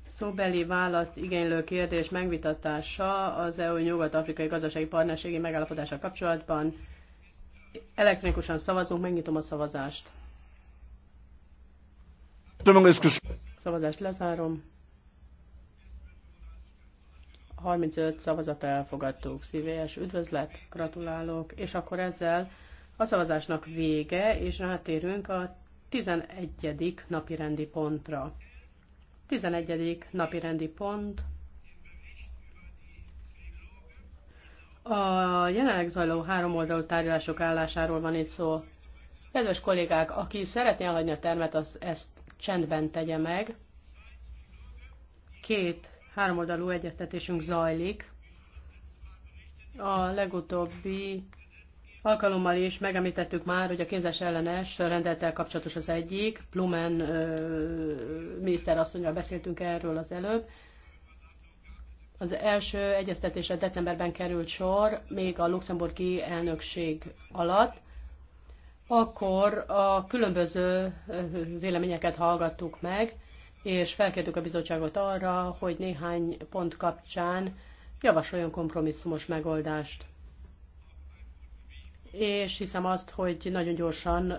Szóbeli választ igénylő kérdés megvitatása az EU nyugat-afrikai gazdasági partnerségi megállapodása kapcsolatban. Elektronikusan szavazunk, megnyitom a szavazást. Szavazást lezárom. 35 szavazat elfogadtuk. Szívélyes üdvözlet, gratulálok. És akkor ezzel a szavazásnak vége, és rátérünk a 11. napi rendi pontra. 11. napi rendi pont A jelenleg zajló háromoldalú tárgyalások állásáról van itt szó. Kedves kollégák, aki szeretné elhagyni a termet, az ezt csendben tegye meg. Két háromoldalú egyeztetésünk zajlik. A legutóbbi alkalommal is megemlítettük már, hogy a kézes ellenes rendelettel kapcsolatos az egyik. Plumen miniszterasszonyra beszéltünk erről az előbb. Az első egyeztetésre decemberben került sor, még a luxemburgi elnökség alatt. Akkor a különböző véleményeket hallgattuk meg, és felkértük a bizottságot arra, hogy néhány pont kapcsán javasoljon kompromisszumos megoldást és hiszem azt, hogy nagyon gyorsan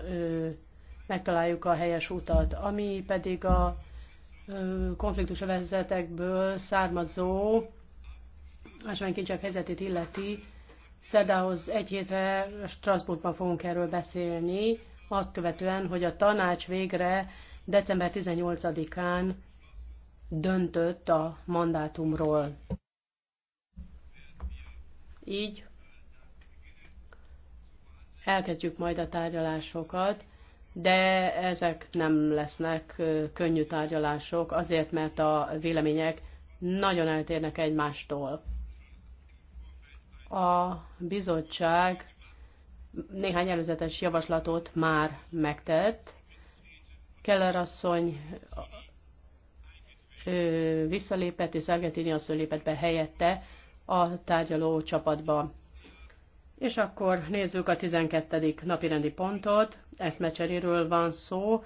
megtaláljuk a helyes utat. Ami pedig a konfliktus vezetekből származó ásványkincsek helyzetét illeti, Szerdához egy hétre Strasbourgban fogunk erről beszélni, azt követően, hogy a tanács végre december 18-án döntött a mandátumról. Így elkezdjük majd a tárgyalásokat, de ezek nem lesznek könnyű tárgyalások, azért mert a vélemények nagyon eltérnek egymástól. A bizottság néhány előzetes javaslatot már megtett. Keller asszony visszalépett, és Szergetini asszony lépett be helyette a tárgyaló csapatba. És akkor nézzük a 12. napirendi pontot. Eszmecseréről van szó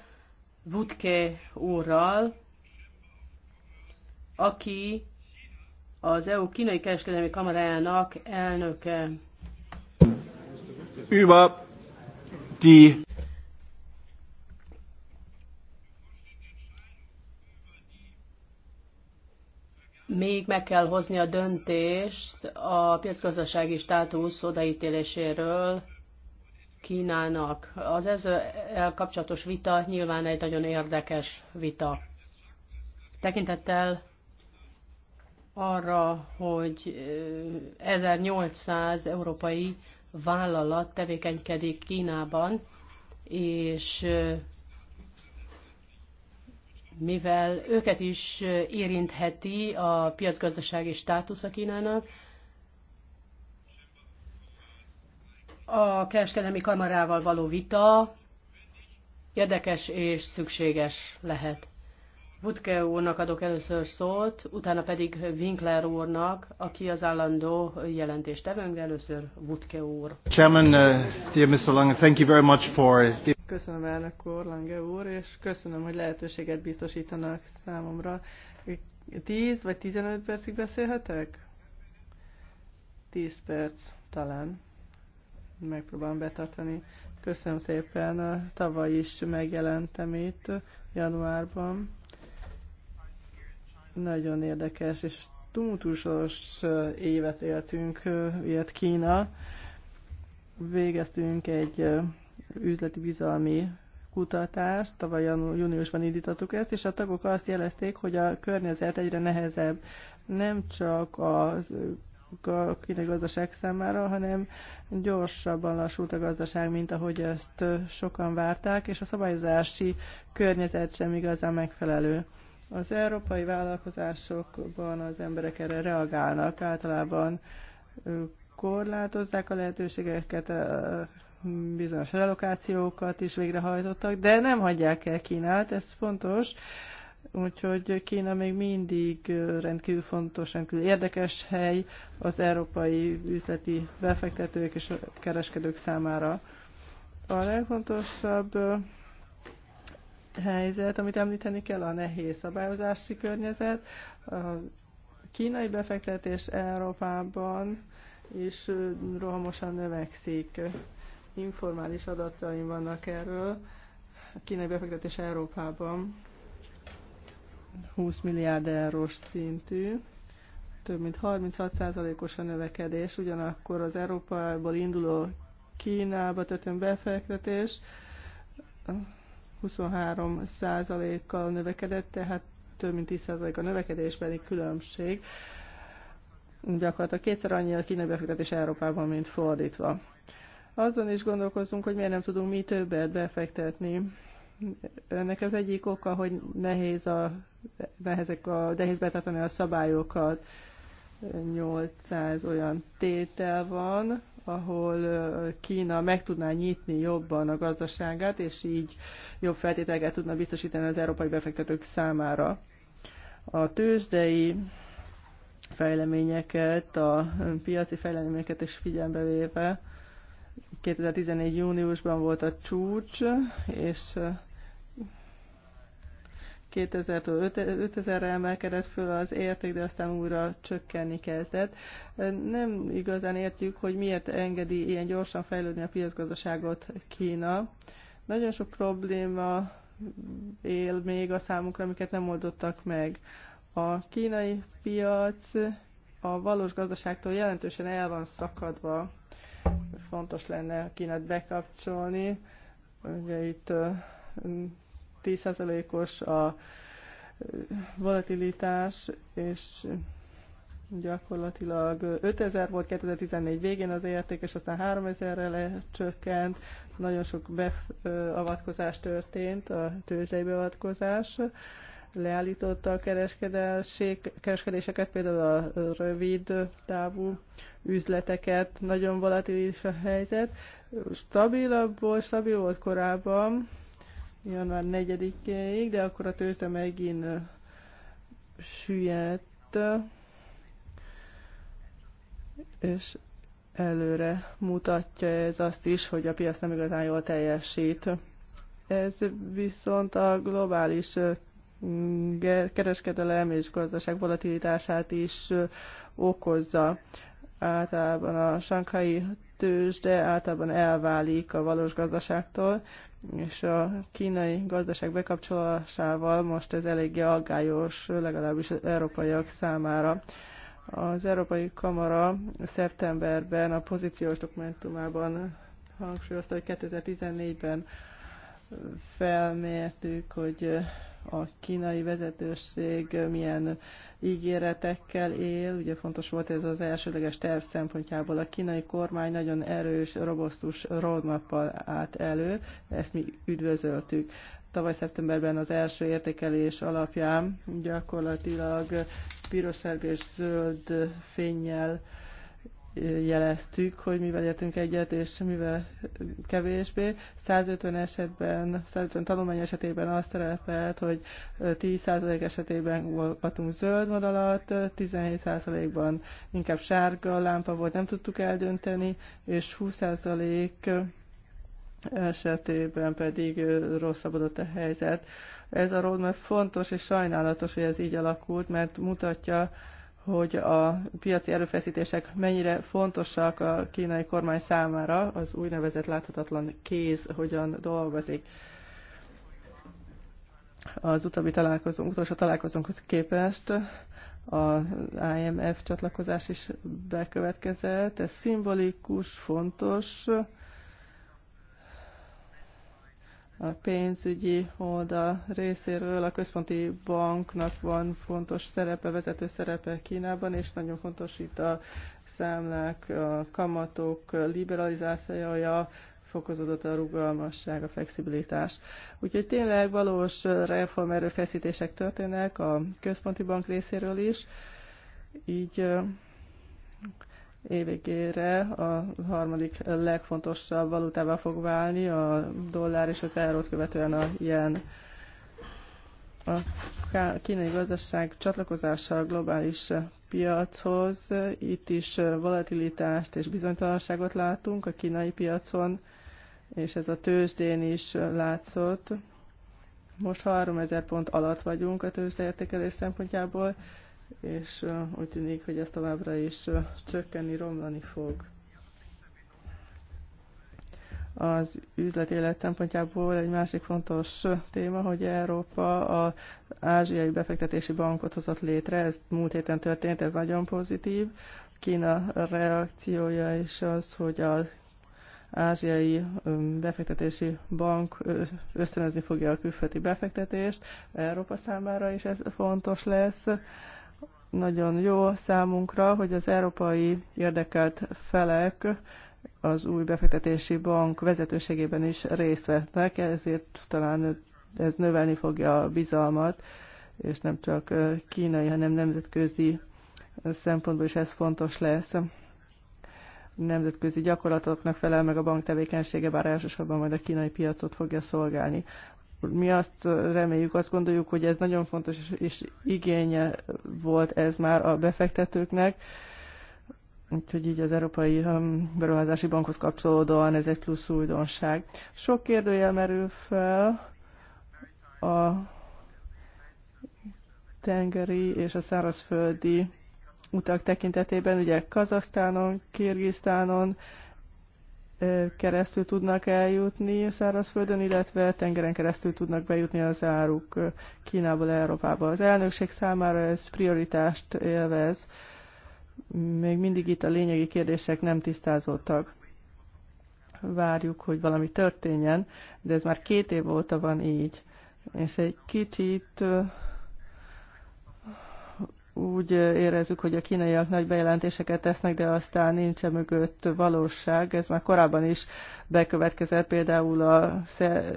Vutke úrral, aki az EU kínai kereskedelmi kamarájának elnöke. Über die még meg kell hozni a döntést a piacgazdasági státusz odaítéléséről Kínának. Az ezzel kapcsolatos vita nyilván egy nagyon érdekes vita. Tekintettel arra, hogy 1800 európai vállalat tevékenykedik Kínában, és mivel őket is érintheti a piacgazdasági státusz a Kínának. A kereskedelmi kamarával való vita érdekes és szükséges lehet. Butke úrnak adok először szót, utána pedig Winkler úrnak, aki az állandó jelentést tevőnk, először Butke úr. Chairman, uh, dear Mr. Lange, thank you very much for Köszönöm elnök úr, Lange úr, és köszönöm, hogy lehetőséget biztosítanak számomra. 10 vagy 15 percig beszélhetek? 10 perc talán. Megpróbálom betartani. Köszönöm szépen. Tavaly is megjelentem itt, januárban. Nagyon érdekes és tumultusos évet éltünk, ilyet Kína. Végeztünk egy üzleti bizalmi kutatást, tavaly júniusban indítottuk ezt, és a tagok azt jelezték, hogy a környezet egyre nehezebb nem csak az a gazdaság számára, hanem gyorsabban lassult a gazdaság, mint ahogy ezt sokan várták, és a szabályozási környezet sem igazán megfelelő. Az európai vállalkozásokban az emberek erre reagálnak, általában korlátozzák a lehetőségeket, bizonyos relokációkat is végrehajtottak, de nem hagyják el Kínát, ez fontos. Úgyhogy Kína még mindig rendkívül fontos, rendkívül érdekes hely az európai üzleti befektetők és kereskedők számára. A legfontosabb helyzet, amit említeni kell, a nehéz szabályozási környezet. A kínai befektetés Európában is rohamosan növekszik informális adataim vannak erről. A kínai befektetés Európában 20 milliárd eurós szintű, több mint 36%-os a növekedés, ugyanakkor az Európából induló Kínába történő befektetés 23%-kal növekedett, tehát több mint 10% a pedig különbség. Gyakorlatilag kétszer annyi a kínai befektetés Európában, mint fordítva. Azon is gondolkozunk, hogy miért nem tudunk mi többet befektetni. Ennek az egyik oka, hogy nehéz, a, nehezek a, nehéz betartani a szabályokat. 800 olyan tétel van, ahol Kína meg tudná nyitni jobban a gazdaságát, és így jobb feltételeket tudna biztosítani az európai befektetők számára. A tőzsdei fejleményeket, a piaci fejleményeket is figyelembe véve 2014. júniusban volt a csúcs, és 2000-től 5000-re emelkedett föl az érték, de aztán újra csökkenni kezdett. Nem igazán értjük, hogy miért engedi ilyen gyorsan fejlődni a piacgazdaságot Kína. Nagyon sok probléma él még a számukra, amiket nem oldottak meg. A kínai piac a valós gazdaságtól jelentősen el van szakadva Fontos lenne Kínát bekapcsolni. Ugye itt 10%-os a volatilitás, és gyakorlatilag 5000 volt 2014 végén az érték, és aztán 3000-re lecsökkent. Nagyon sok beavatkozás történt, a tőzsdei beavatkozás leállította a kereskedéseket, például a rövid távú üzleteket, nagyon volatilis a helyzet. volt, stabil volt korábban, január 4-ig, de akkor a tőzsde megint süllyedt, és előre mutatja ez azt is, hogy a piac nem igazán jól teljesít. Ez viszont a globális kereskedelem és gazdaság volatilitását is okozza. Általában a sankai tőzsde általában elválik a valós gazdaságtól, és a kínai gazdaság bekapcsolásával most ez eléggé aggályos, legalábbis az európaiak számára. Az Európai Kamara szeptemberben a pozíciós dokumentumában hangsúlyozta, hogy 2014-ben felmértük, hogy a kínai vezetőség milyen ígéretekkel él. Ugye fontos volt ez az elsődleges terv szempontjából. A kínai kormány nagyon erős, robosztus roadmap állt elő, ezt mi üdvözöltük. Tavaly szeptemberben az első értékelés alapján gyakorlatilag piros és zöld fényjel jeleztük, hogy mivel értünk egyet, és mivel kevésbé. 150 esetben, 150 tanulmány esetében azt szerepelt, hogy 10% esetében voltunk zöld vonalat, 17%-ban inkább sárga lámpa volt, nem tudtuk eldönteni, és 20% esetében pedig rosszabbodott a helyzet. Ez a roadmap fontos és sajnálatos, hogy ez így alakult, mert mutatja, hogy a piaci erőfeszítések mennyire fontosak a kínai kormány számára, az úgynevezett láthatatlan kéz hogyan dolgozik. Az utóbbi találkozónk, utolsó találkozónkhoz képest az IMF csatlakozás is bekövetkezett, ez szimbolikus, fontos, a pénzügyi oldal részéről a központi banknak van fontos szerepe, vezető szerepe Kínában, és nagyon fontos itt a számlák, a kamatok liberalizációja, fokozódott a rugalmasság, a flexibilitás. Úgyhogy tényleg valós reform feszítések történnek a központi bank részéről is, így évigére a harmadik legfontosabb valutával fog válni a dollár és az eurót követően a jen. A kínai gazdaság csatlakozása a globális piachoz, itt is volatilitást és bizonytalanságot látunk a kínai piacon, és ez a tőzsdén is látszott. Most 3000 pont alatt vagyunk a tőzsdeértékelés szempontjából, és úgy tűnik, hogy ez továbbra is csökkenni, romlani fog. Az üzleti élet szempontjából egy másik fontos téma, hogy Európa az Ázsiai Befektetési Bankot hozott létre, ez múlt héten történt, ez nagyon pozitív. Kína reakciója is az, hogy az Ázsiai Befektetési Bank ösztönözni fogja a külföldi befektetést Európa számára, is ez fontos lesz. Nagyon jó számunkra, hogy az európai érdekelt felek az új befektetési bank vezetőségében is részt vettek, ezért talán ez növelni fogja a bizalmat, és nem csak kínai, hanem nemzetközi szempontból is ez fontos lesz. Nemzetközi gyakorlatoknak felel meg a bank tevékenysége, bár elsősorban majd a kínai piacot fogja szolgálni mi azt reméljük, azt gondoljuk, hogy ez nagyon fontos, és igénye volt ez már a befektetőknek, úgyhogy így az Európai um, Beruházási Bankhoz kapcsolódóan ez egy plusz újdonság. Sok kérdőjel merül fel a tengeri és a szárazföldi utak tekintetében, ugye Kazasztánon, Kirgisztánon, keresztül tudnak eljutni szárazföldön, illetve tengeren keresztül tudnak bejutni az áruk Kínából Európába. Az elnökség számára ez prioritást élvez. Még mindig itt a lényegi kérdések nem tisztázottak. Várjuk, hogy valami történjen, de ez már két év óta van így. És egy kicsit úgy érezzük, hogy a kínaiak nagy bejelentéseket tesznek, de aztán nincs e mögött valóság. Ez már korábban is bekövetkezett, például a,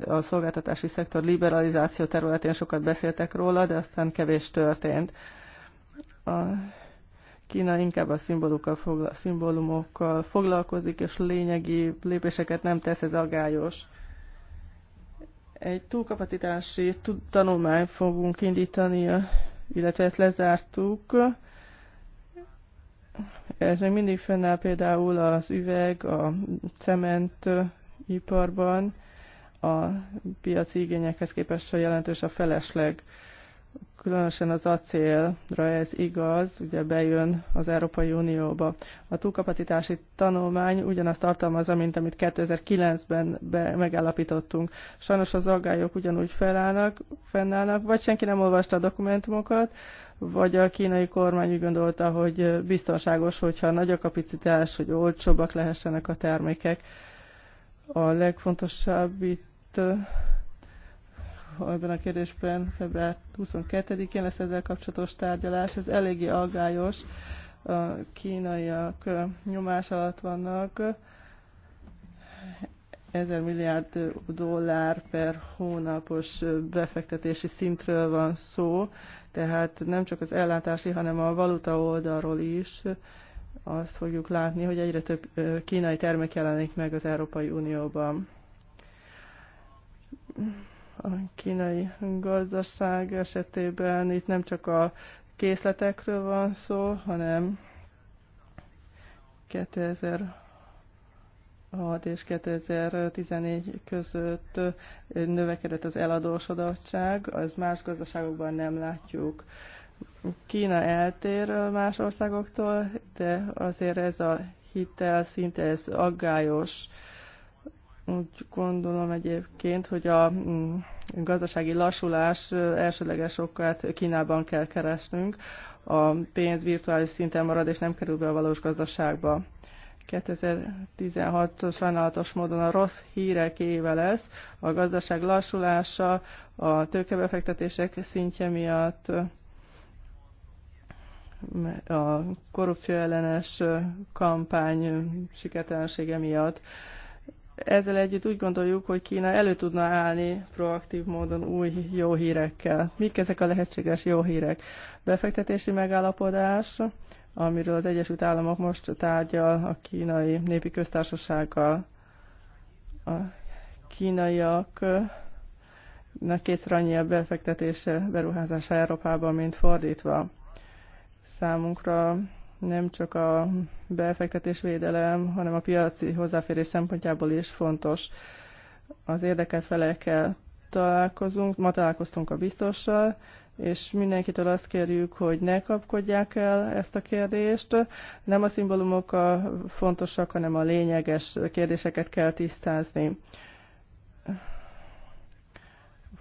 a szolgáltatási szektor liberalizáció területén sokat beszéltek róla, de aztán kevés történt. A Kína inkább a fogla, szimbólumokkal foglalkozik, és lényegi lépéseket nem tesz, ez agályos egy túlkapacitási tanulmány fogunk indítani a illetve ezt lezártuk. Ez még mindig fennáll például az üveg, a cement iparban, a piaci igényekhez képest jelentős a felesleg különösen az acélra ez igaz, ugye bejön az Európai Unióba. A túlkapacitási tanulmány ugyanazt tartalmazza, mint amit 2009-ben megállapítottunk. Sajnos az aggályok ugyanúgy felállnak, fennállnak, vagy senki nem olvasta a dokumentumokat, vagy a kínai kormány úgy gondolta, hogy biztonságos, hogyha nagy a kapacitás, hogy olcsóbbak lehessenek a termékek. A legfontosabb itt ebben a kérdésben február 22-én lesz ezzel kapcsolatos tárgyalás. Ez eléggé aggályos. A kínaiak nyomás alatt vannak. 1000 milliárd dollár per hónapos befektetési szintről van szó, tehát nem csak az ellátási, hanem a valuta oldalról is azt fogjuk látni, hogy egyre több kínai termék jelenik meg az Európai Unióban a kínai gazdaság esetében itt nem csak a készletekről van szó, hanem 2000 és 2014 között növekedett az eladósodottság, az más gazdaságokban nem látjuk. Kína eltér más országoktól, de azért ez a hitel szinte ez aggályos úgy gondolom egyébként, hogy a mm, gazdasági lassulás elsőleges okát Kínában kell keresnünk. A pénz virtuális szinten marad, és nem kerül be a valós gazdaságba. 2016 sajnálatos módon a rossz hírek éve lesz. A gazdaság lassulása, a tőkebefektetések szintje miatt a korrupció ellenes kampány sikertelensége miatt ezzel együtt úgy gondoljuk, hogy Kína elő tudna állni proaktív módon új jó hírekkel. Mik ezek a lehetséges jó hírek? Befektetési megállapodás, amiről az Egyesült Államok most tárgyal a kínai népi köztársasággal. A kínaiak kétszer annyi a befektetése, beruházása Európában, mint fordítva. Számunkra nem csak a befektetés védelem, hanem a piaci hozzáférés szempontjából is fontos. Az érdekelt felekkel találkozunk, ma találkoztunk a biztossal, és mindenkitől azt kérjük, hogy ne kapkodják el ezt a kérdést. Nem a szimbólumok a fontosak, hanem a lényeges kérdéseket kell tisztázni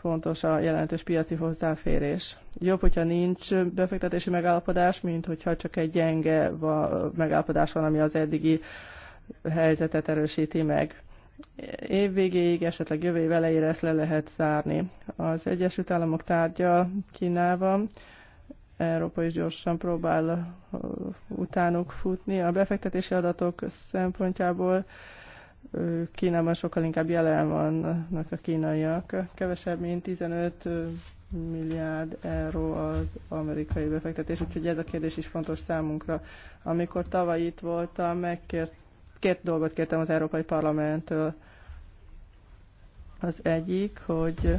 fontos a jelentős piaci hozzáférés. Jobb, hogyha nincs befektetési megállapodás, mint hogyha csak egy gyenge megállapodás van, ami az eddigi helyzetet erősíti meg. Év végéig, esetleg jövő év elejére ezt le lehet zárni. Az Egyesült Államok tárgya Kínában, Európa is gyorsan próbál utánuk futni. A befektetési adatok szempontjából Kínában sokkal inkább jelen vannak a kínaiak. Kevesebb, mint 15 milliárd euró az amerikai befektetés, úgyhogy ez a kérdés is fontos számunkra. Amikor tavaly itt voltam, megkért, két dolgot kértem az Európai Parlamenttől. Az egyik, hogy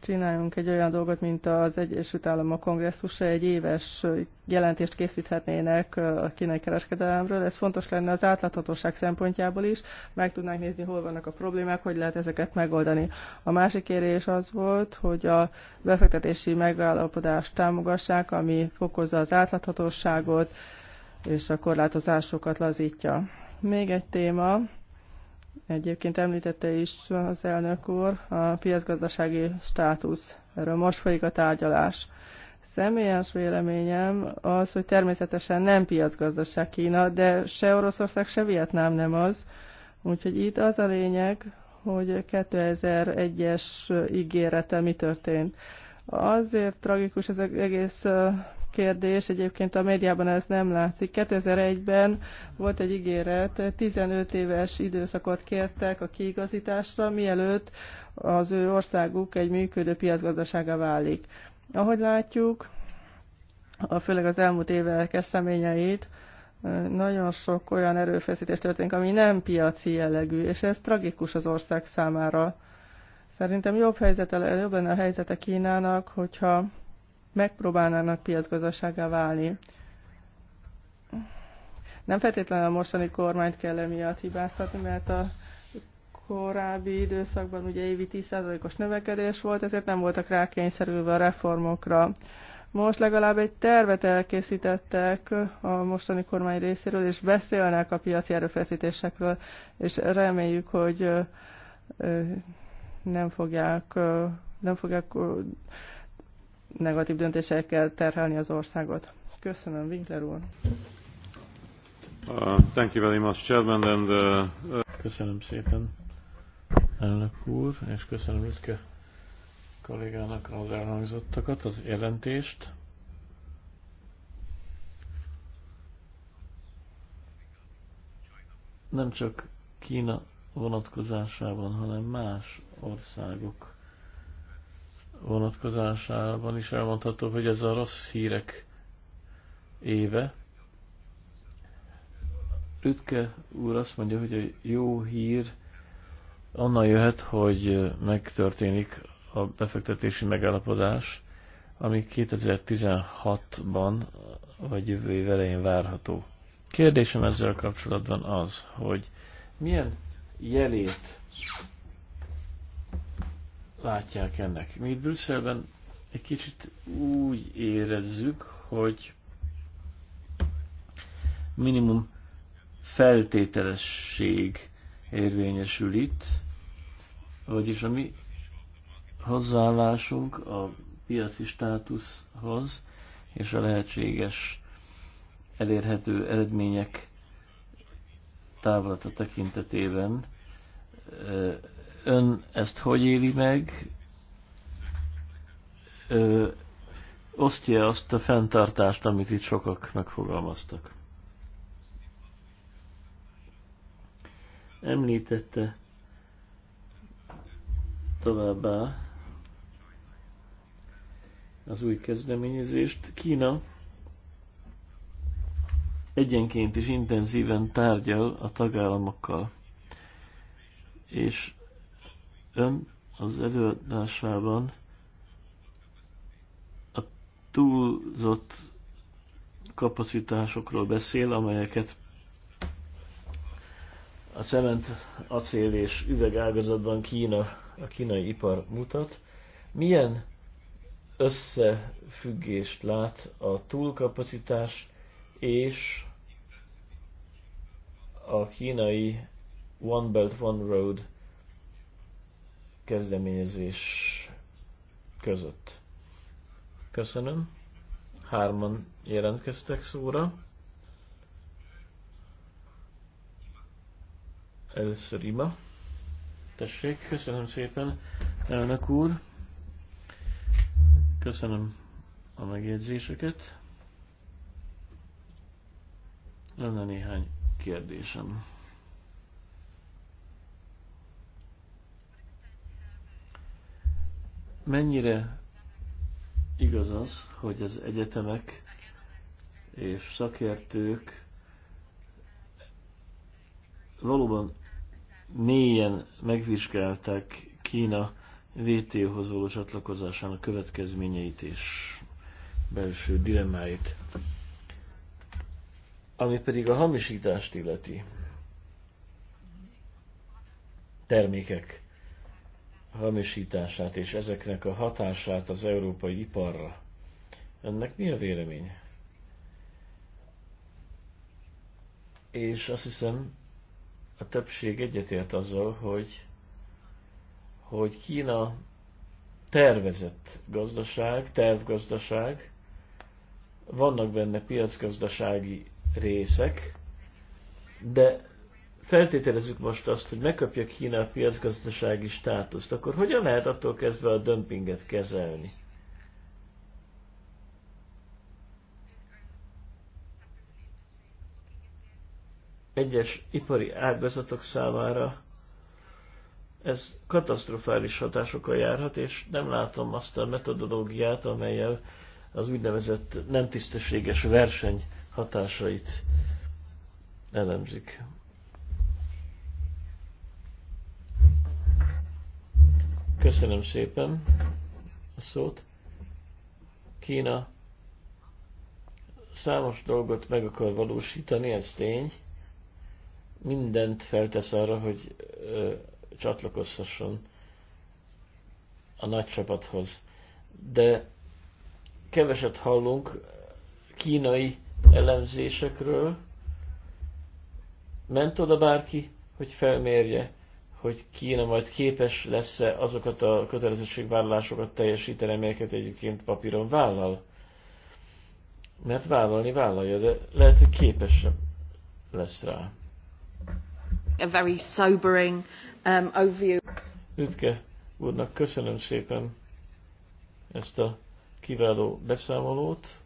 csináljunk egy olyan dolgot, mint az Egyesült Államok kongresszusa, egy éves jelentést készíthetnének a kínai kereskedelemről. Ez fontos lenne az átláthatóság szempontjából is. Meg tudnánk nézni, hol vannak a problémák, hogy lehet ezeket megoldani. A másik kérés az volt, hogy a befektetési megállapodást támogassák, ami fokozza az átláthatóságot és a korlátozásokat lazítja. Még egy téma, Egyébként említette is az elnök úr a piacgazdasági státusz. Erről most folyik a tárgyalás. Személyes véleményem az, hogy természetesen nem piacgazdaság Kína, de se Oroszország, se Vietnám nem az. Úgyhogy itt az a lényeg, hogy 2001-es ígérete mi történt. Azért tragikus ez az egész kérdés, egyébként a médiában ez nem látszik. 2001-ben volt egy ígéret, 15 éves időszakot kértek a kiigazításra, mielőtt az ő országuk egy működő piacgazdasága válik. Ahogy látjuk, a főleg az elmúlt évek eseményeit, nagyon sok olyan erőfeszítés történik, ami nem piaci jellegű, és ez tragikus az ország számára. Szerintem jobb, helyzete, jobb lenne a helyzete Kínának, hogyha megpróbálnának piacgazdasággá válni. Nem feltétlenül a mostani kormányt kell emiatt hibáztatni, mert a korábbi időszakban ugye évi 10%-os növekedés volt, ezért nem voltak rákényszerülve a reformokra. Most legalább egy tervet elkészítettek a mostani kormány részéről, és beszélnek a piaci erőfeszítésekről, és reméljük, hogy nem fogják, nem fogják negatív döntésekkel terhelni az országot. Köszönöm, Winkler úr. Uh, thank you very much, Chairman, and, uh, uh... Köszönöm szépen, elnök úr, és köszönöm Ütke kollégának az elhangzottakat, az jelentést. Nem csak Kína vonatkozásában, hanem más országok vonatkozásában is elmondható, hogy ez a rossz hírek éve. Rütke úr azt mondja, hogy a jó hír onnan jöhet, hogy megtörténik a befektetési megállapodás, ami 2016-ban vagy jövő év elején várható. Kérdésem ezzel kapcsolatban az, hogy milyen jelét látják ennek. Mi itt Brüsszelben egy kicsit úgy érezzük, hogy minimum feltételesség érvényesül itt, vagyis a mi hozzáállásunk a piaci státuszhoz és a lehetséges elérhető eredmények távlata tekintetében ön ezt hogy éli meg? Ö, osztja azt a fenntartást, amit itt sokak megfogalmaztak. Említette továbbá az új kezdeményezést. Kína egyenként is intenzíven tárgyal a tagállamokkal, és Ön az előadásában a túlzott kapacitásokról beszél, amelyeket a cement, acél és üvegágazatban Kína, a kínai ipar mutat. Milyen összefüggést lát a túlkapacitás és a kínai One Belt One Road kezdeményezés között. Köszönöm. Hárman jelentkeztek szóra. Először Ima. Tessék, köszönöm szépen, elnök úr. Köszönöm a megjegyzéseket. Lenne néhány kérdésem. mennyire igaz az, hogy az egyetemek és szakértők valóban mélyen megvizsgálták Kína VTO-hoz való csatlakozásának következményeit és belső dilemmáit. Ami pedig a hamisítást illeti termékek hamisítását és ezeknek a hatását az európai iparra. Ennek mi a véleménye? És azt hiszem, a többség egyetért azzal, hogy, hogy Kína tervezett gazdaság, tervgazdaság, vannak benne piacgazdasági részek, de feltételezzük most azt, hogy megkapja Kína a piacgazdasági státuszt, akkor hogyan lehet attól kezdve a dömpinget kezelni? Egyes ipari ágazatok számára ez katasztrofális hatásokkal járhat, és nem látom azt a metodológiát, amelyel az úgynevezett nem tisztességes verseny hatásait elemzik. Köszönöm szépen a szót. Kína számos dolgot meg akar valósítani, ez tény. Mindent feltesz arra, hogy ö, csatlakozhasson a nagy csapathoz. De keveset hallunk kínai elemzésekről. Ment oda bárki, hogy felmérje hogy Kína majd képes lesz-e azokat a kötelezettségvállalásokat teljesíteni, amelyeket egyébként papíron vállal. Mert vállalni vállalja, de lehet, hogy képes lesz rá. A very sobering um, overview. Ütke úrnak köszönöm szépen ezt a kiváló beszámolót.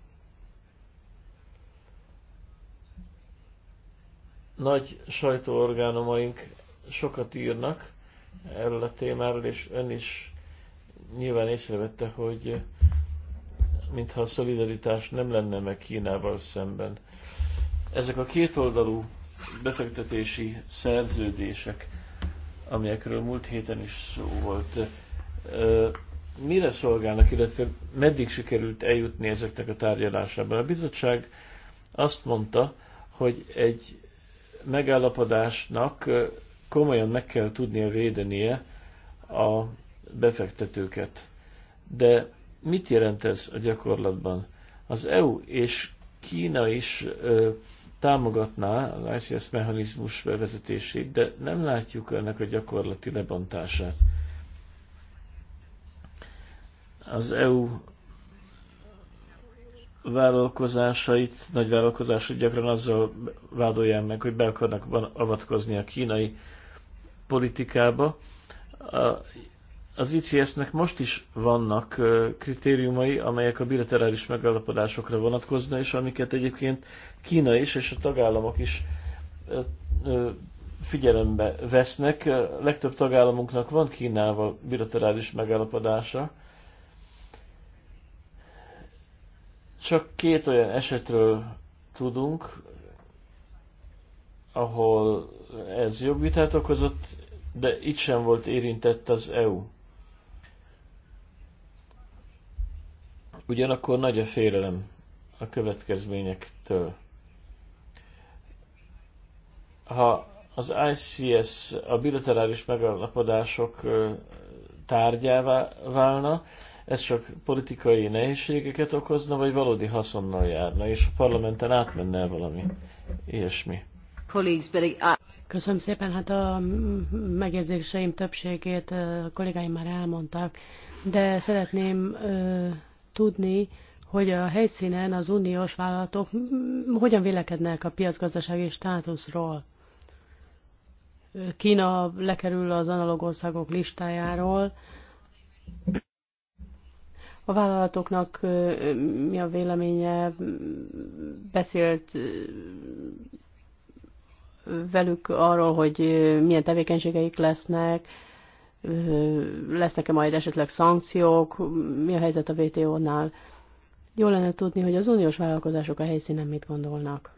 Nagy sajtóorgánomaink sokat írnak erről a témáról, és ön is nyilván észrevette, hogy mintha a szolidaritás nem lenne meg Kínával szemben. Ezek a kétoldalú befektetési szerződések, amelyekről múlt héten is szó volt, mire szolgálnak, illetve meddig sikerült eljutni ezeknek a tárgyalásában? A bizottság azt mondta, hogy egy megállapodásnak komolyan meg kell tudnia védenie a befektetőket. De mit jelent ez a gyakorlatban? Az EU és Kína is ö, támogatná az ICS mechanizmus bevezetését, de nem látjuk ennek a gyakorlati lebontását. Az EU vállalkozásait, nagy vállalkozásait gyakran azzal vádolják meg, hogy be akarnak avatkozni a kínai politikába. Az ICS-nek most is vannak kritériumai, amelyek a bilaterális megállapodásokra vonatkoznak, és amiket egyébként Kína is és a tagállamok is figyelembe vesznek. Legtöbb tagállamunknak van Kínával bilaterális megállapodása. Csak két olyan esetről tudunk, ahol ez jobb vitát okozott, de itt sem volt érintett az EU. Ugyanakkor nagy a félelem a következményektől. Ha az ICS a bilaterális megalapodások tárgyává válna, ez csak politikai nehézségeket okozna, vagy valódi haszonnal járna, és a parlamenten átmenne valami ilyesmi. Colleagues, but Köszönöm szépen, hát a megjegyzéseim többségét a kollégáim már elmondtak, de szeretném ö, tudni, hogy a helyszínen az uniós vállalatok hogyan vélekednek a piacgazdasági státuszról. Kína lekerül az analóg országok listájáról. A vállalatoknak mi a véleménye? Beszélt velük arról, hogy milyen tevékenységeik lesznek, lesznek-e majd esetleg szankciók, mi a helyzet a WTO-nál. Jó lenne tudni, hogy az uniós vállalkozások a helyszínen mit gondolnak.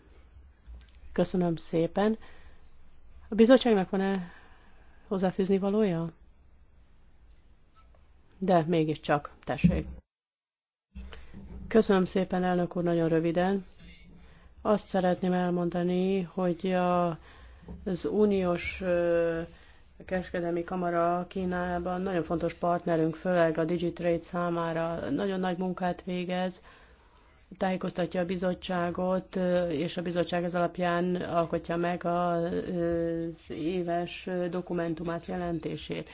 Köszönöm szépen. A bizottságnak van-e hozzáfűzni valója? De mégiscsak, tessék. Köszönöm szépen, elnök úr, nagyon röviden. Azt szeretném elmondani, hogy a, az uniós a kereskedelmi kamara Kínában nagyon fontos partnerünk, főleg a Digitrade számára nagyon nagy munkát végez, tájékoztatja a bizottságot, és a bizottság ez alapján alkotja meg az éves dokumentumát, jelentését.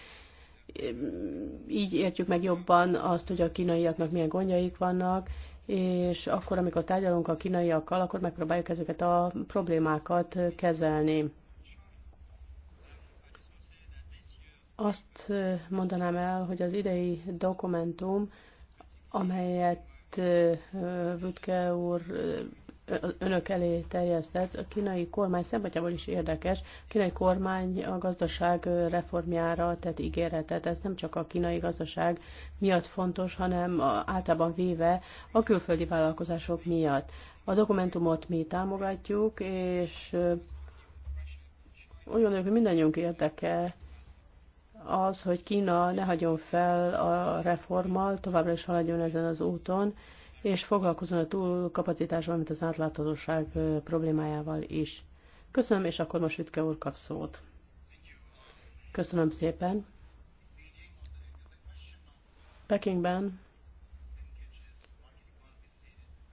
Így értjük meg jobban azt, hogy a kínaiaknak milyen gondjaik vannak, és akkor, amikor tárgyalunk a kínaiakkal, akkor megpróbáljuk ezeket a problémákat kezelni. Azt mondanám el, hogy az idei dokumentum, amelyet Vütke úr önök elé terjesztett, a kínai kormány szempontjából is érdekes. A kínai kormány a gazdaság reformjára tett ígéretet. Ez nem csak a kínai gazdaság miatt fontos, hanem általában véve a külföldi vállalkozások miatt. A dokumentumot mi támogatjuk, és úgy gondoljuk, hogy mindannyiunk érdeke az, hogy Kína ne hagyjon fel a reformmal, továbbra is haladjon ezen az úton, és foglalkozzon a túlkapacitás, mint az átláthatóság problémájával is. Köszönöm, és akkor most Vitke úr kap szót. Köszönöm szépen. Pekingben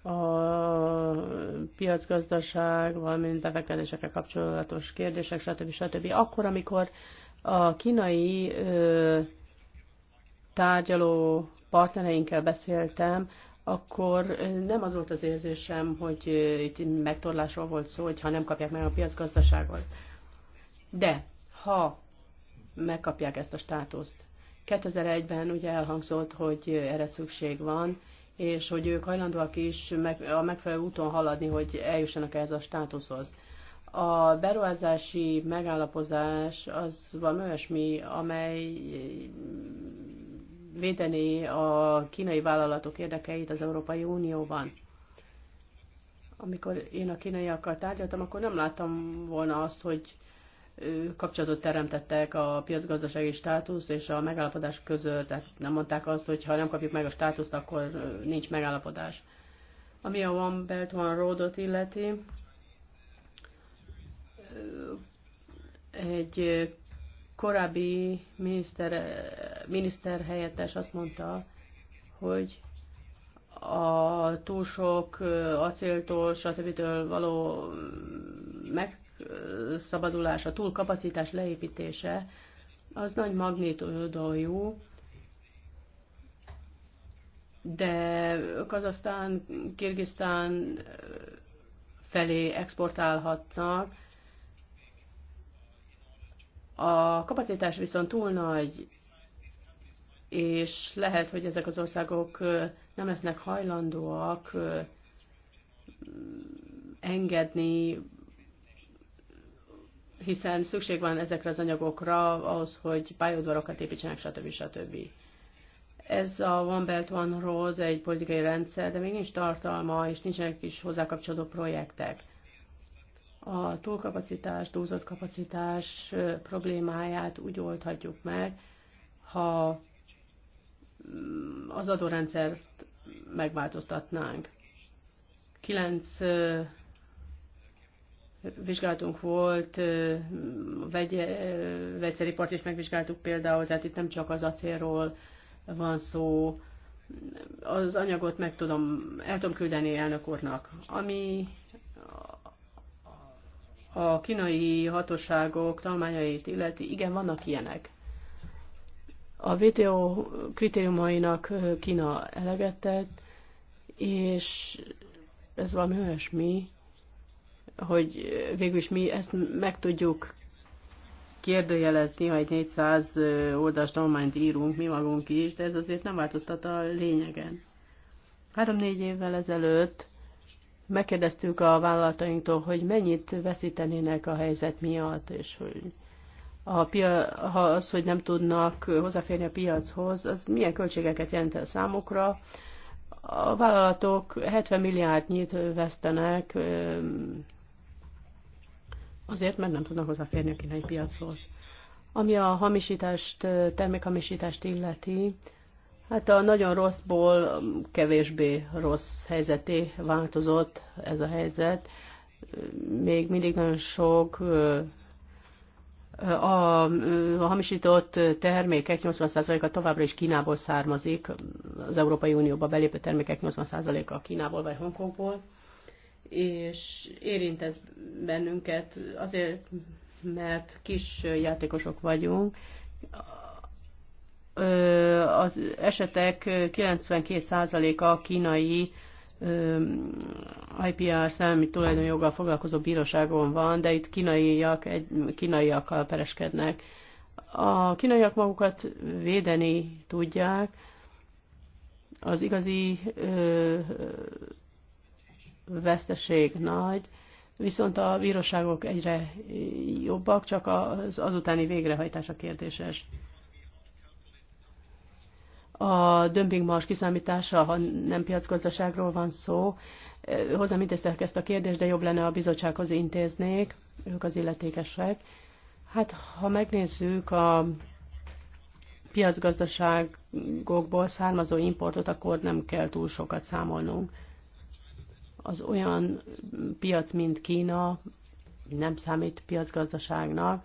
a piacgazdaság, valamint befektetésekkel kapcsolatos kérdések, stb. stb. Akkor, amikor a kínai ö, tárgyaló partnereinkkel beszéltem, akkor nem az volt az érzésem, hogy itt megtorlásról volt szó, hogy ha nem kapják meg a piacgazdaságot. De ha megkapják ezt a státuszt, 2001-ben ugye elhangzott, hogy erre szükség van, és hogy ők hajlandóak is a megfelelő úton haladni, hogy eljussanak ehhez a státuszhoz. A beruházási megállapozás az valami olyasmi, amely védeni a kínai vállalatok érdekeit az Európai Unióban. Amikor én a kínaiakkal tárgyaltam, akkor nem láttam volna azt, hogy kapcsolatot teremtettek a piacgazdasági státusz és a megállapodás között, tehát nem mondták azt, hogy ha nem kapjuk meg a státuszt, akkor nincs megállapodás. Ami a One Belt One Roadot illeti, egy korábbi miniszter, miniszter helyettes azt mondta, hogy a túl sok acéltól, stb. való mm, megszabadulása, a túlkapacitás leépítése, az nagy magnitudójú, de Kazasztán, Kirgisztán felé exportálhatnak, a kapacitás viszont túl nagy, és lehet, hogy ezek az országok nem lesznek hajlandóak engedni, hiszen szükség van ezekre az anyagokra ahhoz, hogy pályaudvarokat építsenek, stb. stb. Ez a One Belt One Road egy politikai rendszer, de még nincs tartalma, és nincsenek is hozzákapcsolódó projektek a túlkapacitás, túlzott kapacitás problémáját úgy oldhatjuk meg, ha mm, az adórendszert megváltoztatnánk. Kilenc vizsgáltunk volt, vegy, vegyszeripart is megvizsgáltuk például, tehát itt nem csak az acélról van szó, az anyagot meg tudom, el tudom küldeni elnök úrnak. Ami a kínai hatóságok talmányait illeti, igen, vannak ilyenek. A WTO kritériumainak Kína eleget tett, és ez valami olyasmi, hogy végül is mi ezt meg tudjuk kérdőjelezni, ha egy 400 oldalas tanulmányt írunk, mi magunk is, de ez azért nem változtat a lényegen. Három-négy évvel ezelőtt megkérdeztük a vállalatainktól, hogy mennyit veszítenének a helyzet miatt, és hogy a pia- ha az, hogy nem tudnak hozzáférni a piachoz, az milyen költségeket jelent el számukra. A vállalatok 70 milliárdnyit vesztenek azért, mert nem tudnak hozzáférni a kínai piachoz. Ami a hamisítást, termékhamisítást illeti, Hát a nagyon rosszból kevésbé rossz helyzeté változott ez a helyzet. Még mindig nagyon sok a, a hamisított termékek 80%-a továbbra is Kínából származik, az Európai Unióba belépő termékek 80%-a Kínából vagy Hongkongból, és érint ez bennünket azért, mert kis játékosok vagyunk, az esetek 92%-a kínai IPR szellemi tulajdonjoggal foglalkozó bíróságon van, de itt kínaiak, egy, kínaiakkal pereskednek. A kínaiak magukat védeni tudják, az igazi ö, veszteség nagy, viszont a bíróságok egyre jobbak, csak az azutáni végrehajtása kérdéses a dömpingmars kiszámítása, ha nem piacgazdaságról van szó, eh, hozzám intéztek ezt a kérdést, de jobb lenne a bizottsághoz intéznék, ők az illetékesek. Hát, ha megnézzük a piacgazdaságokból származó importot, akkor nem kell túl sokat számolnunk. Az olyan piac, mint Kína, nem számít piacgazdaságnak,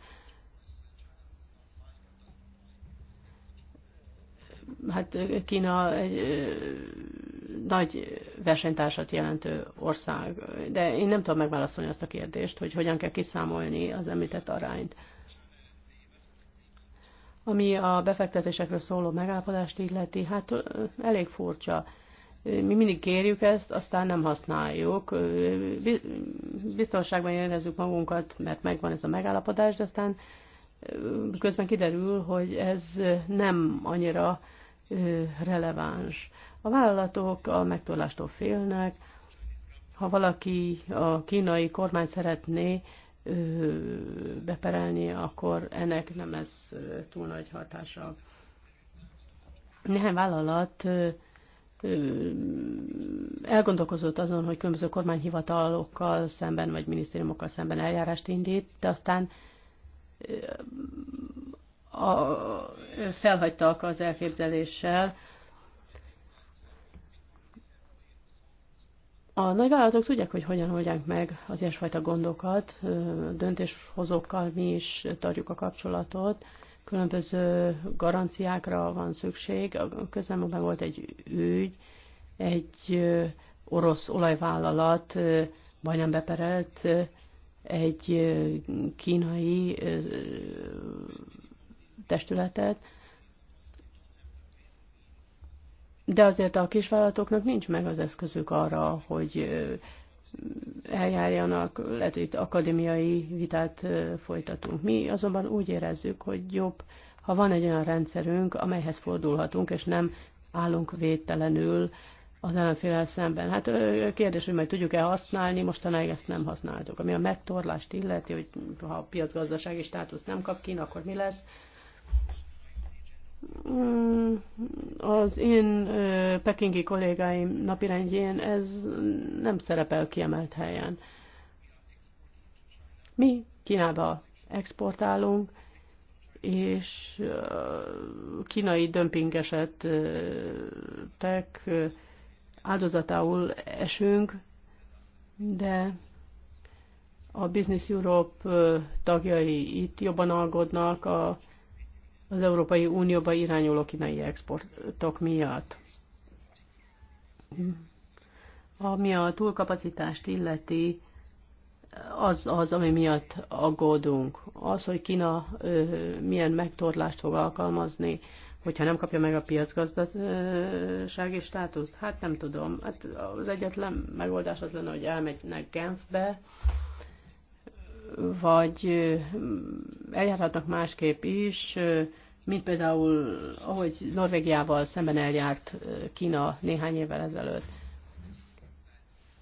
hát Kína egy nagy versenytársat jelentő ország, de én nem tudom megválaszolni azt a kérdést, hogy hogyan kell kiszámolni az említett arányt. Ami a befektetésekről szóló megállapodást illeti, hát elég furcsa. Mi mindig kérjük ezt, aztán nem használjuk. Biztonságban érezzük magunkat, mert megvan ez a megállapodás, de aztán közben kiderül, hogy ez nem annyira releváns. A vállalatok a megtorlástól félnek, ha valaki a kínai kormány szeretné beperelni, akkor ennek nem lesz túl nagy hatása. Néhány vállalat elgondolkozott azon, hogy különböző kormányhivatalokkal szemben, vagy minisztériumokkal szemben eljárást indít, de aztán a, felhagytak az elképzeléssel. A nagyvállalatok tudják, hogy hogyan oldják meg az ilyesfajta gondokat, döntéshozókkal mi is tartjuk a kapcsolatot, különböző garanciákra van szükség. Közelmúltban volt egy ügy, egy orosz olajvállalat majdnem beperelt egy kínai testületet, de azért a kisvállalatoknak nincs meg az eszközük arra, hogy eljárjanak, lehet, hogy itt akadémiai vitát folytatunk. Mi azonban úgy érezzük, hogy jobb, ha van egy olyan rendszerünk, amelyhez fordulhatunk, és nem állunk védtelenül az ellenfélel szemben. Hát kérdés, hogy majd tudjuk-e használni, mostanáig ezt nem használtuk. Ami a megtorlást illeti, hogy ha a piacgazdasági státusz nem kap ki, akkor mi lesz? Mm, az én pekingi kollégáim napirendjén ez nem szerepel kiemelt helyen. Mi Kínába exportálunk, és kínai dömpingesetek áldozatául esünk, de a Business Europe tagjai itt jobban aggódnak a, az Európai Unióba irányuló kínai exportok miatt. Ami a túlkapacitást illeti, az az, ami miatt aggódunk. Az, hogy Kína milyen megtorlást fog alkalmazni hogyha nem kapja meg a piacgazdasági státuszt? Hát nem tudom. Hát az egyetlen megoldás az lenne, hogy elmegynek Genfbe, vagy eljárhatnak másképp is, mint például, ahogy Norvégiával szemben eljárt Kína néhány évvel ezelőtt.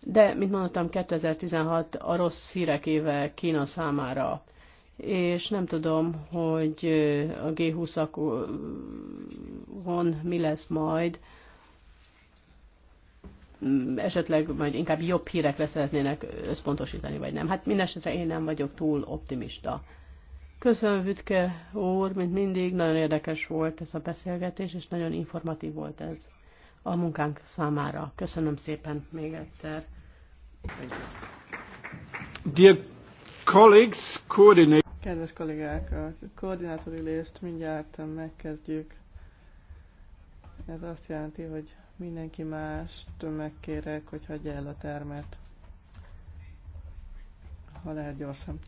De, mint mondottam, 2016 a rossz hírek éve Kína számára és nem tudom, hogy a G20-akon mi lesz majd. Esetleg majd inkább jobb hírekre szeretnének összpontosítani, vagy nem. Hát mindesetre én nem vagyok túl optimista. Köszönöm, Vütke úr, mint mindig, nagyon érdekes volt ez a beszélgetés, és nagyon informatív volt ez a munkánk számára. Köszönöm szépen még egyszer. Dear colleagues, coordinate Kedves kollégák, a koordinátori lést mindjárt megkezdjük. Ez azt jelenti, hogy mindenki mást megkérek, hogy hagyja el a termet. Ha lehet gyorsan.